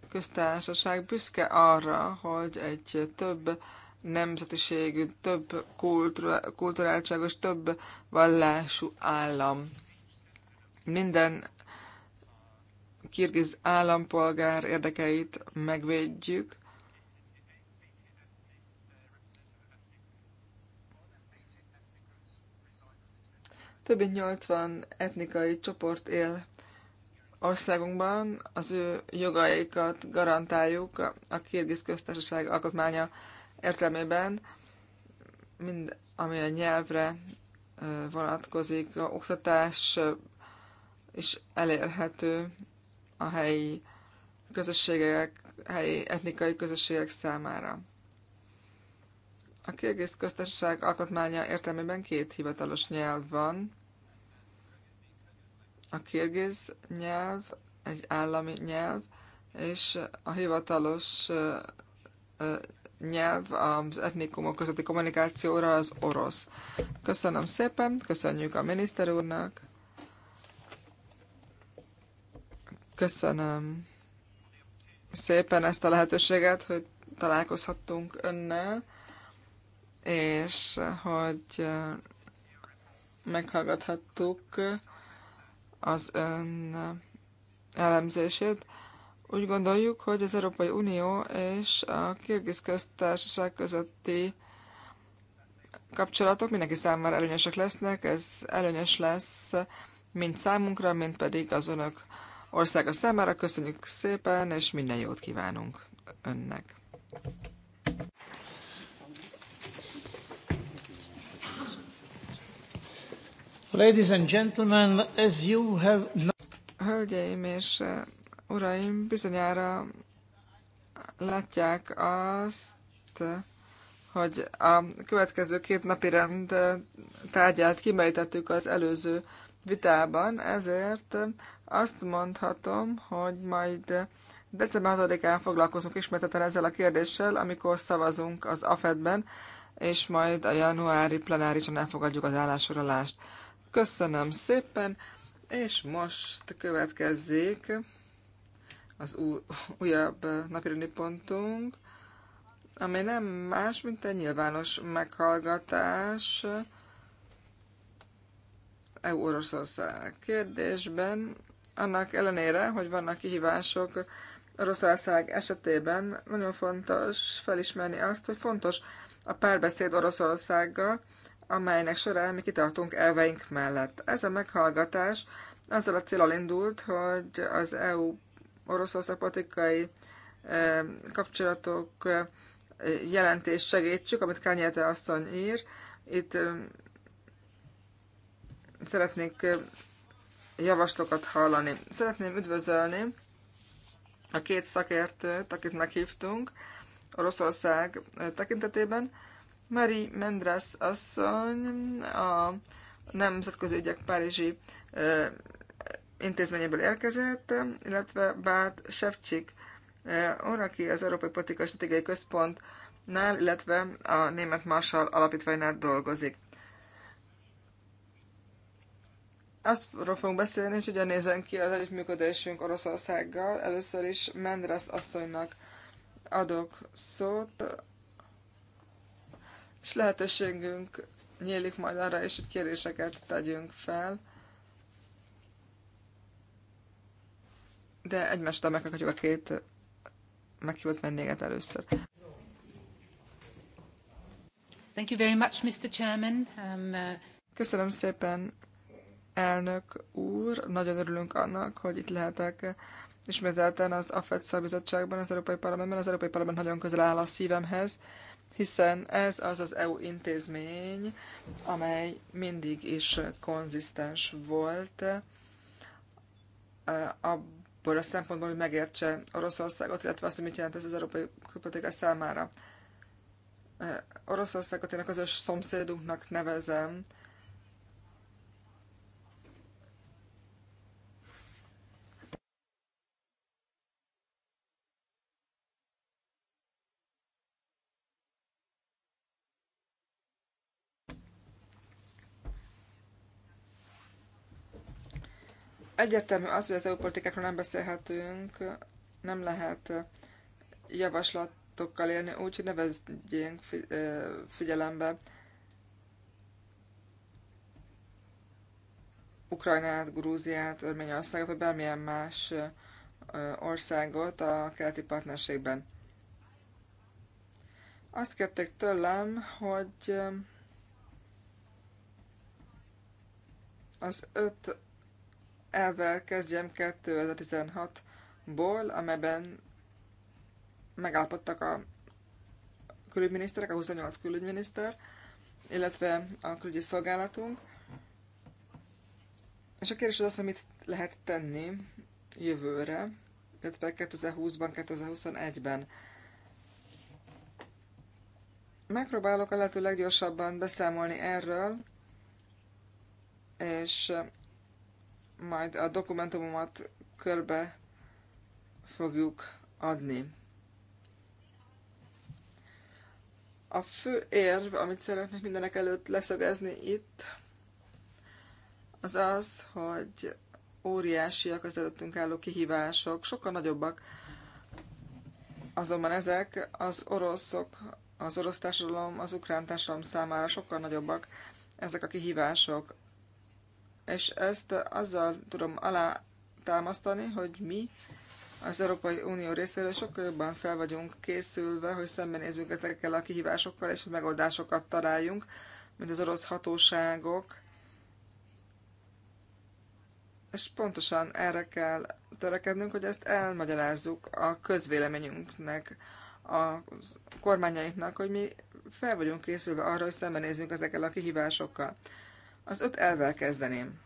köztársaság büszke arra, hogy egy több nemzetiségű, több kultúra, kulturáltságos, több vallású állam. Minden kirgiz állampolgár érdekeit megvédjük. Több mint 80 etnikai csoport él országunkban, az ő jogaikat garantáljuk a Kirgiz Köztársaság alkotmánya értelmében, mind ami a nyelvre vonatkozik, a oktatás is elérhető a helyi közösségek, helyi etnikai közösségek számára. A Kirgiz köztársaság alkotmánya értelmében két hivatalos nyelv van. A kirgiz nyelv egy állami nyelv, és a hivatalos nyelv az etnikumok közötti kommunikációra az orosz. Köszönöm szépen, köszönjük a miniszter úrnak. Köszönöm szépen ezt a lehetőséget, hogy találkozhattunk önnel, és hogy meghallgathattuk az ön elemzését. Úgy gondoljuk, hogy az Európai Unió és a Kirgiz köztársaság közötti kapcsolatok mindenki számára előnyösek lesznek, ez előnyös lesz mind számunkra, mind pedig az önök országa számára. Köszönjük szépen, és minden jót kívánunk önnek. Ladies and gentlemen, as you have... Hölgyeim és uraim, bizonyára látják azt, hogy a következő két napi rend tárgyát kimerítettük az előző vitában, ezért azt mondhatom, hogy majd december 6-án foglalkozunk ismertetlen ezzel a kérdéssel, amikor szavazunk az AFED-ben, és majd a januári plenárison elfogadjuk az állásuralást. Köszönöm szépen, és most következzék az újabb napirendi pontunk, amely nem más, mint egy nyilvános meghallgatás EU-Oroszország kérdésben, annak ellenére, hogy vannak kihívások Oroszország esetében, nagyon fontos felismerni azt, hogy fontos a párbeszéd Oroszországgal, amelynek során mi kitartunk elveink mellett. Ez a meghallgatás azzal a célral indult, hogy az EU Oroszország politikai kapcsolatok jelentés segítsük, amit Kányete asszony ír. Itt szeretnék javaslókat hallani. Szeretném üdvözölni a két szakértőt, akit meghívtunk Oroszország tekintetében. Mary Mendres asszony, a Nemzetközi Ügyek Párizsi intézményéből érkezett, illetve Bát Sevcsik, eh, aki az Európai Politikai Stratégiai Központnál, illetve a Német Marshall Alapítványnál dolgozik. Azt fogunk beszélni, hogy hogyan nézen ki az együttműködésünk Oroszországgal. Először is Mendres asszonynak adok szót, és lehetőségünk nyílik majd arra is, hogy kéréseket tegyünk fel de egymást a meghallgatjuk a két meghívott vendéget először. Thank you very much, Mr. Chairman. Um, uh... Köszönöm szépen, elnök úr. Nagyon örülünk annak, hogy itt lehetek ismételten az AFETSZA bizottságban, az Európai Parlamentben. Az Európai Parlament nagyon közel áll a szívemhez, hiszen ez az az EU intézmény, amely mindig is konzisztens volt abban, uh, abból a szempontból, hogy megértse Oroszországot, illetve azt, hogy mit jelent ez az európai külpolitika számára. Oroszországot én a közös szomszédunknak nevezem, Egyértelmű az, hogy az EU politikákról nem beszélhetünk, nem lehet javaslatokkal élni, úgyhogy nevezjünk figyelembe Ukrajnát, Grúziát, Örményországot, vagy bármilyen más országot a keleti partnerségben. Azt kérték tőlem, hogy az öt elvel kezdjem 2016-ból, amelyben megállapodtak a külügyminiszterek, a 28 külügyminiszter, illetve a külügyi szolgálatunk. És a kérdés az az, amit lehet tenni jövőre, illetve 2020-ban, 2021-ben. Megpróbálok a lehető leggyorsabban beszámolni erről, és majd a dokumentumomat körbe fogjuk adni. A fő érv, amit szeretnék mindenek előtt leszögezni itt, az az, hogy óriásiak az előttünk álló kihívások, sokkal nagyobbak. Azonban ezek az oroszok, az orosz társadalom, az ukrán társadalom számára sokkal nagyobbak ezek a kihívások és ezt azzal tudom alátámasztani, hogy mi az Európai Unió részéről sokkal jobban fel vagyunk készülve, hogy szembenézzünk ezekkel a kihívásokkal, és megoldásokat találjunk, mint az orosz hatóságok. És pontosan erre kell törekednünk, hogy ezt elmagyarázzuk a közvéleményünknek, a kormányainknak, hogy mi fel vagyunk készülve arra, hogy szembenézzünk ezekkel a kihívásokkal. Az öt elvel kezdeném.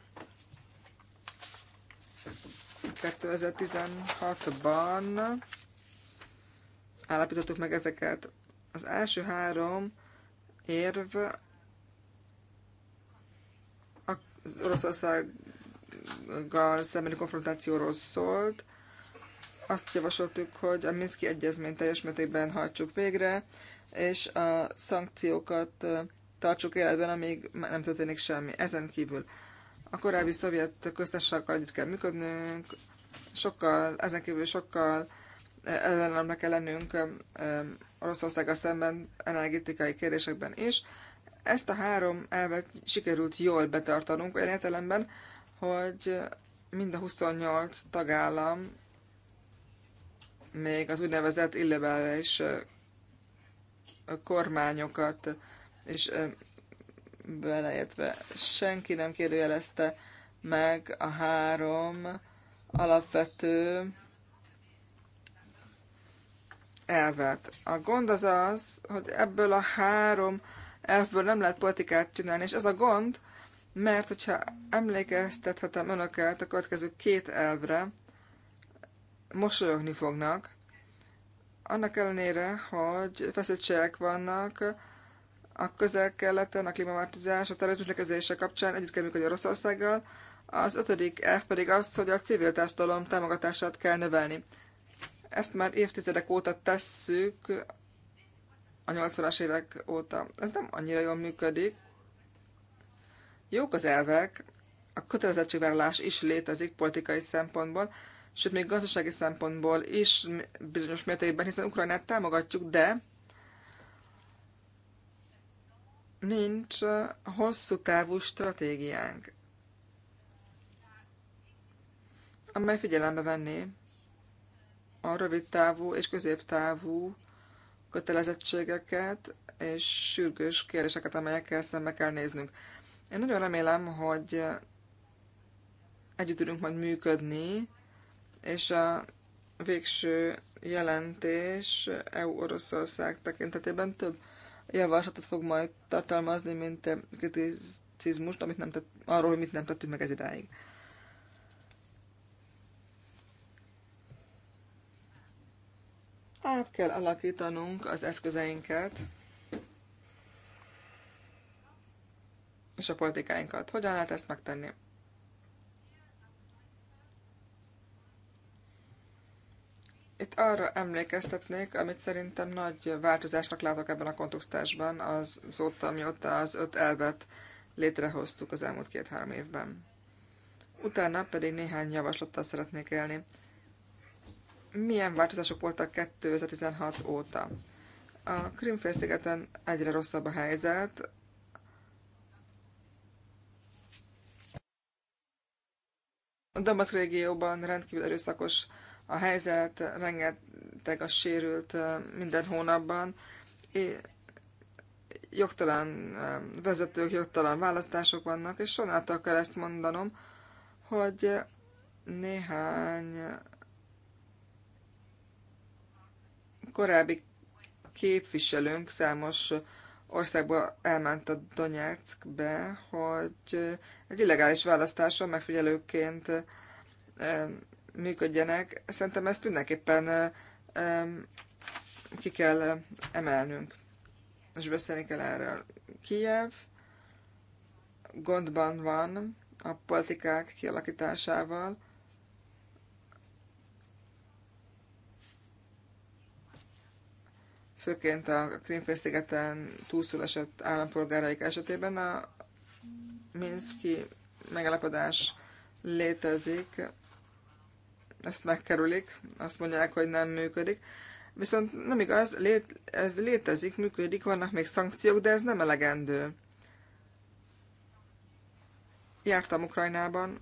2016-ban állapítottuk meg ezeket. Az első három érv az Oroszországgal szembeni konfrontációról szólt. Azt javasoltuk, hogy a Minszki Egyezményt teljes mértékben hajtsuk végre, és a szankciókat tartsuk életben, amíg nem történik semmi. Ezen kívül a korábbi szovjet köztársasággal együtt kell működnünk, sokkal, ezen kívül sokkal eh, ellenemre kell lennünk eh, Oroszországgal szemben energetikai kérdésekben is. Ezt a három elvet sikerült jól betartanunk olyan értelemben, hogy mind a 28 tagállam még az úgynevezett illiberális eh, kormányokat és beleértve senki nem kérdőjelezte meg a három alapvető elvet. A gond az az, hogy ebből a három elvből nem lehet politikát csinálni, és ez a gond, mert hogyha emlékeztethetem önöket a következő két elvre, mosolyogni fognak, annak ellenére, hogy feszültségek vannak, a közel-keleten, a klímaváltozás, a terrorizmus lekezése kapcsán együtt kell működni Oroszországgal. Az ötödik elv pedig az, hogy a civil társadalom támogatását kell növelni. Ezt már évtizedek óta tesszük, a 80-as évek óta. Ez nem annyira jól működik. Jók az elvek, a kötelezettségvállalás is létezik politikai szempontból, sőt még gazdasági szempontból is bizonyos mértékben, hiszen Ukrajnát támogatjuk, de nincs hosszú távú stratégiánk, amely figyelembe venné a rövid távú és középtávú kötelezettségeket és sürgős kérdéseket, amelyekkel szembe kell néznünk. Én nagyon remélem, hogy együtt tudunk majd működni, és a végső jelentés EU-Oroszország tekintetében több javaslatot fog majd tartalmazni, mint kriticizmust, amit nem tett, arról, hogy mit nem tettünk meg ez idáig. Át kell alakítanunk az eszközeinket, és a politikáinkat. Hogyan lehet ezt megtenni? Itt arra emlékeztetnék, amit szerintem nagy változásnak látok ebben a kontextusban azóta, amióta az öt elvet létrehoztuk az elmúlt két-három évben. Utána pedig néhány javaslattal szeretnék élni. Milyen változások voltak 2016 óta? A Krimfélszigeten egyre rosszabb a helyzet, a Damaszk régióban rendkívül erőszakos a helyzet, rengeteg a sérült minden hónapban, jogtalan vezetők, jogtalan választások vannak, és sonáltal kell ezt mondanom, hogy néhány korábbi képviselőnk számos országba elment a Donetskbe, hogy egy illegális választáson megfigyelőként működjenek. Szerintem ezt mindenképpen ki kell emelnünk, és beszélni kell erről. Kijev gondban van a politikák kialakításával, főként a Krimfélszigeten túlszul esett állampolgáraik esetében a Minszki megállapodás létezik ezt megkerülik, azt mondják, hogy nem működik. Viszont nem igaz, lét, ez létezik, működik, vannak még szankciók, de ez nem elegendő. Jártam Ukrajnában,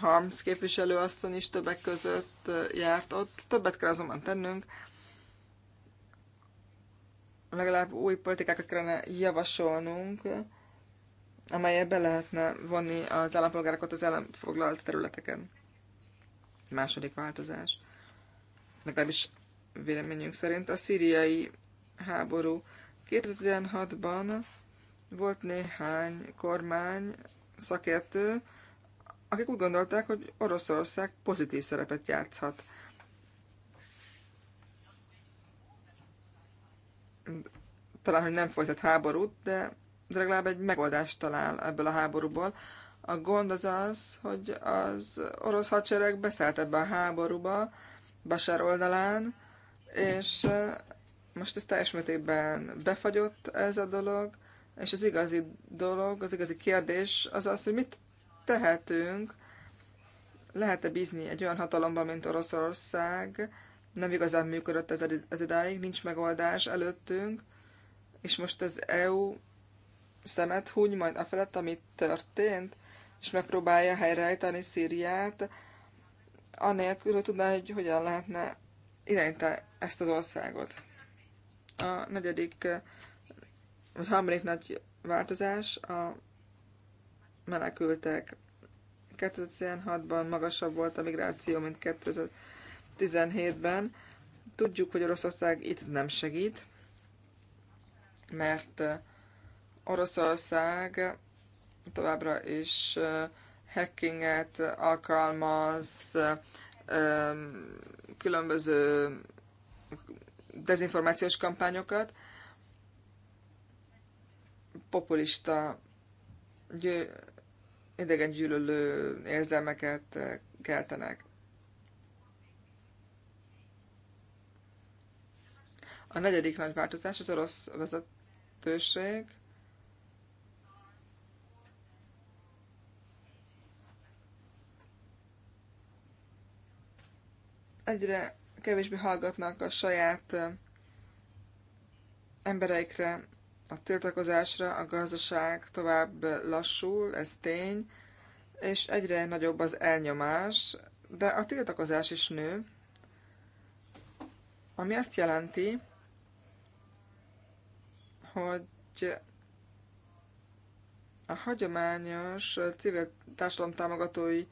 Harms képviselőasszony is többek között járt ott, többet kell azonban tennünk, legalább új politikákat kellene javasolnunk, amelyet be lehetne vonni az állampolgárokat az ellenfoglalt területeken második változás. Legalábbis véleményünk szerint a szíriai háború 2016-ban volt néhány kormány, szakértő, akik úgy gondolták, hogy Oroszország pozitív szerepet játszhat. Talán, hogy nem folytat háborút, de, de legalább egy megoldást talál ebből a háborúból, a gond az az, hogy az orosz hadsereg beszállt ebbe a háborúba, Basár oldalán, és most ez teljes mértékben befagyott ez a dolog, és az igazi dolog, az igazi kérdés az az, hogy mit tehetünk, lehet-e bízni egy olyan hatalomban, mint Oroszország, nem igazán működött ez, ez idáig, nincs megoldás előttünk, és most az EU szemet húny majd afelett, amit történt, és megpróbálja helyreállítani Szíriát, anélkül, hogy tudná, hogy hogyan lehetne irányítani ezt az országot. A negyedik, vagy harmadik nagy változás a menekültek. 2016-ban magasabb volt a migráció, mint 2017-ben. Tudjuk, hogy Oroszország itt nem segít, mert Oroszország továbbra is hackinget alkalmaz, különböző dezinformációs kampányokat, populista, gyö- idegen gyűlölő érzelmeket keltenek. A negyedik nagy változás az orosz vezetőség egyre kevésbé hallgatnak a saját embereikre, a tiltakozásra, a gazdaság tovább lassul, ez tény, és egyre nagyobb az elnyomás, de a tiltakozás is nő, ami azt jelenti, hogy a hagyományos civil társadalom támogatói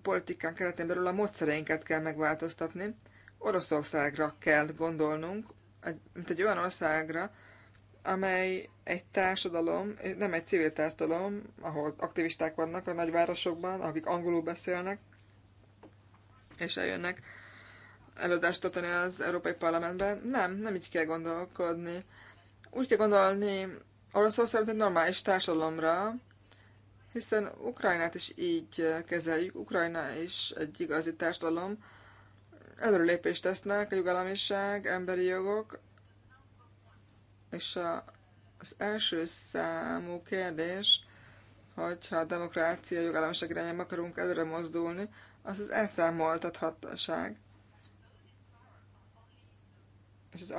politikán keretén belül a módszereinket kell megváltoztatni. Oroszországra kell gondolnunk, mint egy olyan országra, amely egy társadalom, nem egy civil társadalom, ahol aktivisták vannak a nagyvárosokban, akik angolul beszélnek, és eljönnek előadást tartani az Európai Parlamentben. Nem, nem így kell gondolkodni. Úgy kell gondolni Oroszország, mint egy normális társadalomra, hiszen Ukrajnát is így kezeljük, Ukrajna is egy igazi társadalom, előrelépést tesznek a jogállamiság, emberi jogok, és a, az első számú kérdés, hogyha a demokrácia, a jogállamiság irányába akarunk előre mozdulni, az az elszámoltathatóság. És az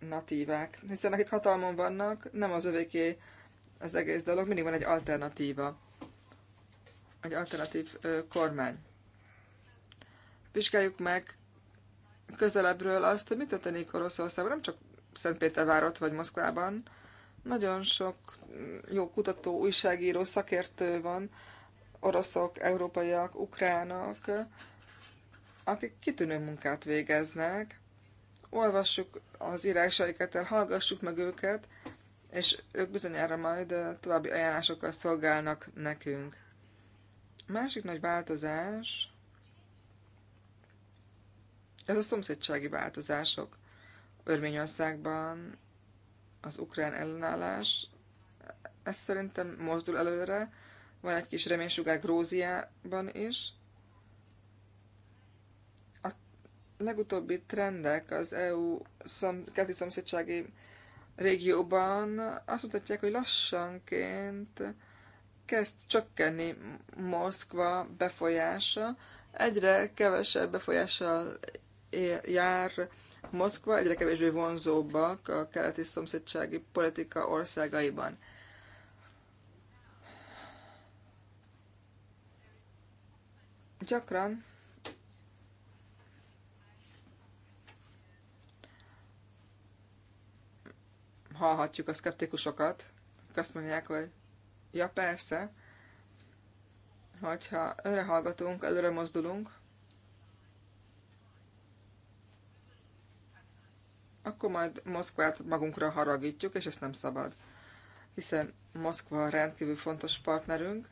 alternatívák. Hiszen akik hatalmon vannak, nem az övéké az egész dolog, mindig van egy alternatíva, egy alternatív kormány. Vizsgáljuk meg közelebbről azt, hogy mit történik Oroszországban, nem csak Szentpétervárot vagy Moszkvában. Nagyon sok mm, jó kutató, újságíró, szakértő van, oroszok, európaiak, ukránok, akik kitűnő munkát végeznek. Olvassuk az írásaikat el, hallgassuk meg őket, és ők bizonyára majd további ajánlásokkal szolgálnak nekünk. A másik nagy változás, ez a szomszédsági változások. Örményországban az ukrán ellenállás, ez szerintem mozdul előre, van egy kis reménysugár Gróziában is. A legutóbbi trendek az EU szom, keleti szomszédsági régióban azt mutatják, hogy lassanként kezd csökkenni Moszkva befolyása, egyre kevesebb befolyással jár Moszkva, egyre kevésbé vonzóbbak a keleti szomszédsági politika országaiban. Gyakran hallhatjuk a szkeptikusokat, akik azt mondják, hogy ja persze, hogyha előre hallgatunk, előre mozdulunk, akkor majd Moszkvát magunkra haragítjuk, és ezt nem szabad. Hiszen Moszkva rendkívül fontos partnerünk.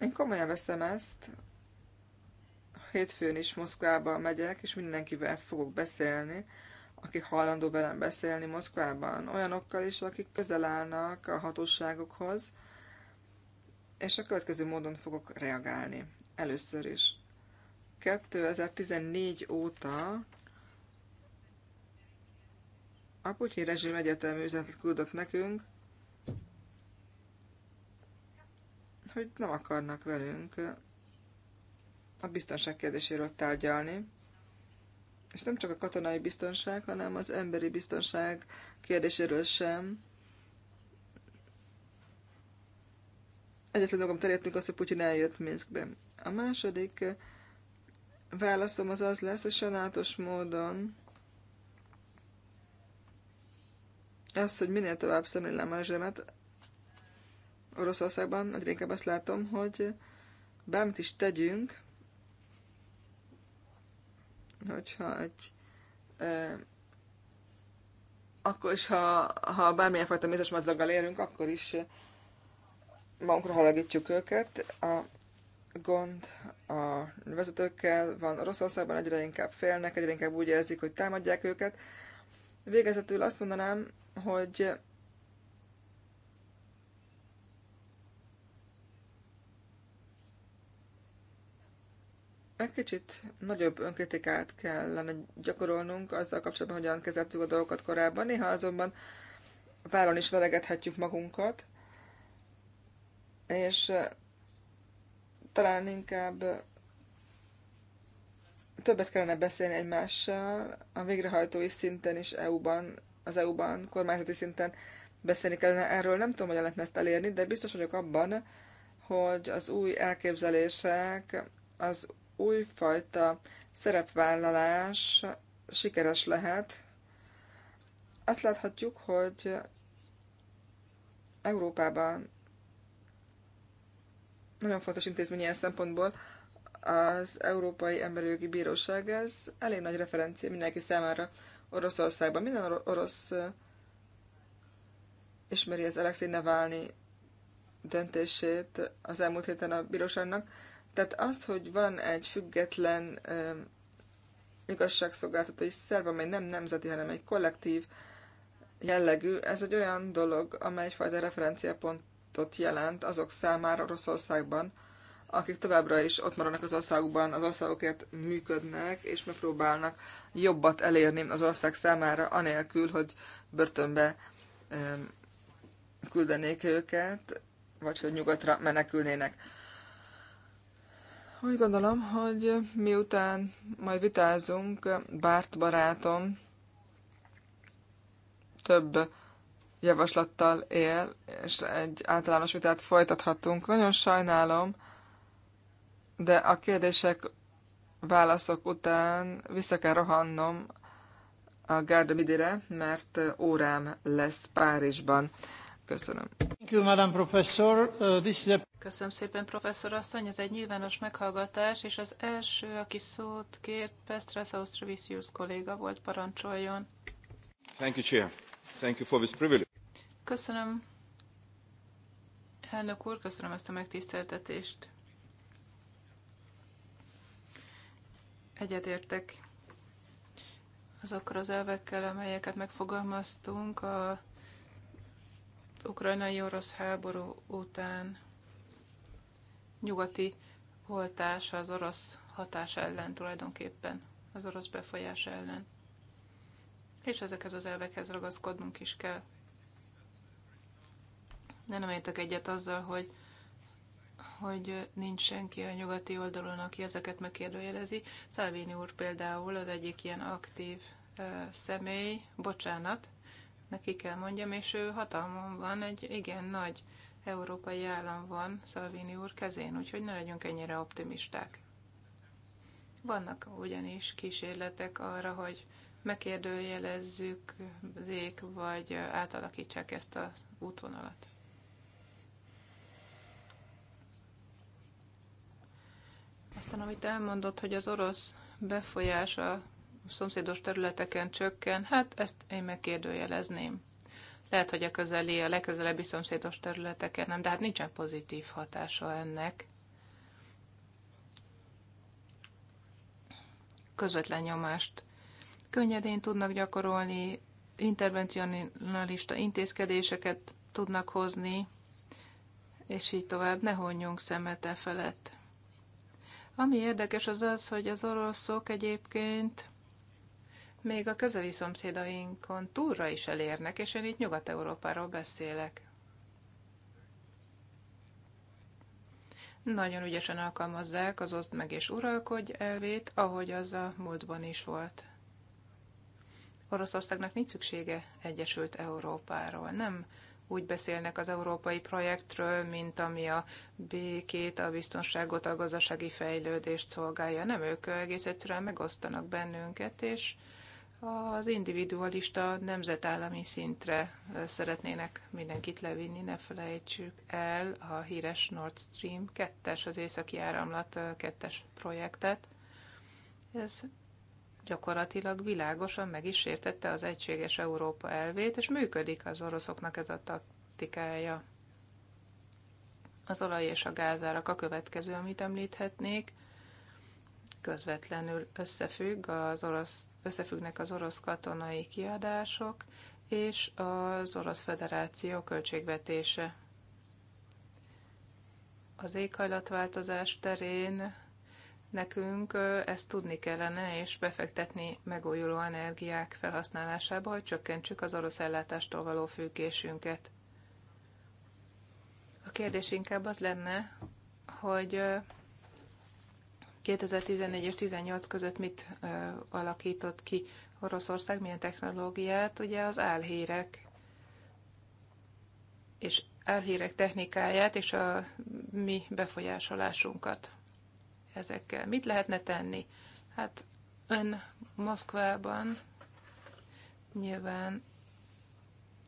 Én komolyan veszem ezt. Hétfőn is Moszkvába megyek, és mindenkivel fogok beszélni, akik hajlandó velem beszélni Moszkvában, olyanokkal is, akik közel állnak a hatóságokhoz, és a következő módon fogok reagálni. Először is. 2014 óta a Putyin rezsim egyetemű üzenetet küldött nekünk, hogy nem akarnak velünk a biztonság kérdéséről tárgyalni és nem csak a katonai biztonság, hanem az emberi biztonság kérdéséről sem. Egyetlen dolgom terjedtünk az, hogy Putyin eljött Minskbe. A második eh, válaszom az az lesz, hogy sajnálatos módon az, hogy minél tovább szemlélem a rezsimet Oroszországban, egyre inkább azt látom, hogy bármit is tegyünk, hogyha egy e, akkor is, ha, ha bármilyen fajta mézes madzaggal érünk, akkor is magunkra halagítjuk őket. A gond a vezetőkkel van. Oroszországban egyre inkább félnek, egyre inkább úgy érzik, hogy támadják őket. Végezetül azt mondanám, hogy egy kicsit nagyobb önkritikát kellene gyakorolnunk azzal kapcsolatban, hogyan kezeltük a dolgokat korábban. Néha azonban váron is veregethetjük magunkat, és talán inkább többet kellene beszélni egymással, a végrehajtói szinten is EU-ban, az EU-ban, kormányzati szinten beszélni kellene erről. Nem tudom, hogyan lehetne ezt elérni, de biztos vagyok abban, hogy az új elképzelések az újfajta szerepvállalás sikeres lehet. Azt láthatjuk, hogy Európában nagyon fontos intézmény ilyen szempontból az Európai emberi jogi Bíróság, ez elég nagy referencia mindenki számára Oroszországban. Minden orosz ismeri az Alexei Navalnyi döntését az elmúlt héten a bíróságnak, tehát az, hogy van egy független um, igazságszolgáltatói szerv, amely nem nemzeti, hanem egy kollektív jellegű, ez egy olyan dolog, amely egyfajta referenciapontot jelent azok számára Oroszországban, akik továbbra is ott maradnak az országukban, az országokért működnek, és megpróbálnak jobbat elérni az ország számára, anélkül, hogy börtönbe um, küldenék őket, vagy hogy nyugatra menekülnének úgy gondolom, hogy miután majd vitázunk, Bárt barátom több javaslattal él, és egy általános vitát folytathatunk. Nagyon sajnálom, de a kérdések válaszok után vissza kell rohannom a Gárda Midire, mert órám lesz Párizsban. Köszönöm. Uh, köszönöm szépen, professzor asszony. Ez egy nyilvános meghallgatás, és az első, aki szót kért, Pestres Austrovicius kolléga volt, parancsoljon. Thank you, Chair. Thank you for this privilege. Köszönöm, elnök úr, köszönöm ezt a megtiszteltetést. Egyetértek azokkal az elvekkel, amelyeket megfogalmaztunk a ukrajnai-orosz háború után nyugati oltás az orosz hatás ellen tulajdonképpen, az orosz befolyás ellen. És ezekhez az elvekhez ragaszkodnunk is kell. De nem értek egyet azzal, hogy, hogy nincs senki a nyugati oldalon, aki ezeket megkérdőjelezi. Szalvini úr például az egyik ilyen aktív uh, személy, bocsánat, neki kell mondjam, és ő hatalmon van, egy igen nagy európai állam van Salvini úr kezén, úgyhogy ne legyünk ennyire optimisták. Vannak ugyanis kísérletek arra, hogy megkérdőjelezzük, zék, vagy átalakítsák ezt az útvonalat. Aztán, amit elmondott, hogy az orosz befolyása szomszédos területeken csökken, hát ezt én megkérdőjelezném. Lehet, hogy a közeli, a legközelebbi szomszédos területeken nem, de hát nincsen pozitív hatása ennek. Közvetlen nyomást könnyedén tudnak gyakorolni, intervencionalista intézkedéseket tudnak hozni, és így tovább, ne honjunk szemete felett. Ami érdekes az az, hogy az oroszok egyébként még a közeli szomszédainkon túlra is elérnek, és én itt Nyugat-Európáról beszélek. Nagyon ügyesen alkalmazzák az oszd meg és uralkodj elvét, ahogy az a múltban is volt. Oroszországnak nincs szüksége Egyesült Európáról. Nem úgy beszélnek az európai projektről, mint ami a békét, a biztonságot, a gazdasági fejlődést szolgálja. Nem ők egész egyszerűen megosztanak bennünket, és az individualista nemzetállami szintre szeretnének mindenkit levinni, ne felejtsük el a híres Nord Stream 2-es, az északi áramlat 2-es projektet. Ez gyakorlatilag világosan meg is értette az egységes Európa elvét, és működik az oroszoknak ez a taktikája. Az olaj és a gázárak a következő, amit említhetnék közvetlenül összefügg az orosz, összefüggnek az orosz katonai kiadások és az orosz federáció költségvetése. Az éghajlatváltozás terén nekünk ezt tudni kellene, és befektetni megújuló energiák felhasználásába, hogy csökkentsük az orosz ellátástól való függésünket. A kérdés inkább az lenne, hogy 2014 és 18 között mit ö, alakított ki Oroszország, milyen technológiát, ugye az álhírek és álhírek technikáját és a mi befolyásolásunkat ezekkel. Mit lehetne tenni? Hát ön Moszkvában nyilván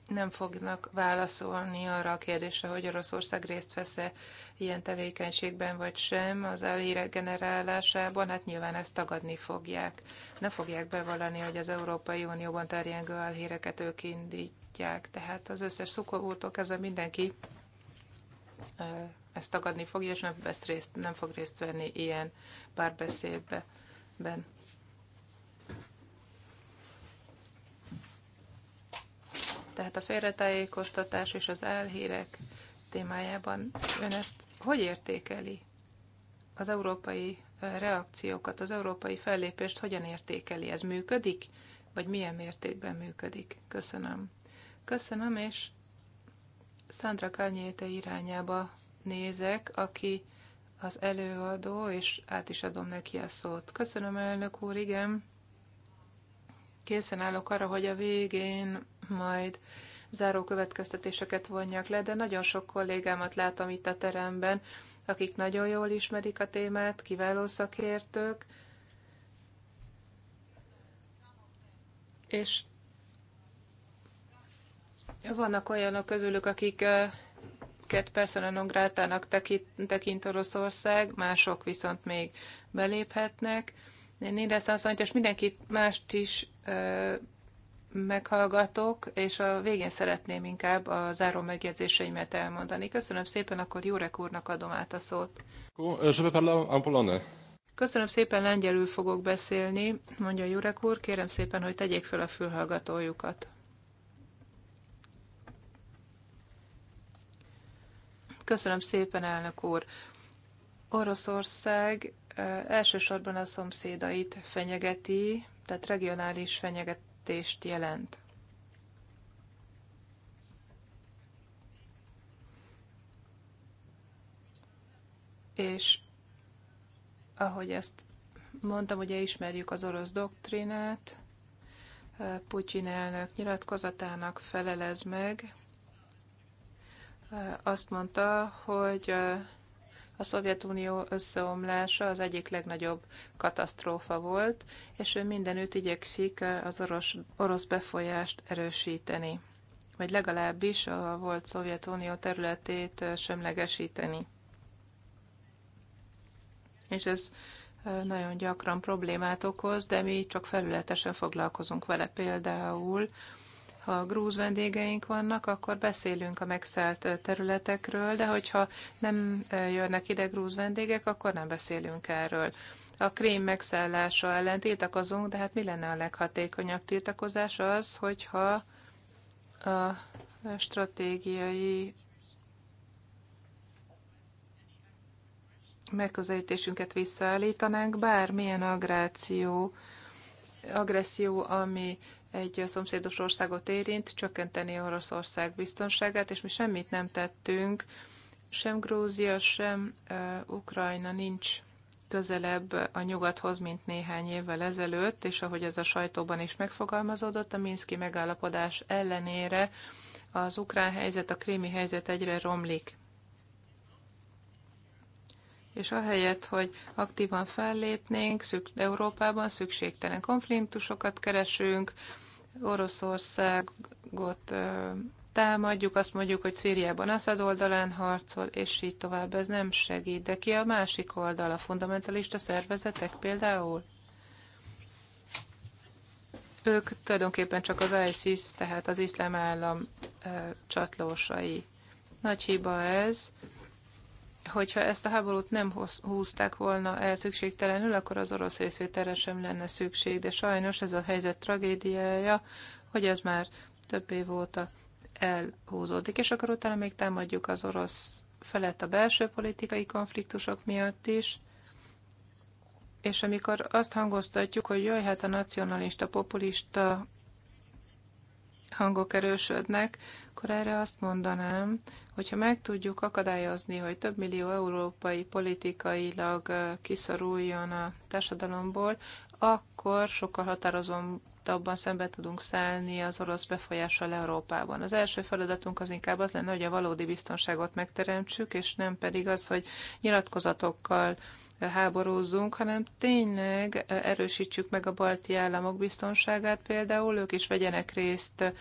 nem fognak válaszolni arra a kérdésre, hogy Oroszország részt vesz-e ilyen tevékenységben vagy sem, az elhírek generálásában, hát nyilván ezt tagadni fogják. Nem fogják bevallani, hogy az Európai Unióban terjengő elhíreket ők indítják. Tehát az összes szukovúrtól kezdve mindenki ezt tagadni fogja, és nem, vesz részt, nem fog részt venni ilyen párbeszédben. Tehát a félretájékoztatás és az álhírek témájában ön ezt hogy értékeli? Az európai reakciókat, az európai fellépést hogyan értékeli? Ez működik? Vagy milyen mértékben működik? Köszönöm. Köszönöm, és Szandra Kanyéte irányába nézek, aki az előadó, és át is adom neki a szót. Köszönöm, elnök úr, igen. Készen állok arra, hogy a végén majd záró következtetéseket vonjak le, de nagyon sok kollégámat látom itt a teremben, akik nagyon jól ismerik a témát, kiváló szakértők, és vannak olyanok közülük, akik két non grátának tekint, Oroszország, mások viszont még beléphetnek. Én azt mondom, hogy mindenkit mást is meghallgatok, és a végén szeretném inkább a záró megjegyzéseimet elmondani. Köszönöm szépen, akkor Jurek úrnak adom át a szót. E, Köszönöm szépen, lengyelül fogok beszélni, mondja Jurek úr, kérem szépen, hogy tegyék fel a fülhallgatójukat. Köszönöm szépen, elnök úr. Oroszország e, elsősorban a szomszédait fenyegeti, tehát regionális fenyeget, megértést jelent. És ahogy ezt mondtam, ugye ismerjük az orosz doktrinát, Putyin elnök nyilatkozatának felelez meg. Azt mondta, hogy a Szovjetunió összeomlása az egyik legnagyobb katasztrófa volt, és ő mindenütt igyekszik az orosz, orosz befolyást erősíteni, vagy legalábbis a volt Szovjetunió területét semlegesíteni. És ez nagyon gyakran problémát okoz, de mi csak felületesen foglalkozunk vele. Például ha grúz vendégeink vannak, akkor beszélünk a megszállt területekről, de hogyha nem jönnek ide grúz vendégek, akkor nem beszélünk erről. A krém megszállása ellen tiltakozunk, de hát mi lenne a leghatékonyabb tiltakozás az, hogyha a stratégiai megközelítésünket visszaállítanánk, bármilyen agráció, agresszió, ami egy szomszédos országot érint, csökkenteni Oroszország biztonságát, és mi semmit nem tettünk, sem Grúzia, sem uh, Ukrajna nincs közelebb a nyugathoz, mint néhány évvel ezelőtt, és ahogy ez a sajtóban is megfogalmazódott, a Minszki megállapodás ellenére az ukrán helyzet, a krími helyzet egyre romlik. És ahelyett, hogy aktívan fellépnénk, szük, Európában szükségtelen konfliktusokat keresünk, Oroszországot támadjuk, azt mondjuk, hogy Szíriában Assad oldalán harcol, és így tovább. Ez nem segít. De ki a másik oldal? A fundamentalista szervezetek például? Ők tulajdonképpen csak az ISIS, tehát az iszlám állam csatlósai. Nagy hiba ez, hogyha ezt a háborút nem húzták volna el szükségtelenül, akkor az orosz részvételre sem lenne szükség, de sajnos ez a helyzet tragédiája, hogy ez már több év óta elhúzódik, és akkor utána még támadjuk az orosz felett a belső politikai konfliktusok miatt is, és amikor azt hangoztatjuk, hogy jaj, hát a nacionalista, populista hangok erősödnek, akkor erre azt mondanám, hogyha meg tudjuk akadályozni, hogy több millió európai politikailag kiszoruljon a társadalomból, akkor sokkal határozottabban szembe tudunk szállni az orosz befolyással Európában. Az első feladatunk az inkább az lenne, hogy a valódi biztonságot megteremtsük, és nem pedig az, hogy nyilatkozatokkal háborúzzunk, hanem tényleg erősítsük meg a balti államok biztonságát például, ők is vegyenek részt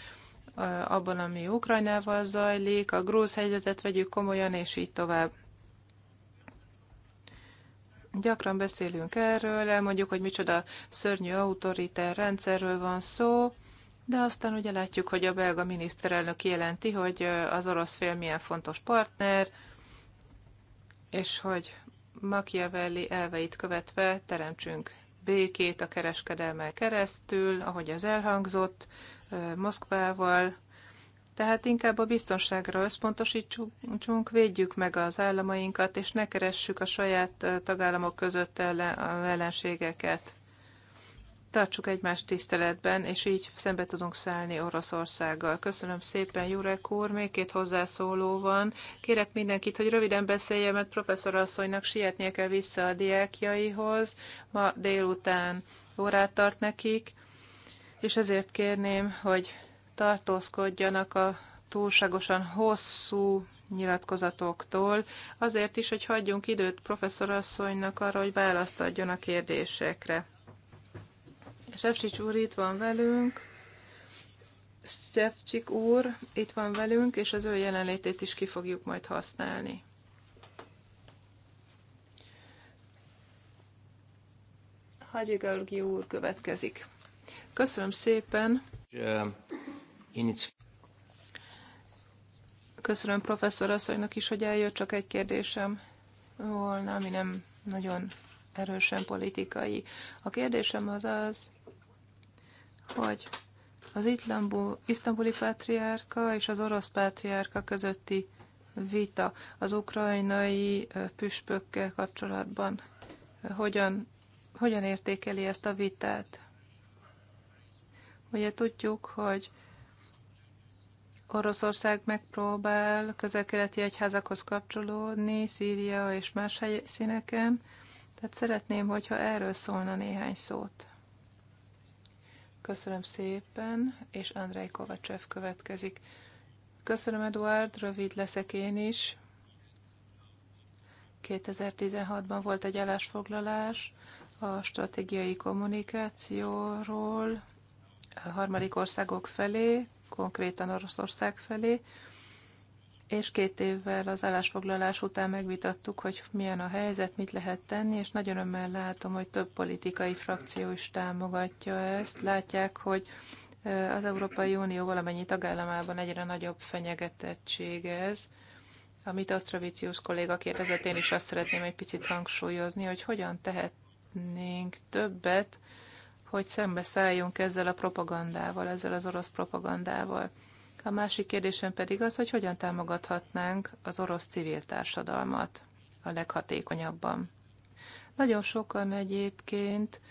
abban, ami Ukrajnával zajlik, a grúz helyzetet vegyük komolyan, és így tovább. Gyakran beszélünk erről, elmondjuk, hogy micsoda szörnyű autoriter rendszerről van szó, de aztán ugye látjuk, hogy a belga miniszterelnök jelenti, hogy az orosz fél milyen fontos partner, és hogy Machiavelli elveit követve teremtsünk békét a kereskedelmen keresztül, ahogy az elhangzott, Moszkvával, tehát inkább a biztonságra összpontosítsunk, védjük meg az államainkat, és ne keressük a saját tagállamok között ellenségeket. Tartsuk egymást tiszteletben, és így szembe tudunk szállni Oroszországgal. Köszönöm szépen, Jurek úr, még két hozzászóló van. Kérek mindenkit, hogy röviden beszélje, mert professzor asszonynak sietnie kell vissza a diákjaihoz. Ma délután órát tart nekik és ezért kérném, hogy tartózkodjanak a túlságosan hosszú nyilatkozatoktól, azért is, hogy hagyjunk időt professzorasszonynak arra, hogy választ adjon a kérdésekre. És Efsics úr itt van velünk, Sefcsik úr itt van velünk, és az ő jelenlétét is ki fogjuk majd használni. Hagyi Georgi úr következik. Köszönöm szépen. Köszönöm professzor asszonynak is, hogy eljött, csak egy kérdésem volna, ami nem nagyon erősen politikai. A kérdésem az az, hogy az isztambuli pátriárka és az orosz pátriárka közötti vita az ukrajnai püspökkel kapcsolatban hogyan, hogyan értékeli ezt a vitát? Ugye tudjuk, hogy Oroszország megpróbál közel-keleti egyházakhoz kapcsolódni, Szíria és más helyszíneken, tehát szeretném, hogyha erről szólna néhány szót. Köszönöm szépen, és Andrei Kovacsev következik. Köszönöm, Eduard, rövid leszek én is. 2016-ban volt egy állásfoglalás a stratégiai kommunikációról, a harmadik országok felé, konkrétan Oroszország felé, és két évvel az állásfoglalás után megvitattuk, hogy milyen a helyzet, mit lehet tenni, és nagyon örömmel látom, hogy több politikai frakció is támogatja ezt. Látják, hogy az Európai Unió valamennyi tagállamában egyre nagyobb fenyegetettség ez. Amit Asztravicius kolléga kérdezett, én is azt szeretném egy picit hangsúlyozni, hogy hogyan tehetnénk többet, hogy szembeszálljunk ezzel a propagandával, ezzel az orosz propagandával. A másik kérdésem pedig az, hogy hogyan támogathatnánk az orosz civil társadalmat a leghatékonyabban. Nagyon sokan egyébként,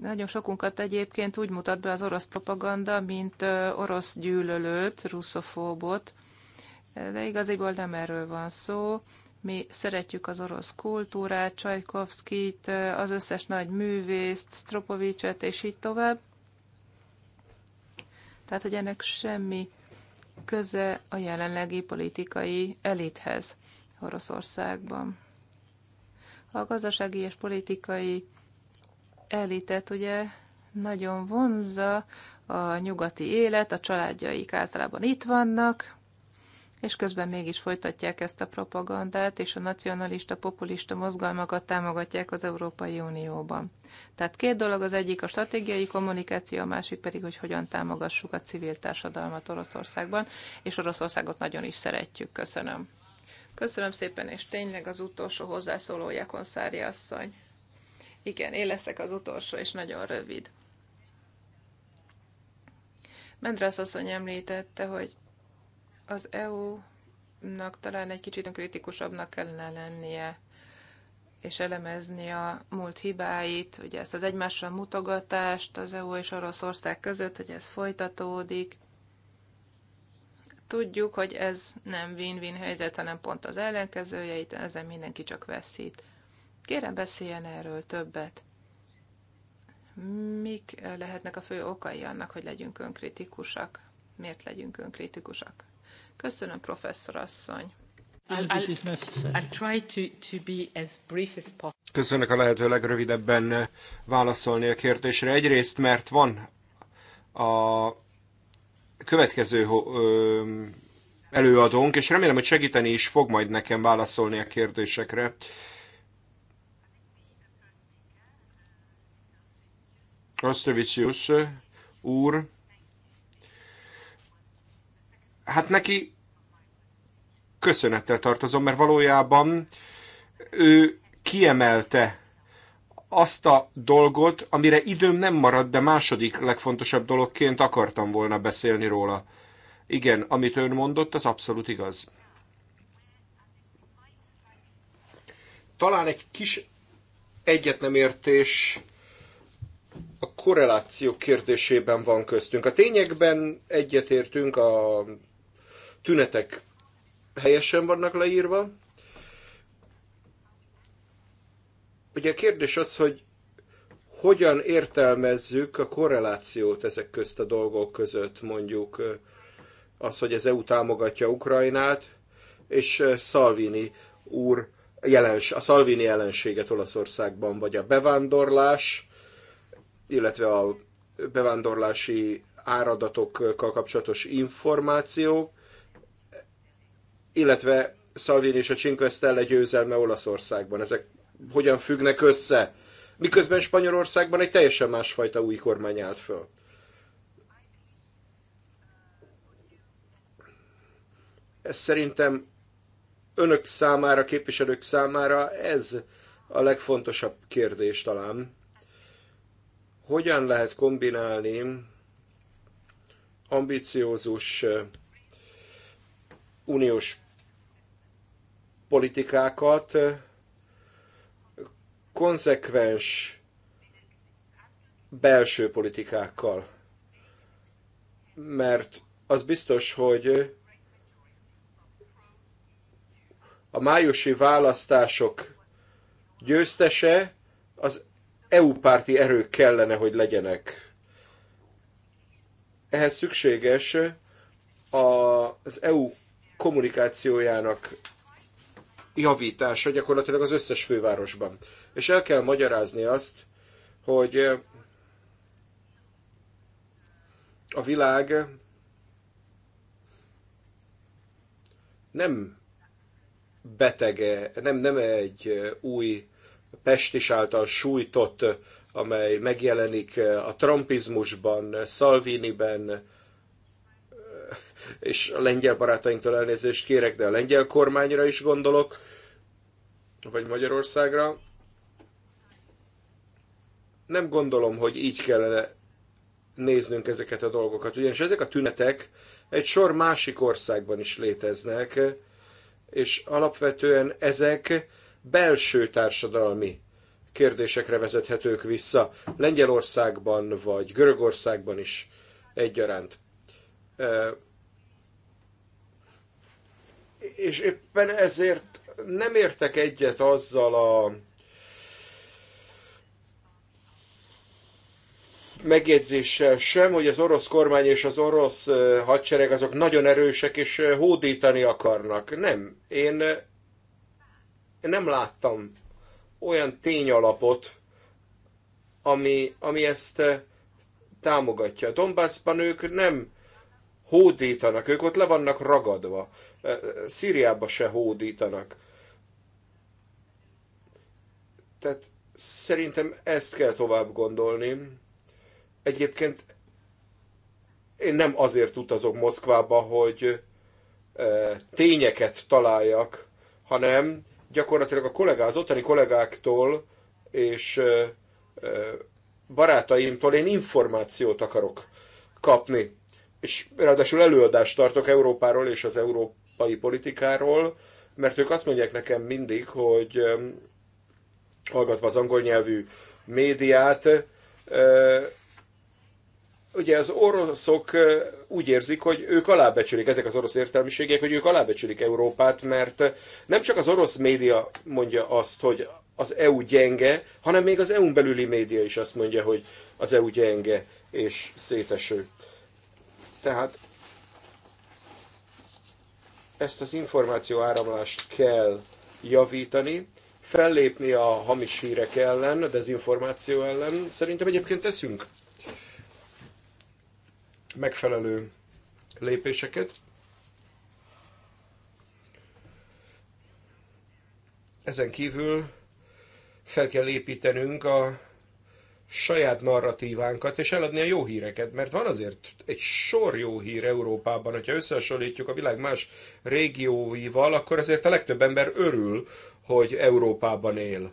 nagyon sokunkat egyébként úgy mutat be az orosz propaganda, mint orosz gyűlölőt, russzofóbot, de igaziból nem erről van szó. Mi szeretjük az orosz kultúrát, Csajkovszkit, az összes nagy művészt, Stropovicset, és így tovább. Tehát, hogy ennek semmi köze a jelenlegi politikai elithez Oroszországban. A gazdasági és politikai elitet ugye nagyon vonza a nyugati élet, a családjaik általában itt vannak, és közben mégis folytatják ezt a propagandát, és a nacionalista, populista mozgalmakat támogatják az Európai Unióban. Tehát két dolog, az egyik a stratégiai kommunikáció, a másik pedig, hogy hogyan támogassuk a civil társadalmat Oroszországban, és Oroszországot nagyon is szeretjük. Köszönöm. Köszönöm szépen, és tényleg az utolsó hozzászólója, Konszári asszony. Igen, én leszek az utolsó, és nagyon rövid. Mendrász asszony említette, hogy az EU-nak talán egy kicsit kritikusabbnak kellene lennie, és elemezni a múlt hibáit, ugye ezt az egymásra mutogatást az EU és Oroszország között, hogy ez folytatódik. Tudjuk, hogy ez nem win-win helyzet, hanem pont az ellenkezője, itt ezen mindenki csak veszít. Kérem, beszéljen erről többet. Mik lehetnek a fő okai annak, hogy legyünk önkritikusak? Miért legyünk önkritikusak? Köszönöm, professzor asszony. Köszönök a lehető legrövidebben válaszolni a kérdésre. Egyrészt, mert van a következő előadónk, és remélem, hogy segíteni is fog majd nekem válaszolni a kérdésekre. Rostovicius úr, hát neki köszönettel tartozom, mert valójában ő kiemelte azt a dolgot, amire időm nem maradt, de második legfontosabb dologként akartam volna beszélni róla. Igen, amit ön mondott, az abszolút igaz. Talán egy kis egyet nem értés a korreláció kérdésében van köztünk. A tényekben egyetértünk, a tünetek helyesen vannak leírva. Ugye a kérdés az, hogy hogyan értelmezzük a korrelációt ezek közt a dolgok között, mondjuk az, hogy az EU támogatja Ukrajnát, és Salvini úr jelens, a Salvini jelenséget Olaszországban, vagy a bevándorlás, illetve a bevándorlási áradatokkal kapcsolatos információk, illetve Salvini és a Cinque győzelme Olaszországban. Ezek hogyan függnek össze? Miközben Spanyolországban egy teljesen másfajta új kormány állt föl. Ez szerintem önök számára, képviselők számára ez a legfontosabb kérdés talán. Hogyan lehet kombinálni ambiciózus eh, uniós politikákat konzekvens belső politikákkal. Mert az biztos, hogy a májusi választások győztese az EU párti erők kellene, hogy legyenek. Ehhez szükséges az EU kommunikációjának javítása gyakorlatilag az összes fővárosban. És el kell magyarázni azt, hogy eh, a világ nem betege, nem, nem egy eh, új pestis által sújtott, amely megjelenik eh, a trumpizmusban, Salviniben, és a lengyel barátainktól elnézést kérek, de a lengyel kormányra is gondolok, vagy Magyarországra. Nem gondolom, hogy így kellene néznünk ezeket a dolgokat, ugyanis ezek a tünetek egy sor másik országban is léteznek, és alapvetően ezek belső társadalmi kérdésekre vezethetők vissza. Lengyelországban vagy Görögországban is egyaránt és éppen ezért nem értek egyet azzal a megjegyzéssel sem, hogy az orosz kormány és az orosz hadsereg azok nagyon erősek és hódítani akarnak. Nem, én nem láttam olyan tényalapot, ami, ami ezt támogatja. Donbassban ők nem hódítanak, ők ott le vannak ragadva. Szíriába se hódítanak. Tehát szerintem ezt kell tovább gondolni. Egyébként én nem azért utazok Moszkvába, hogy tényeket találjak, hanem gyakorlatilag a kollégá, az ottani kollégáktól és barátaimtól én információt akarok kapni. És ráadásul előadást tartok Európáról és az Európa európai politikáról, mert ők azt mondják nekem mindig, hogy hallgatva az angol nyelvű médiát, ugye az oroszok úgy érzik, hogy ők alábecsülik, ezek az orosz értelmiségek, hogy ők alábecsülik Európát, mert nem csak az orosz média mondja azt, hogy az EU gyenge, hanem még az EU-n belüli média is azt mondja, hogy az EU gyenge és széteső. Tehát ezt az információ áramlást kell javítani, fellépni a hamis hírek ellen, a dezinformáció ellen. Szerintem egyébként teszünk megfelelő lépéseket. Ezen kívül fel kell építenünk a saját narratívánkat, és eladni a jó híreket, mert van azért egy sor jó hír Európában, hogyha összehasonlítjuk a világ más régióival, akkor azért a legtöbb ember örül, hogy Európában él.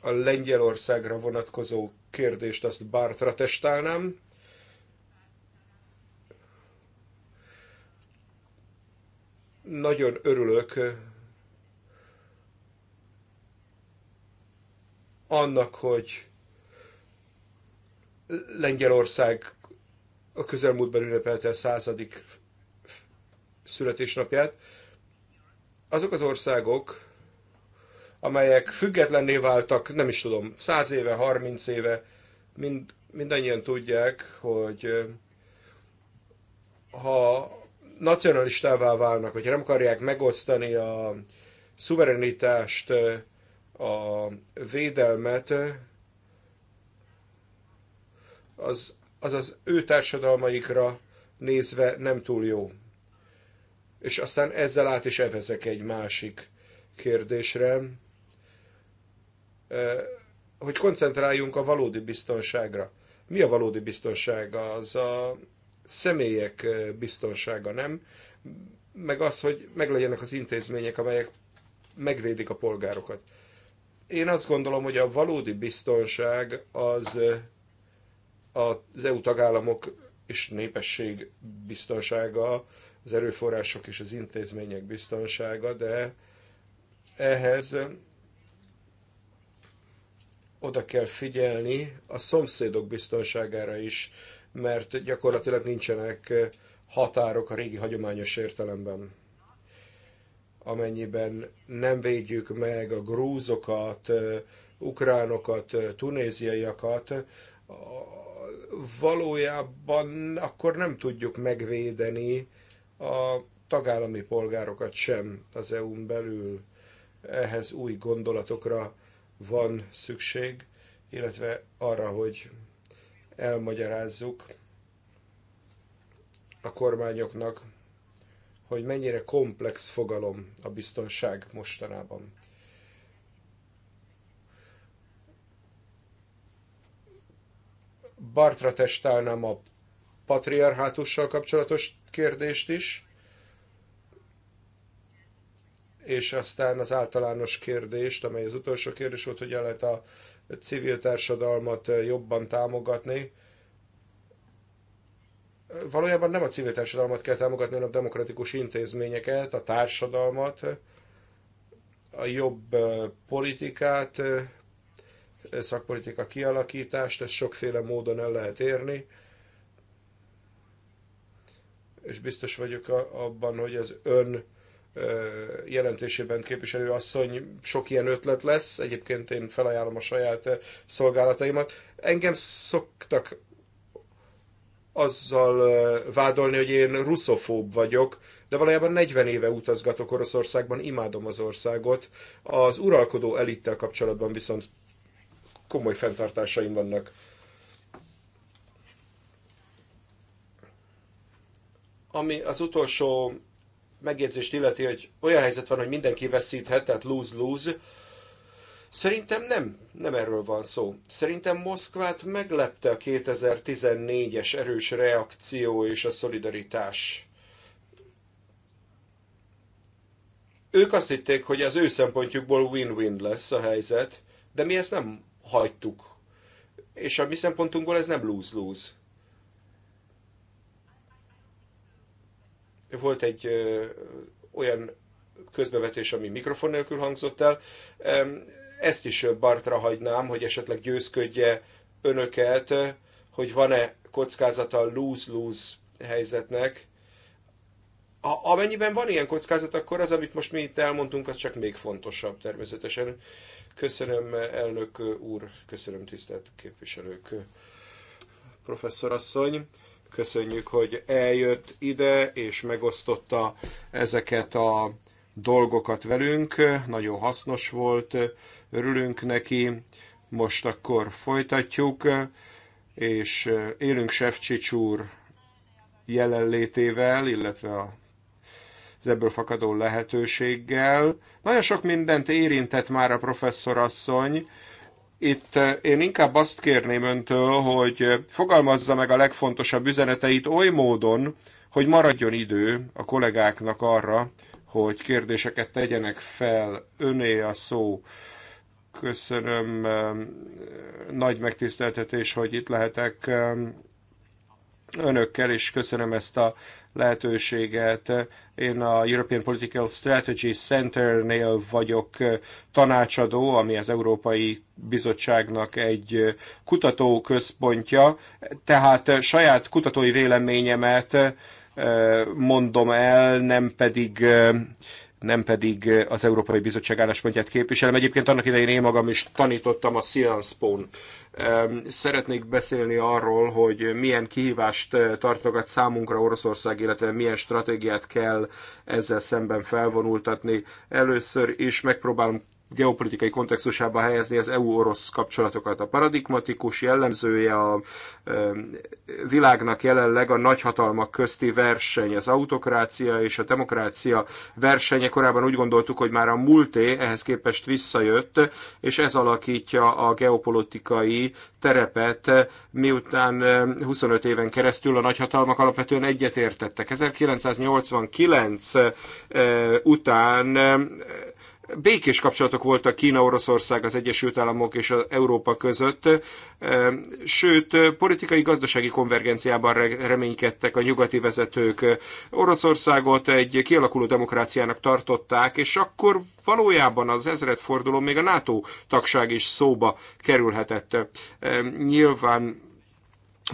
A Lengyelországra vonatkozó kérdést azt Bartra testálnám. Nagyon örülök annak, hogy Lengyelország a közelmúltban ünnepelte a századik születésnapját, azok az országok, amelyek függetlenné váltak, nem is tudom, száz éve, harminc éve, mind, mindannyian tudják, hogy ha nacionalistává válnak, vagy nem akarják megosztani a szuverenitást, a védelmet az, az az ő társadalmaikra nézve nem túl jó. És aztán ezzel át is evezek egy másik kérdésre, hogy koncentráljunk a valódi biztonságra. Mi a valódi biztonsága? Az a személyek biztonsága, nem? Meg az, hogy meglegyenek az intézmények, amelyek megvédik a polgárokat. Én azt gondolom, hogy a valódi biztonság az az EU tagállamok és népesség biztonsága, az erőforrások és az intézmények biztonsága, de ehhez oda kell figyelni a szomszédok biztonságára is, mert gyakorlatilag nincsenek határok a régi hagyományos értelemben amennyiben nem védjük meg a grúzokat, ukránokat, tunéziaiakat, valójában akkor nem tudjuk megvédeni a tagállami polgárokat sem az EU-n belül. Ehhez új gondolatokra van szükség, illetve arra, hogy elmagyarázzuk a kormányoknak, hogy mennyire komplex fogalom a biztonság mostanában. Bartra testálnám a patriarhátussal kapcsolatos kérdést is, és aztán az általános kérdést, amely az utolsó kérdés volt, hogy el lehet a civil társadalmat jobban támogatni valójában nem a civil társadalmat kell támogatni, hanem a demokratikus intézményeket, a társadalmat, a jobb politikát, szakpolitika kialakítást, ezt sokféle módon el lehet érni, és biztos vagyok abban, hogy az ön jelentésében képviselő asszony sok ilyen ötlet lesz, egyébként én felajánlom a saját szolgálataimat. Engem szoktak azzal vádolni, hogy én ruszofób vagyok, de valójában 40 éve utazgatok Oroszországban, imádom az országot. Az uralkodó elittel kapcsolatban viszont komoly fenntartásaim vannak. Ami az utolsó megjegyzést illeti, hogy olyan helyzet van, hogy mindenki veszíthet, tehát lose-lose, Szerintem nem, nem erről van szó. Szerintem Moszkvát meglepte a 2014-es erős reakció és a szolidaritás. Ők azt hitték, hogy az ő szempontjukból win-win lesz a helyzet, de mi ezt nem hagytuk. És a mi szempontunkból ez nem lose-lose. Volt egy ö, olyan közbevetés, ami mikrofon nélkül hangzott el. Ö, ezt is Bartra hagynám, hogy esetleg győzködje önöket, hogy van-e kockázata a lose-lose helyzetnek. A, amennyiben van ilyen kockázat, akkor az, amit most mi itt elmondtunk, az csak még fontosabb természetesen. Köszönöm, elnök úr, köszönöm, tisztelt képviselők, professzorasszony. Köszönjük, hogy eljött ide és megosztotta ezeket a dolgokat velünk. Nagyon hasznos volt. Örülünk neki. Most akkor folytatjuk, és élünk Sefcsics úr jelenlétével, illetve a az ebből fakadó lehetőséggel. Nagyon sok mindent érintett már a professzorasszony. Itt eh, én inkább azt kérném öntől, hogy fogalmazza meg a legfontosabb üzeneteit oly módon, hogy maradjon idő a kollégáknak arra, hogy kérdéseket tegyenek fel, öné a szó. Köszönöm, um, nagy megtiszteltetés, hogy itt lehetek um, önökkel, és köszönöm ezt a lehetőséget. Én a European Political Strategy Centernél vagyok uh, tanácsadó, ami az Európai Bizottságnak egy uh, kutatóközpontja, tehát uh, saját kutatói véleményemet mondom el, nem pedig nem pedig az Európai Bizottság álláspontját képviselem. Egyébként annak idején én magam is tanítottam a Science Szeretnék beszélni arról, hogy milyen kihívást tartogat számunkra Oroszország, illetve milyen stratégiát kell ezzel szemben felvonultatni. Először is megpróbálom geopolitikai kontextusába helyezni az EU-orosz kapcsolatokat. A paradigmatikus jellemzője a világnak jelenleg a nagyhatalmak közti verseny, az autokrácia és a demokrácia versenye. Korábban úgy gondoltuk, hogy már a múlté ehhez képest visszajött, és ez alakítja a geopolitikai terepet, miután 25 éven keresztül a nagyhatalmak alapvetően egyetértettek. 1989 után békés kapcsolatok voltak Kína, Oroszország, az Egyesült Államok és az Európa között, sőt, politikai-gazdasági konvergenciában reménykedtek a nyugati vezetők. Oroszországot egy kialakuló demokráciának tartották, és akkor valójában az forduló még a NATO tagság is szóba kerülhetett. Nyilván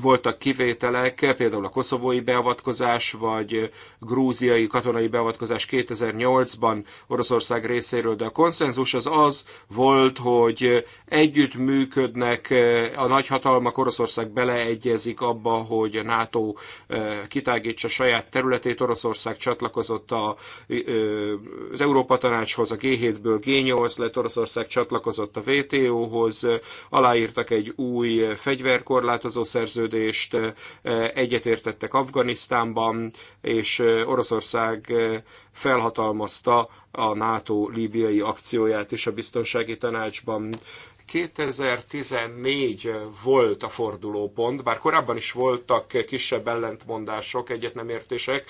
voltak kivételek, például a koszovói beavatkozás, vagy grúziai katonai beavatkozás 2008-ban Oroszország részéről, de a konszenzus az az volt, hogy együtt működnek a nagyhatalmak, Oroszország beleegyezik abba, hogy a NATO kitágítsa saját területét, Oroszország csatlakozott a, az Európa Tanácshoz, a G7-ből G8 lett, Oroszország csatlakozott a WTO-hoz, aláírtak egy új fegyverkorlátozó szerződést, szerződést, egyetértettek Afganisztánban, és Oroszország felhatalmazta a NATO líbiai akcióját is a biztonsági tanácsban. 2014 volt a fordulópont, bár korábban is voltak kisebb ellentmondások, egyet nem értések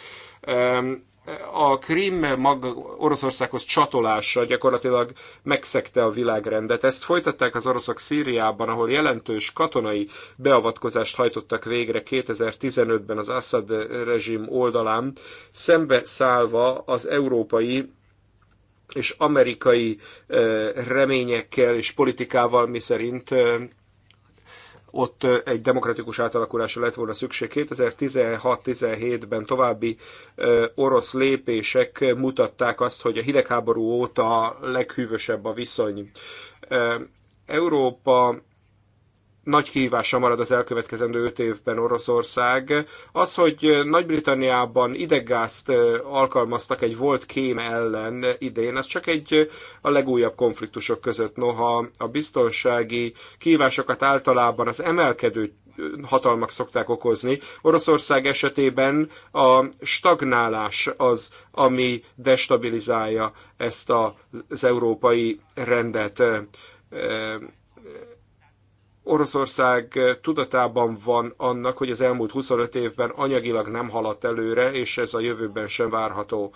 a Krím maga Oroszországhoz csatolása gyakorlatilag megszegte a világrendet. Ezt folytatták az oroszok Szíriában, ahol jelentős katonai beavatkozást hajtottak végre 2015-ben az Assad rezsim oldalán, szembe szállva az európai és amerikai eh, reményekkel és politikával, miszerint eh, ott egy demokratikus átalakulásra lett volna szükség. 2016-17-ben további orosz lépések mutatták azt, hogy a hidegháború óta leghűvösebb a viszony. Európa nagy kihívása marad az elkövetkezendő öt évben Oroszország. Az, hogy Nagy-Britanniában ideggázt alkalmaztak egy volt kém ellen idén, ez csak egy a legújabb konfliktusok között. Noha a biztonsági kihívásokat általában az emelkedő hatalmak szokták okozni. Oroszország esetében a stagnálás az, ami destabilizálja ezt az európai rendet Oroszország tudatában van annak, hogy az elmúlt 25 évben anyagilag nem haladt előre, és ez a jövőben sem várható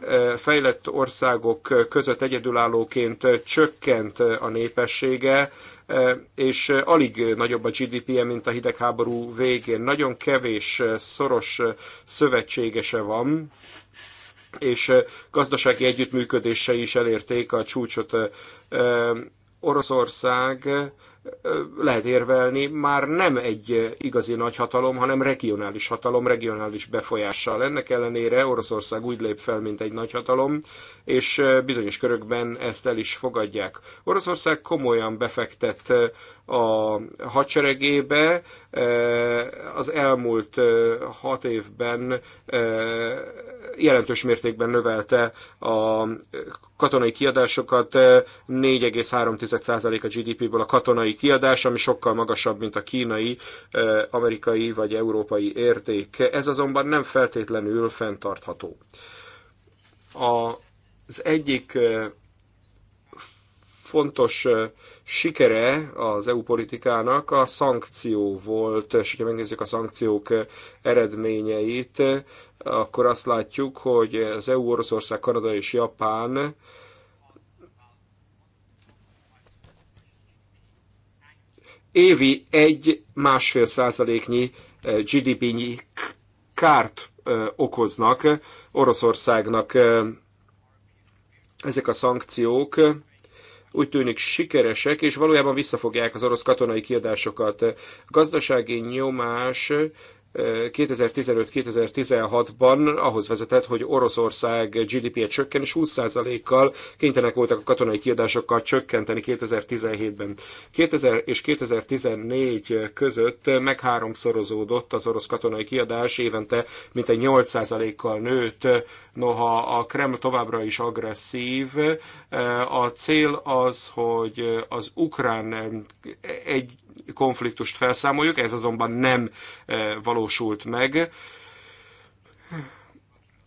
e, fejlett országok között egyedülállóként csökkent a népessége, e, és alig nagyobb a GDP-je, mint a hidegháború végén. Nagyon kevés szoros szövetségese van, és gazdasági együttműködése is elérték a csúcsot. E, Oroszország lehet érvelni, már nem egy igazi hatalom, hanem regionális hatalom, regionális befolyással. Ennek ellenére Oroszország úgy lép fel, mint egy nagy hatalom és bizonyos körökben ezt el is fogadják. Oroszország komolyan befektet a hadseregébe, az elmúlt hat évben jelentős mértékben növelte a katonai kiadásokat, 4,3% a GDP-ből a katonai kiadás, ami sokkal magasabb, mint a kínai, amerikai vagy európai érték. Ez azonban nem feltétlenül fenntartható. A az egyik fontos sikere az EU politikának a szankció volt, és ha megnézzük a szankciók eredményeit, akkor azt látjuk, hogy az EU, Oroszország, Kanada és Japán évi egy másfél százaléknyi GDP-nyi kárt okoznak Oroszországnak ezek a szankciók úgy tűnik sikeresek, és valójában visszafogják az orosz katonai kiadásokat. Gazdasági nyomás 2015-2016-ban ahhoz vezetett, hogy Oroszország GDP-je csökken, és 20%-kal kénytelenek voltak a katonai kiadásokkal csökkenteni 2017-ben. 2000 és 2014 között megháromszorozódott az orosz katonai kiadás, évente mintegy 8%-kal nőtt, noha a Kreml továbbra is agresszív. A cél az, hogy az ukrán egy konfliktust felszámoljuk, ez azonban nem való valósult meg.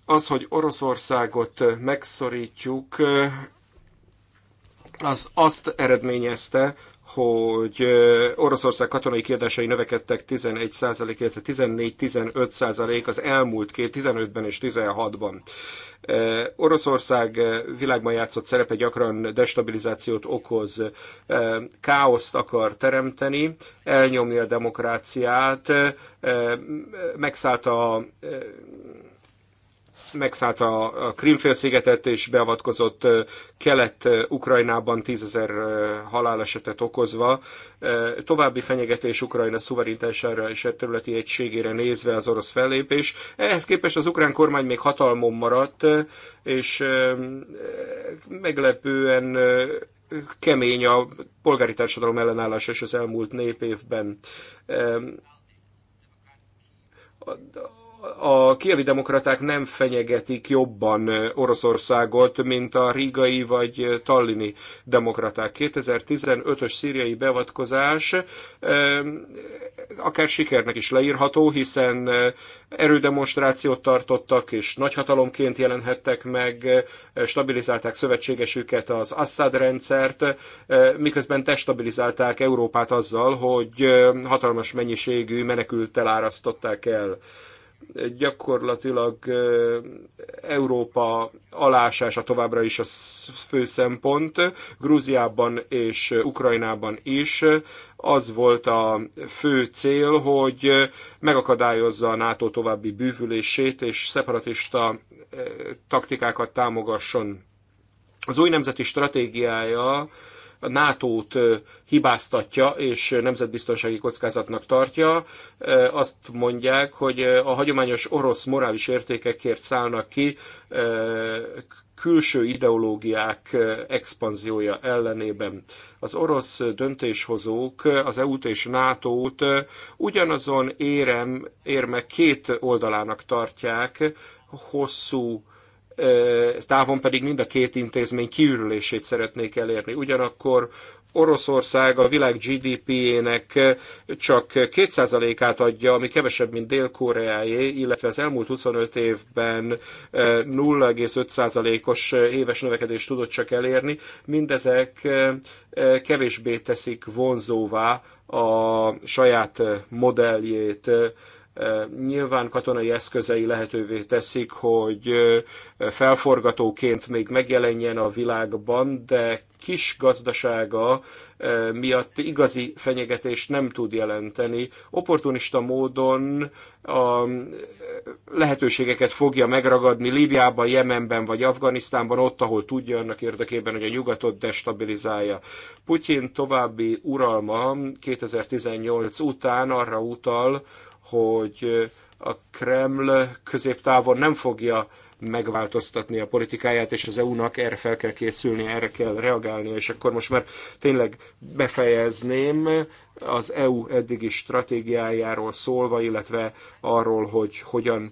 Az, hogy Oroszországot megszorítjuk, az azt eredményezte, hogy Oroszország katonai kérdései növekedtek 11 százalék, illetve 14-15 százalék az elmúlt két, 15-ben és 16-ban. Oroszország világban játszott szerepe gyakran destabilizációt okoz, káoszt akar teremteni, elnyomni a demokráciát, megszállta a megszállta a Krimfélszigetet és beavatkozott Kelet-Ukrajnában tízezer halálesetet okozva. További fenyegetés Ukrajna szuverenitására és a e területi egységére nézve az orosz fellépés. Ehhez képest az ukrán kormány még hatalmon maradt, és meglepően kemény a polgári társadalom ellenállása és az elmúlt nép évben a kievi demokraták nem fenyegetik jobban Oroszországot, mint a rigai vagy tallini demokraták. 2015-ös szíriai beavatkozás akár sikernek is leírható, hiszen erődemonstrációt tartottak, és nagyhatalomként jelenhettek meg, stabilizálták szövetségesüket, az Assad rendszert, miközben destabilizálták Európát azzal, hogy hatalmas mennyiségű menekült elárasztották el gyakorlatilag Európa alásása továbbra is a fő szempont, Grúziában és Ukrajnában is. Az volt a fő cél, hogy megakadályozza a NATO további bűvülését és szeparatista taktikákat támogasson. Az új nemzeti stratégiája a NATO-t hibáztatja és nemzetbiztonsági kockázatnak tartja. Azt mondják, hogy a hagyományos orosz morális értékekért szállnak ki külső ideológiák expanziója ellenében. Az orosz döntéshozók az EU-t és NATO-t ugyanazon érem, érme két oldalának tartják, hosszú távon pedig mind a két intézmény kiürülését szeretnék elérni. Ugyanakkor Oroszország a világ GDP-ének csak 2%-át adja, ami kevesebb, mint Dél-Koreáé, illetve az elmúlt 25 évben 0,5%-os éves növekedést tudott csak elérni. Mindezek kevésbé teszik vonzóvá a saját modelljét Nyilván katonai eszközei lehetővé teszik, hogy felforgatóként még megjelenjen a világban, de kis gazdasága miatt igazi fenyegetést nem tud jelenteni. Opportunista módon a lehetőségeket fogja megragadni Líbiában, Jemenben vagy Afganisztánban, ott, ahol tudja annak érdekében, hogy a nyugatot destabilizálja. Putyin további uralma 2018 után arra utal, hogy a Kreml középtávon nem fogja megváltoztatni a politikáját, és az EU-nak erre fel kell készülni, erre kell reagálnia, és akkor most már tényleg befejezném az EU eddigi stratégiájáról szólva, illetve arról, hogy hogyan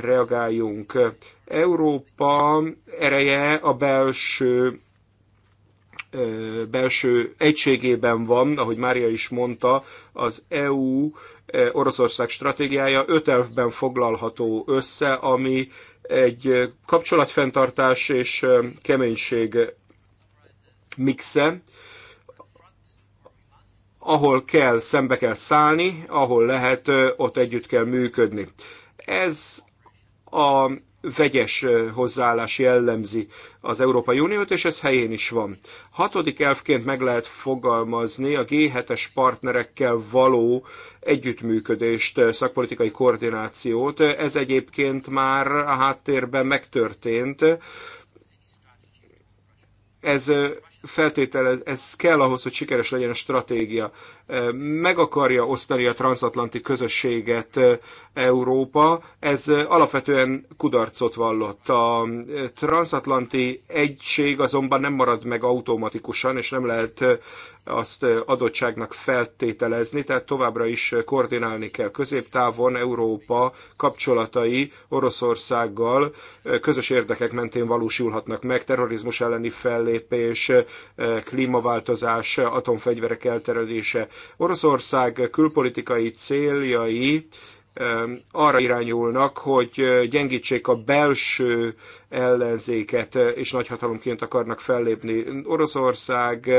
reagáljunk. Európa ereje a belső belső egységében van, ahogy Mária is mondta, az EU Oroszország stratégiája öt elvben foglalható össze, ami egy kapcsolatfenntartás és keménység mixe, ahol kell, szembe kell szállni, ahol lehet, ott együtt kell működni. Ez a vegyes hozzáállás jellemzi az Európai Uniót, és ez helyén is van. Hatodik elfként meg lehet fogalmazni a G7-es partnerekkel való együttműködést, szakpolitikai koordinációt. Ez egyébként már a háttérben megtörtént. Ez feltételez, ez kell ahhoz, hogy sikeres legyen a stratégia. Meg akarja osztani a transatlanti közösséget Európa, ez alapvetően kudarcot vallott. A transatlanti egység azonban nem marad meg automatikusan, és nem lehet azt adottságnak feltételezni, tehát továbbra is koordinálni kell középtávon Európa kapcsolatai Oroszországgal közös érdekek mentén valósulhatnak meg, terrorizmus elleni fellépés, klímaváltozás, atomfegyverek elterelése, Oroszország külpolitikai céljai arra irányulnak, hogy gyengítsék a belső ellenzéket, és nagyhatalomként akarnak fellépni. Oroszország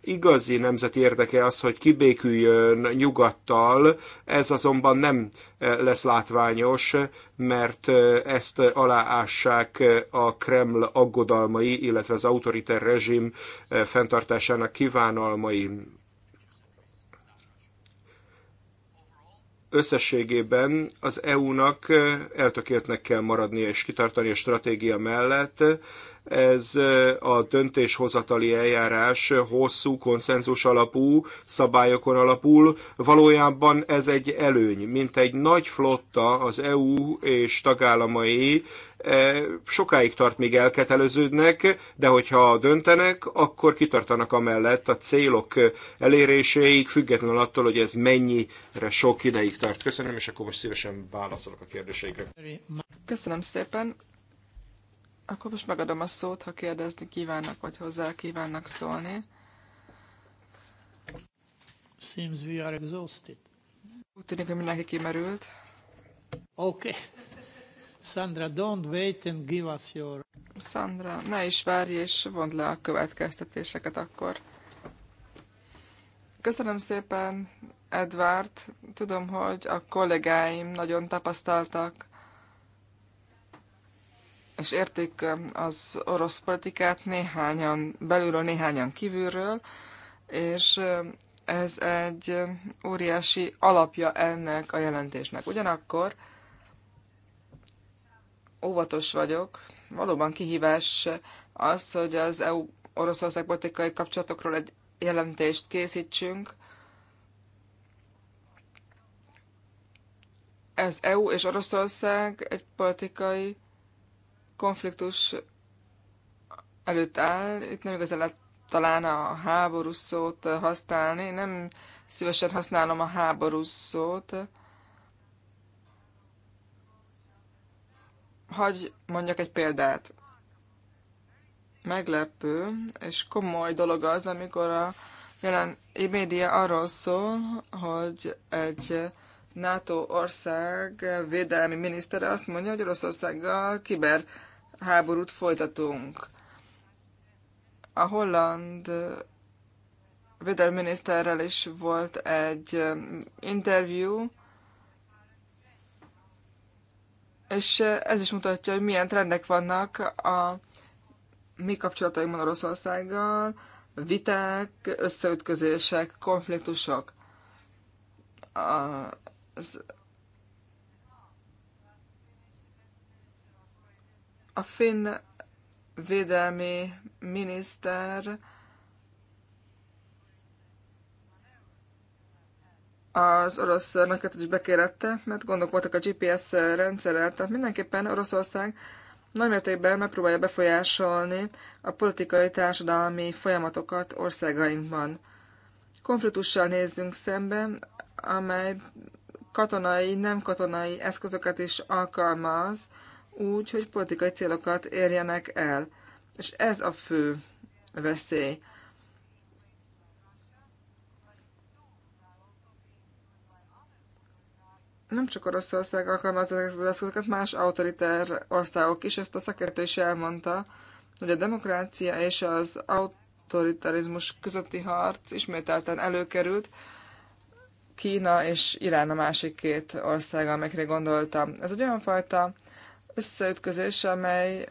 igazi nemzeti érdeke az, hogy kibéküljön nyugattal, ez azonban nem lesz látványos, mert ezt aláássák a Kreml aggodalmai, illetve az autoriter rezsim fenntartásának kívánalmai. összességében az EU-nak eltökéltnek kell maradnia és kitartani a stratégia mellett, ez a döntéshozatali eljárás hosszú, konszenzus alapú, szabályokon alapul. Valójában ez egy előny, mint egy nagy flotta az EU és tagállamai sokáig tart, míg elketelőződnek, de hogyha döntenek, akkor kitartanak amellett a célok eléréséig, függetlenül attól, hogy ez mennyire sok ideig tart. Köszönöm, és akkor most szívesen válaszolok a kérdéseikre. Köszönöm szépen. Akkor most megadom a szót, ha kérdezni kívánnak, vagy hozzá kívánnak szólni. Seems we are exhausted. Úgy tűnik, hogy mindenki kimerült. Okay. Sandra, don't wait and give us your... Sandra, ne is várj, és vond le a következtetéseket akkor. Köszönöm szépen, Edward. Tudom, hogy a kollégáim nagyon tapasztaltak és értik az orosz politikát néhányan belülről, néhányan kívülről, és ez egy óriási alapja ennek a jelentésnek. Ugyanakkor óvatos vagyok, valóban kihívás az, hogy az EU-Oroszország politikai kapcsolatokról egy jelentést készítsünk. ez EU és Oroszország egy politikai konfliktus előtt áll, itt nem igazán lehet talán a háborús szót használni, Én nem szívesen használom a háborús szót. Hagy mondjak egy példát. Meglepő és komoly dolog az, amikor a jelen média arról szól, hogy egy NATO ország védelmi minisztere azt mondja, hogy Oroszországgal kiber háborút folytatunk. A holland védelminiszterrel is volt egy um, interjú, és uh, ez is mutatja, hogy milyen trendek vannak a mi kapcsolatainkban Oroszországgal, viták, összeütközések, konfliktusok. Az A finn védelmi miniszter az orosz nagykövet is bekérette, mert gondok voltak a GPS rendszerrel, tehát mindenképpen Oroszország nagymértékben megpróbálja befolyásolni a politikai társadalmi folyamatokat országainkban. Konfliktussal nézzünk szembe, amely katonai, nem katonai eszközöket is alkalmaz úgy, hogy politikai célokat érjenek el. És ez a fő veszély. nem csak Oroszország alkalmazza ezeket az eszközöket, más autoritár országok is, ezt a szakértő is elmondta, hogy a demokrácia és az autoritarizmus közötti harc ismételten előkerült, Kína és Irán a másik két ország, amelyekre gondoltam. Ez egy olyan fajta összeütközés, amely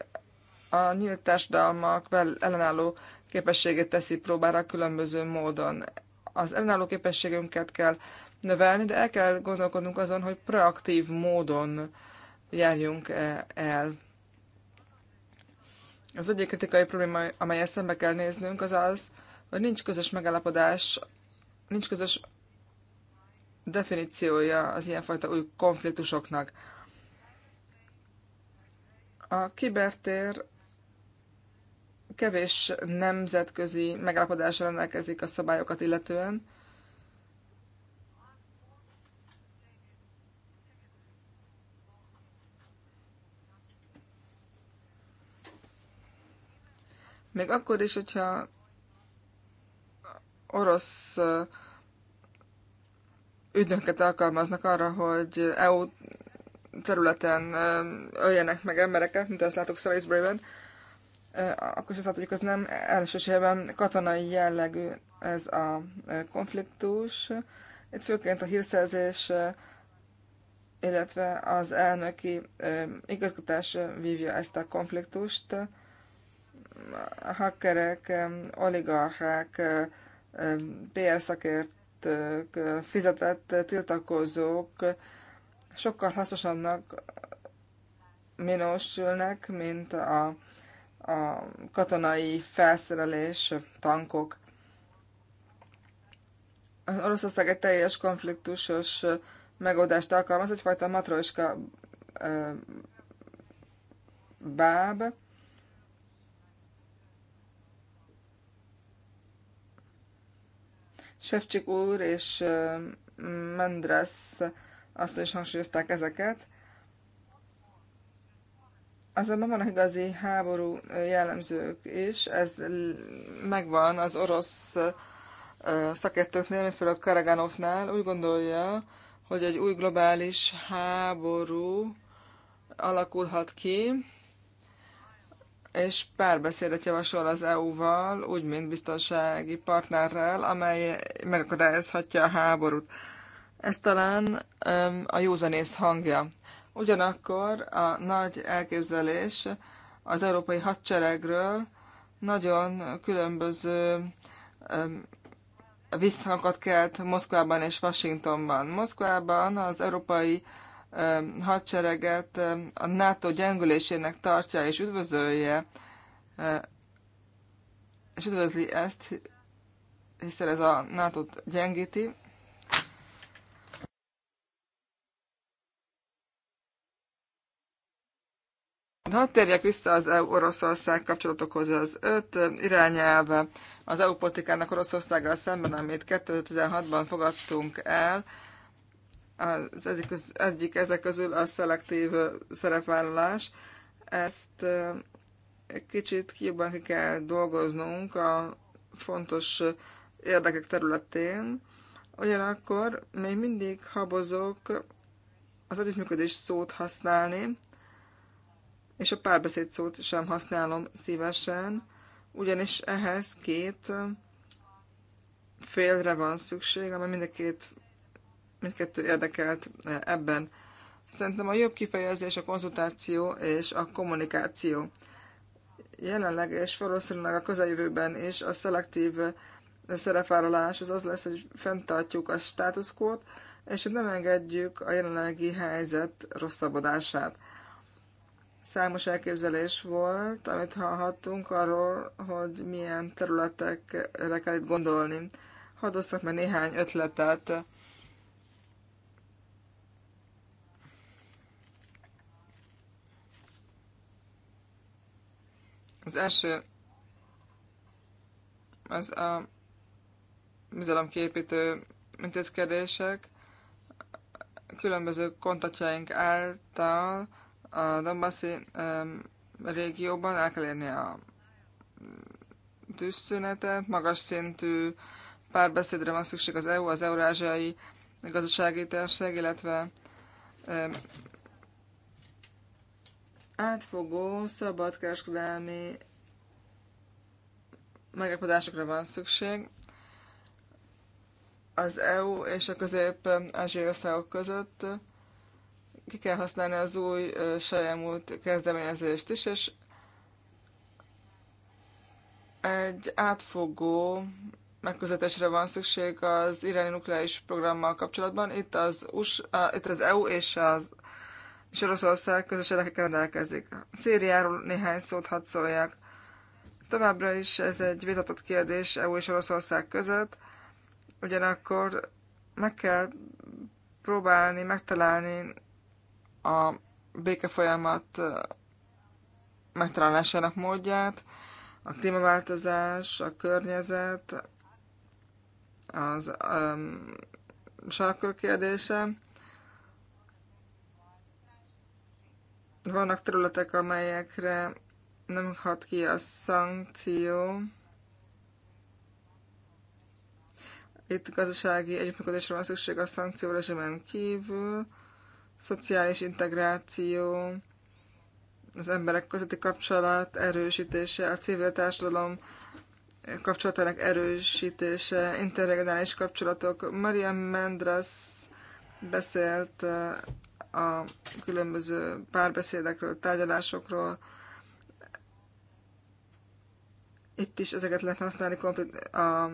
a nyílt társadalmak ellenálló képességét teszi próbára különböző módon. Az ellenálló képességünket kell növelni, de el kell gondolkodnunk azon, hogy proaktív módon járjunk e- el. Az egyik kritikai probléma, amelyet szembe kell néznünk, az az, hogy nincs közös megállapodás, nincs közös definíciója az ilyenfajta új konfliktusoknak. A kibertér kevés nemzetközi megállapodásra rendelkezik a szabályokat illetően. Még akkor is, hogyha orosz ügynöket alkalmaznak arra, hogy EU területen öljenek meg embereket, mint azt látok Salisbury-ben, akkor is azt látjuk, hogy ez nem elsősorban katonai jellegű ez a konfliktus. Itt főként a hírszerzés, illetve az elnöki igazgatás vívja ezt a konfliktust. A hackerek, oligarchák, PR szakértők, fizetett tiltakozók, sokkal hasznosabbnak minősülnek, mint a, a katonai felszerelés, tankok. Az Oroszország egy teljes konfliktusos megoldást alkalmaz, egyfajta matroska báb, Sefcsik úr és Mendres azt is hangsúlyozták ezeket. Azonban vannak igazi háború jellemzők is, ez megvan az orosz szakértőknél, mint a Karaganovnál, úgy gondolja, hogy egy új globális háború alakulhat ki, és párbeszédet javasol az EU-val, úgy, mint biztonsági partnerrel, amely megakadályozhatja a háborút. Ez talán a józanész hangja. Ugyanakkor a nagy elképzelés az európai hadseregről nagyon különböző visszhangokat kelt Moszkvában és Washingtonban. Moszkvában az európai hadsereget a NATO gyengülésének tartja és üdvözölje, e, és üdvözli ezt, hiszen ez a nato gyengíti, Hadd térjek vissza az EU-Oroszország kapcsolatokhoz az öt irányelve az EU politikának Oroszországgal szemben, amit 2016-ban fogadtunk el. Az egyik, az egyik ezek közül a szelektív szerepvállalás. Ezt egy kicsit kiban ki kell dolgoznunk a fontos érdekek területén. Ugyanakkor még mindig habozok az együttműködés szót használni, és a párbeszéd szót sem használom szívesen, ugyanis ehhez két félre van szükség, amely mind a két, mindkettő érdekelt ebben. Szerintem a jobb kifejezés a konzultáció és a kommunikáció. Jelenleg és valószínűleg a közeljövőben is a szelektív szerepvállalás az az lesz, hogy fenntartjuk a státuszkót, és nem engedjük a jelenlegi helyzet rosszabbodását. Számos elképzelés volt, amit hallhattunk arról, hogy milyen területekre kell itt gondolni. Hadd osszak meg néhány ötletet. Az első az a bizalomképítő intézkedések különböző kontatjaink által a Donbassi régióban el kell érni a tűzszünetet, magas szintű párbeszédre van szükség az EU, az eurázsiai gazdasági térség, illetve átfogó szabadkereskedelmi megállapodásokra van szükség az EU és a közép-ázsiai országok között ki kell használni az új sajámult kezdeményezést is, és egy átfogó megközelítésre van szükség az iráni nukleáris programmal kapcsolatban. Itt az, US, a, itt az EU és az és Oroszország közös érdekekkel rendelkezik. Szíriáról néhány szót hadd szóljak. Továbbra is ez egy vitatott kérdés EU és Oroszország között, ugyanakkor meg kell próbálni megtalálni a béke folyamat megtalálásának módját, a klímaváltozás, a környezet, az um, sarkör kérdése. Vannak területek, amelyekre nem hat ki a szankció. Itt gazdasági együttműködésre van szükség a szankció rezsimen kívül szociális integráció, az emberek közötti kapcsolat erősítése, a civil társadalom kapcsolatának erősítése, interregionális kapcsolatok. Maria Mendras beszélt eh, a különböző párbeszédekről, tárgyalásokról. Itt is ezeket lehet használni konflikt- a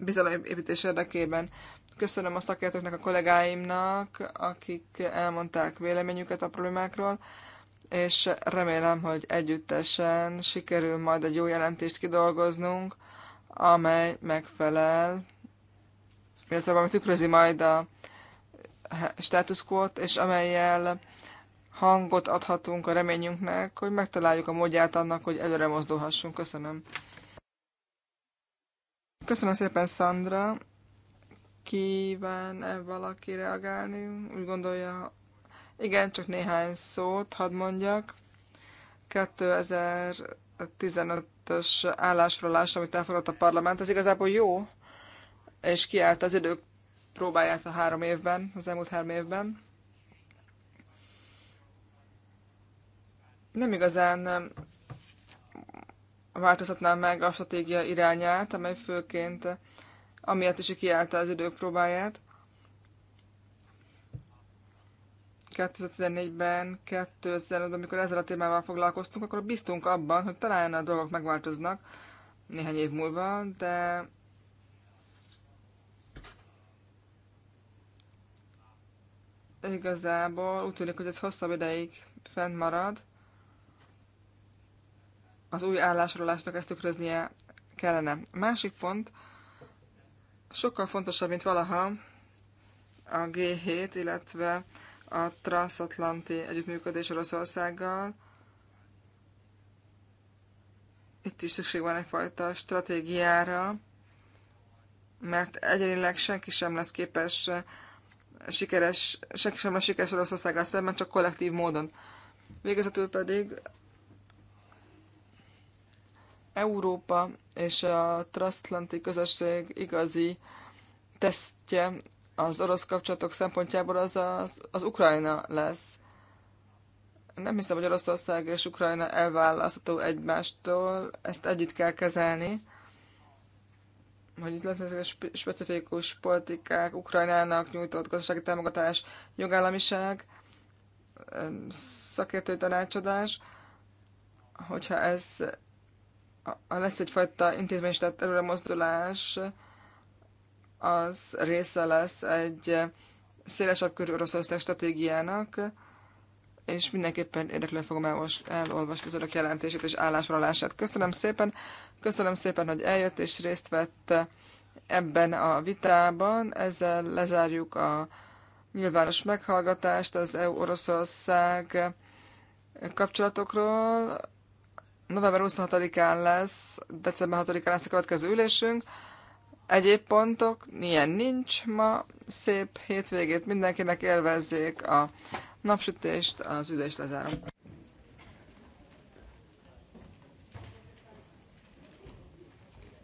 bizalomépítés érdekében. Köszönöm a szakértőknek, a kollégáimnak, akik elmondták véleményüket a problémákról, és remélem, hogy együttesen sikerül majd egy jó jelentést kidolgoznunk, amely megfelel, illetve ami tükrözi majd a státuszkót, és amelyel hangot adhatunk a reményünknek, hogy megtaláljuk a módját annak, hogy előre mozdulhassunk. Köszönöm. Köszönöm szépen, Sandra. Kíván-e valaki reagálni? Úgy gondolja, igen, csak néhány szót hadd mondjak. 2015-ös állásfoglalás, amit elfogadott a parlament, az igazából jó, és kiállt az idők próbáját a három évben, az elmúlt három évben. Nem igazán változtatná meg a stratégia irányát, amely főként amiatt is kiállta az idők próbáját. 2014-ben, 2015-ben, amikor ezzel a témával foglalkoztunk, akkor biztunk abban, hogy talán a dolgok megváltoznak néhány év múlva, de igazából úgy tűnik, hogy ez hosszabb ideig fent marad az új állásolásnak ezt tükröznie kellene. A másik pont sokkal fontosabb, mint valaha a G7, illetve a transatlanti együttműködés Oroszországgal. Itt is szükség van egyfajta stratégiára, mert egyenileg senki sem lesz képes sikeres, senki sem lesz sikeres Oroszországgal szemben, csak kollektív módon. Végezetül pedig Európa és a transatlanti közösség igazi tesztje az orosz kapcsolatok szempontjából az az, az Ukrajna lesz. Nem hiszem, hogy Oroszország és Ukrajna elválasztható egymástól, ezt együtt kell kezelni. Hogy itt lehetnek specifikus politikák, Ukrajnának nyújtott gazdasági támogatás, jogállamiság, szakértői tanácsadás, hogyha ez a lesz egyfajta intézményesített előre mozdulás, az része lesz egy szélesebb körű Oroszország stratégiának, és mindenképpen érdeklően fogom elolvasni az örök jelentését és állásfoglalását. Köszönöm szépen, köszönöm szépen, hogy eljött és részt vett ebben a vitában. Ezzel lezárjuk a nyilvános meghallgatást az EU-Oroszország kapcsolatokról november 26-án lesz, december 6-án lesz a következő ülésünk. Egyéb pontok, ilyen nincs ma. Szép hétvégét mindenkinek élvezzék a napsütést, az ülést lezárom.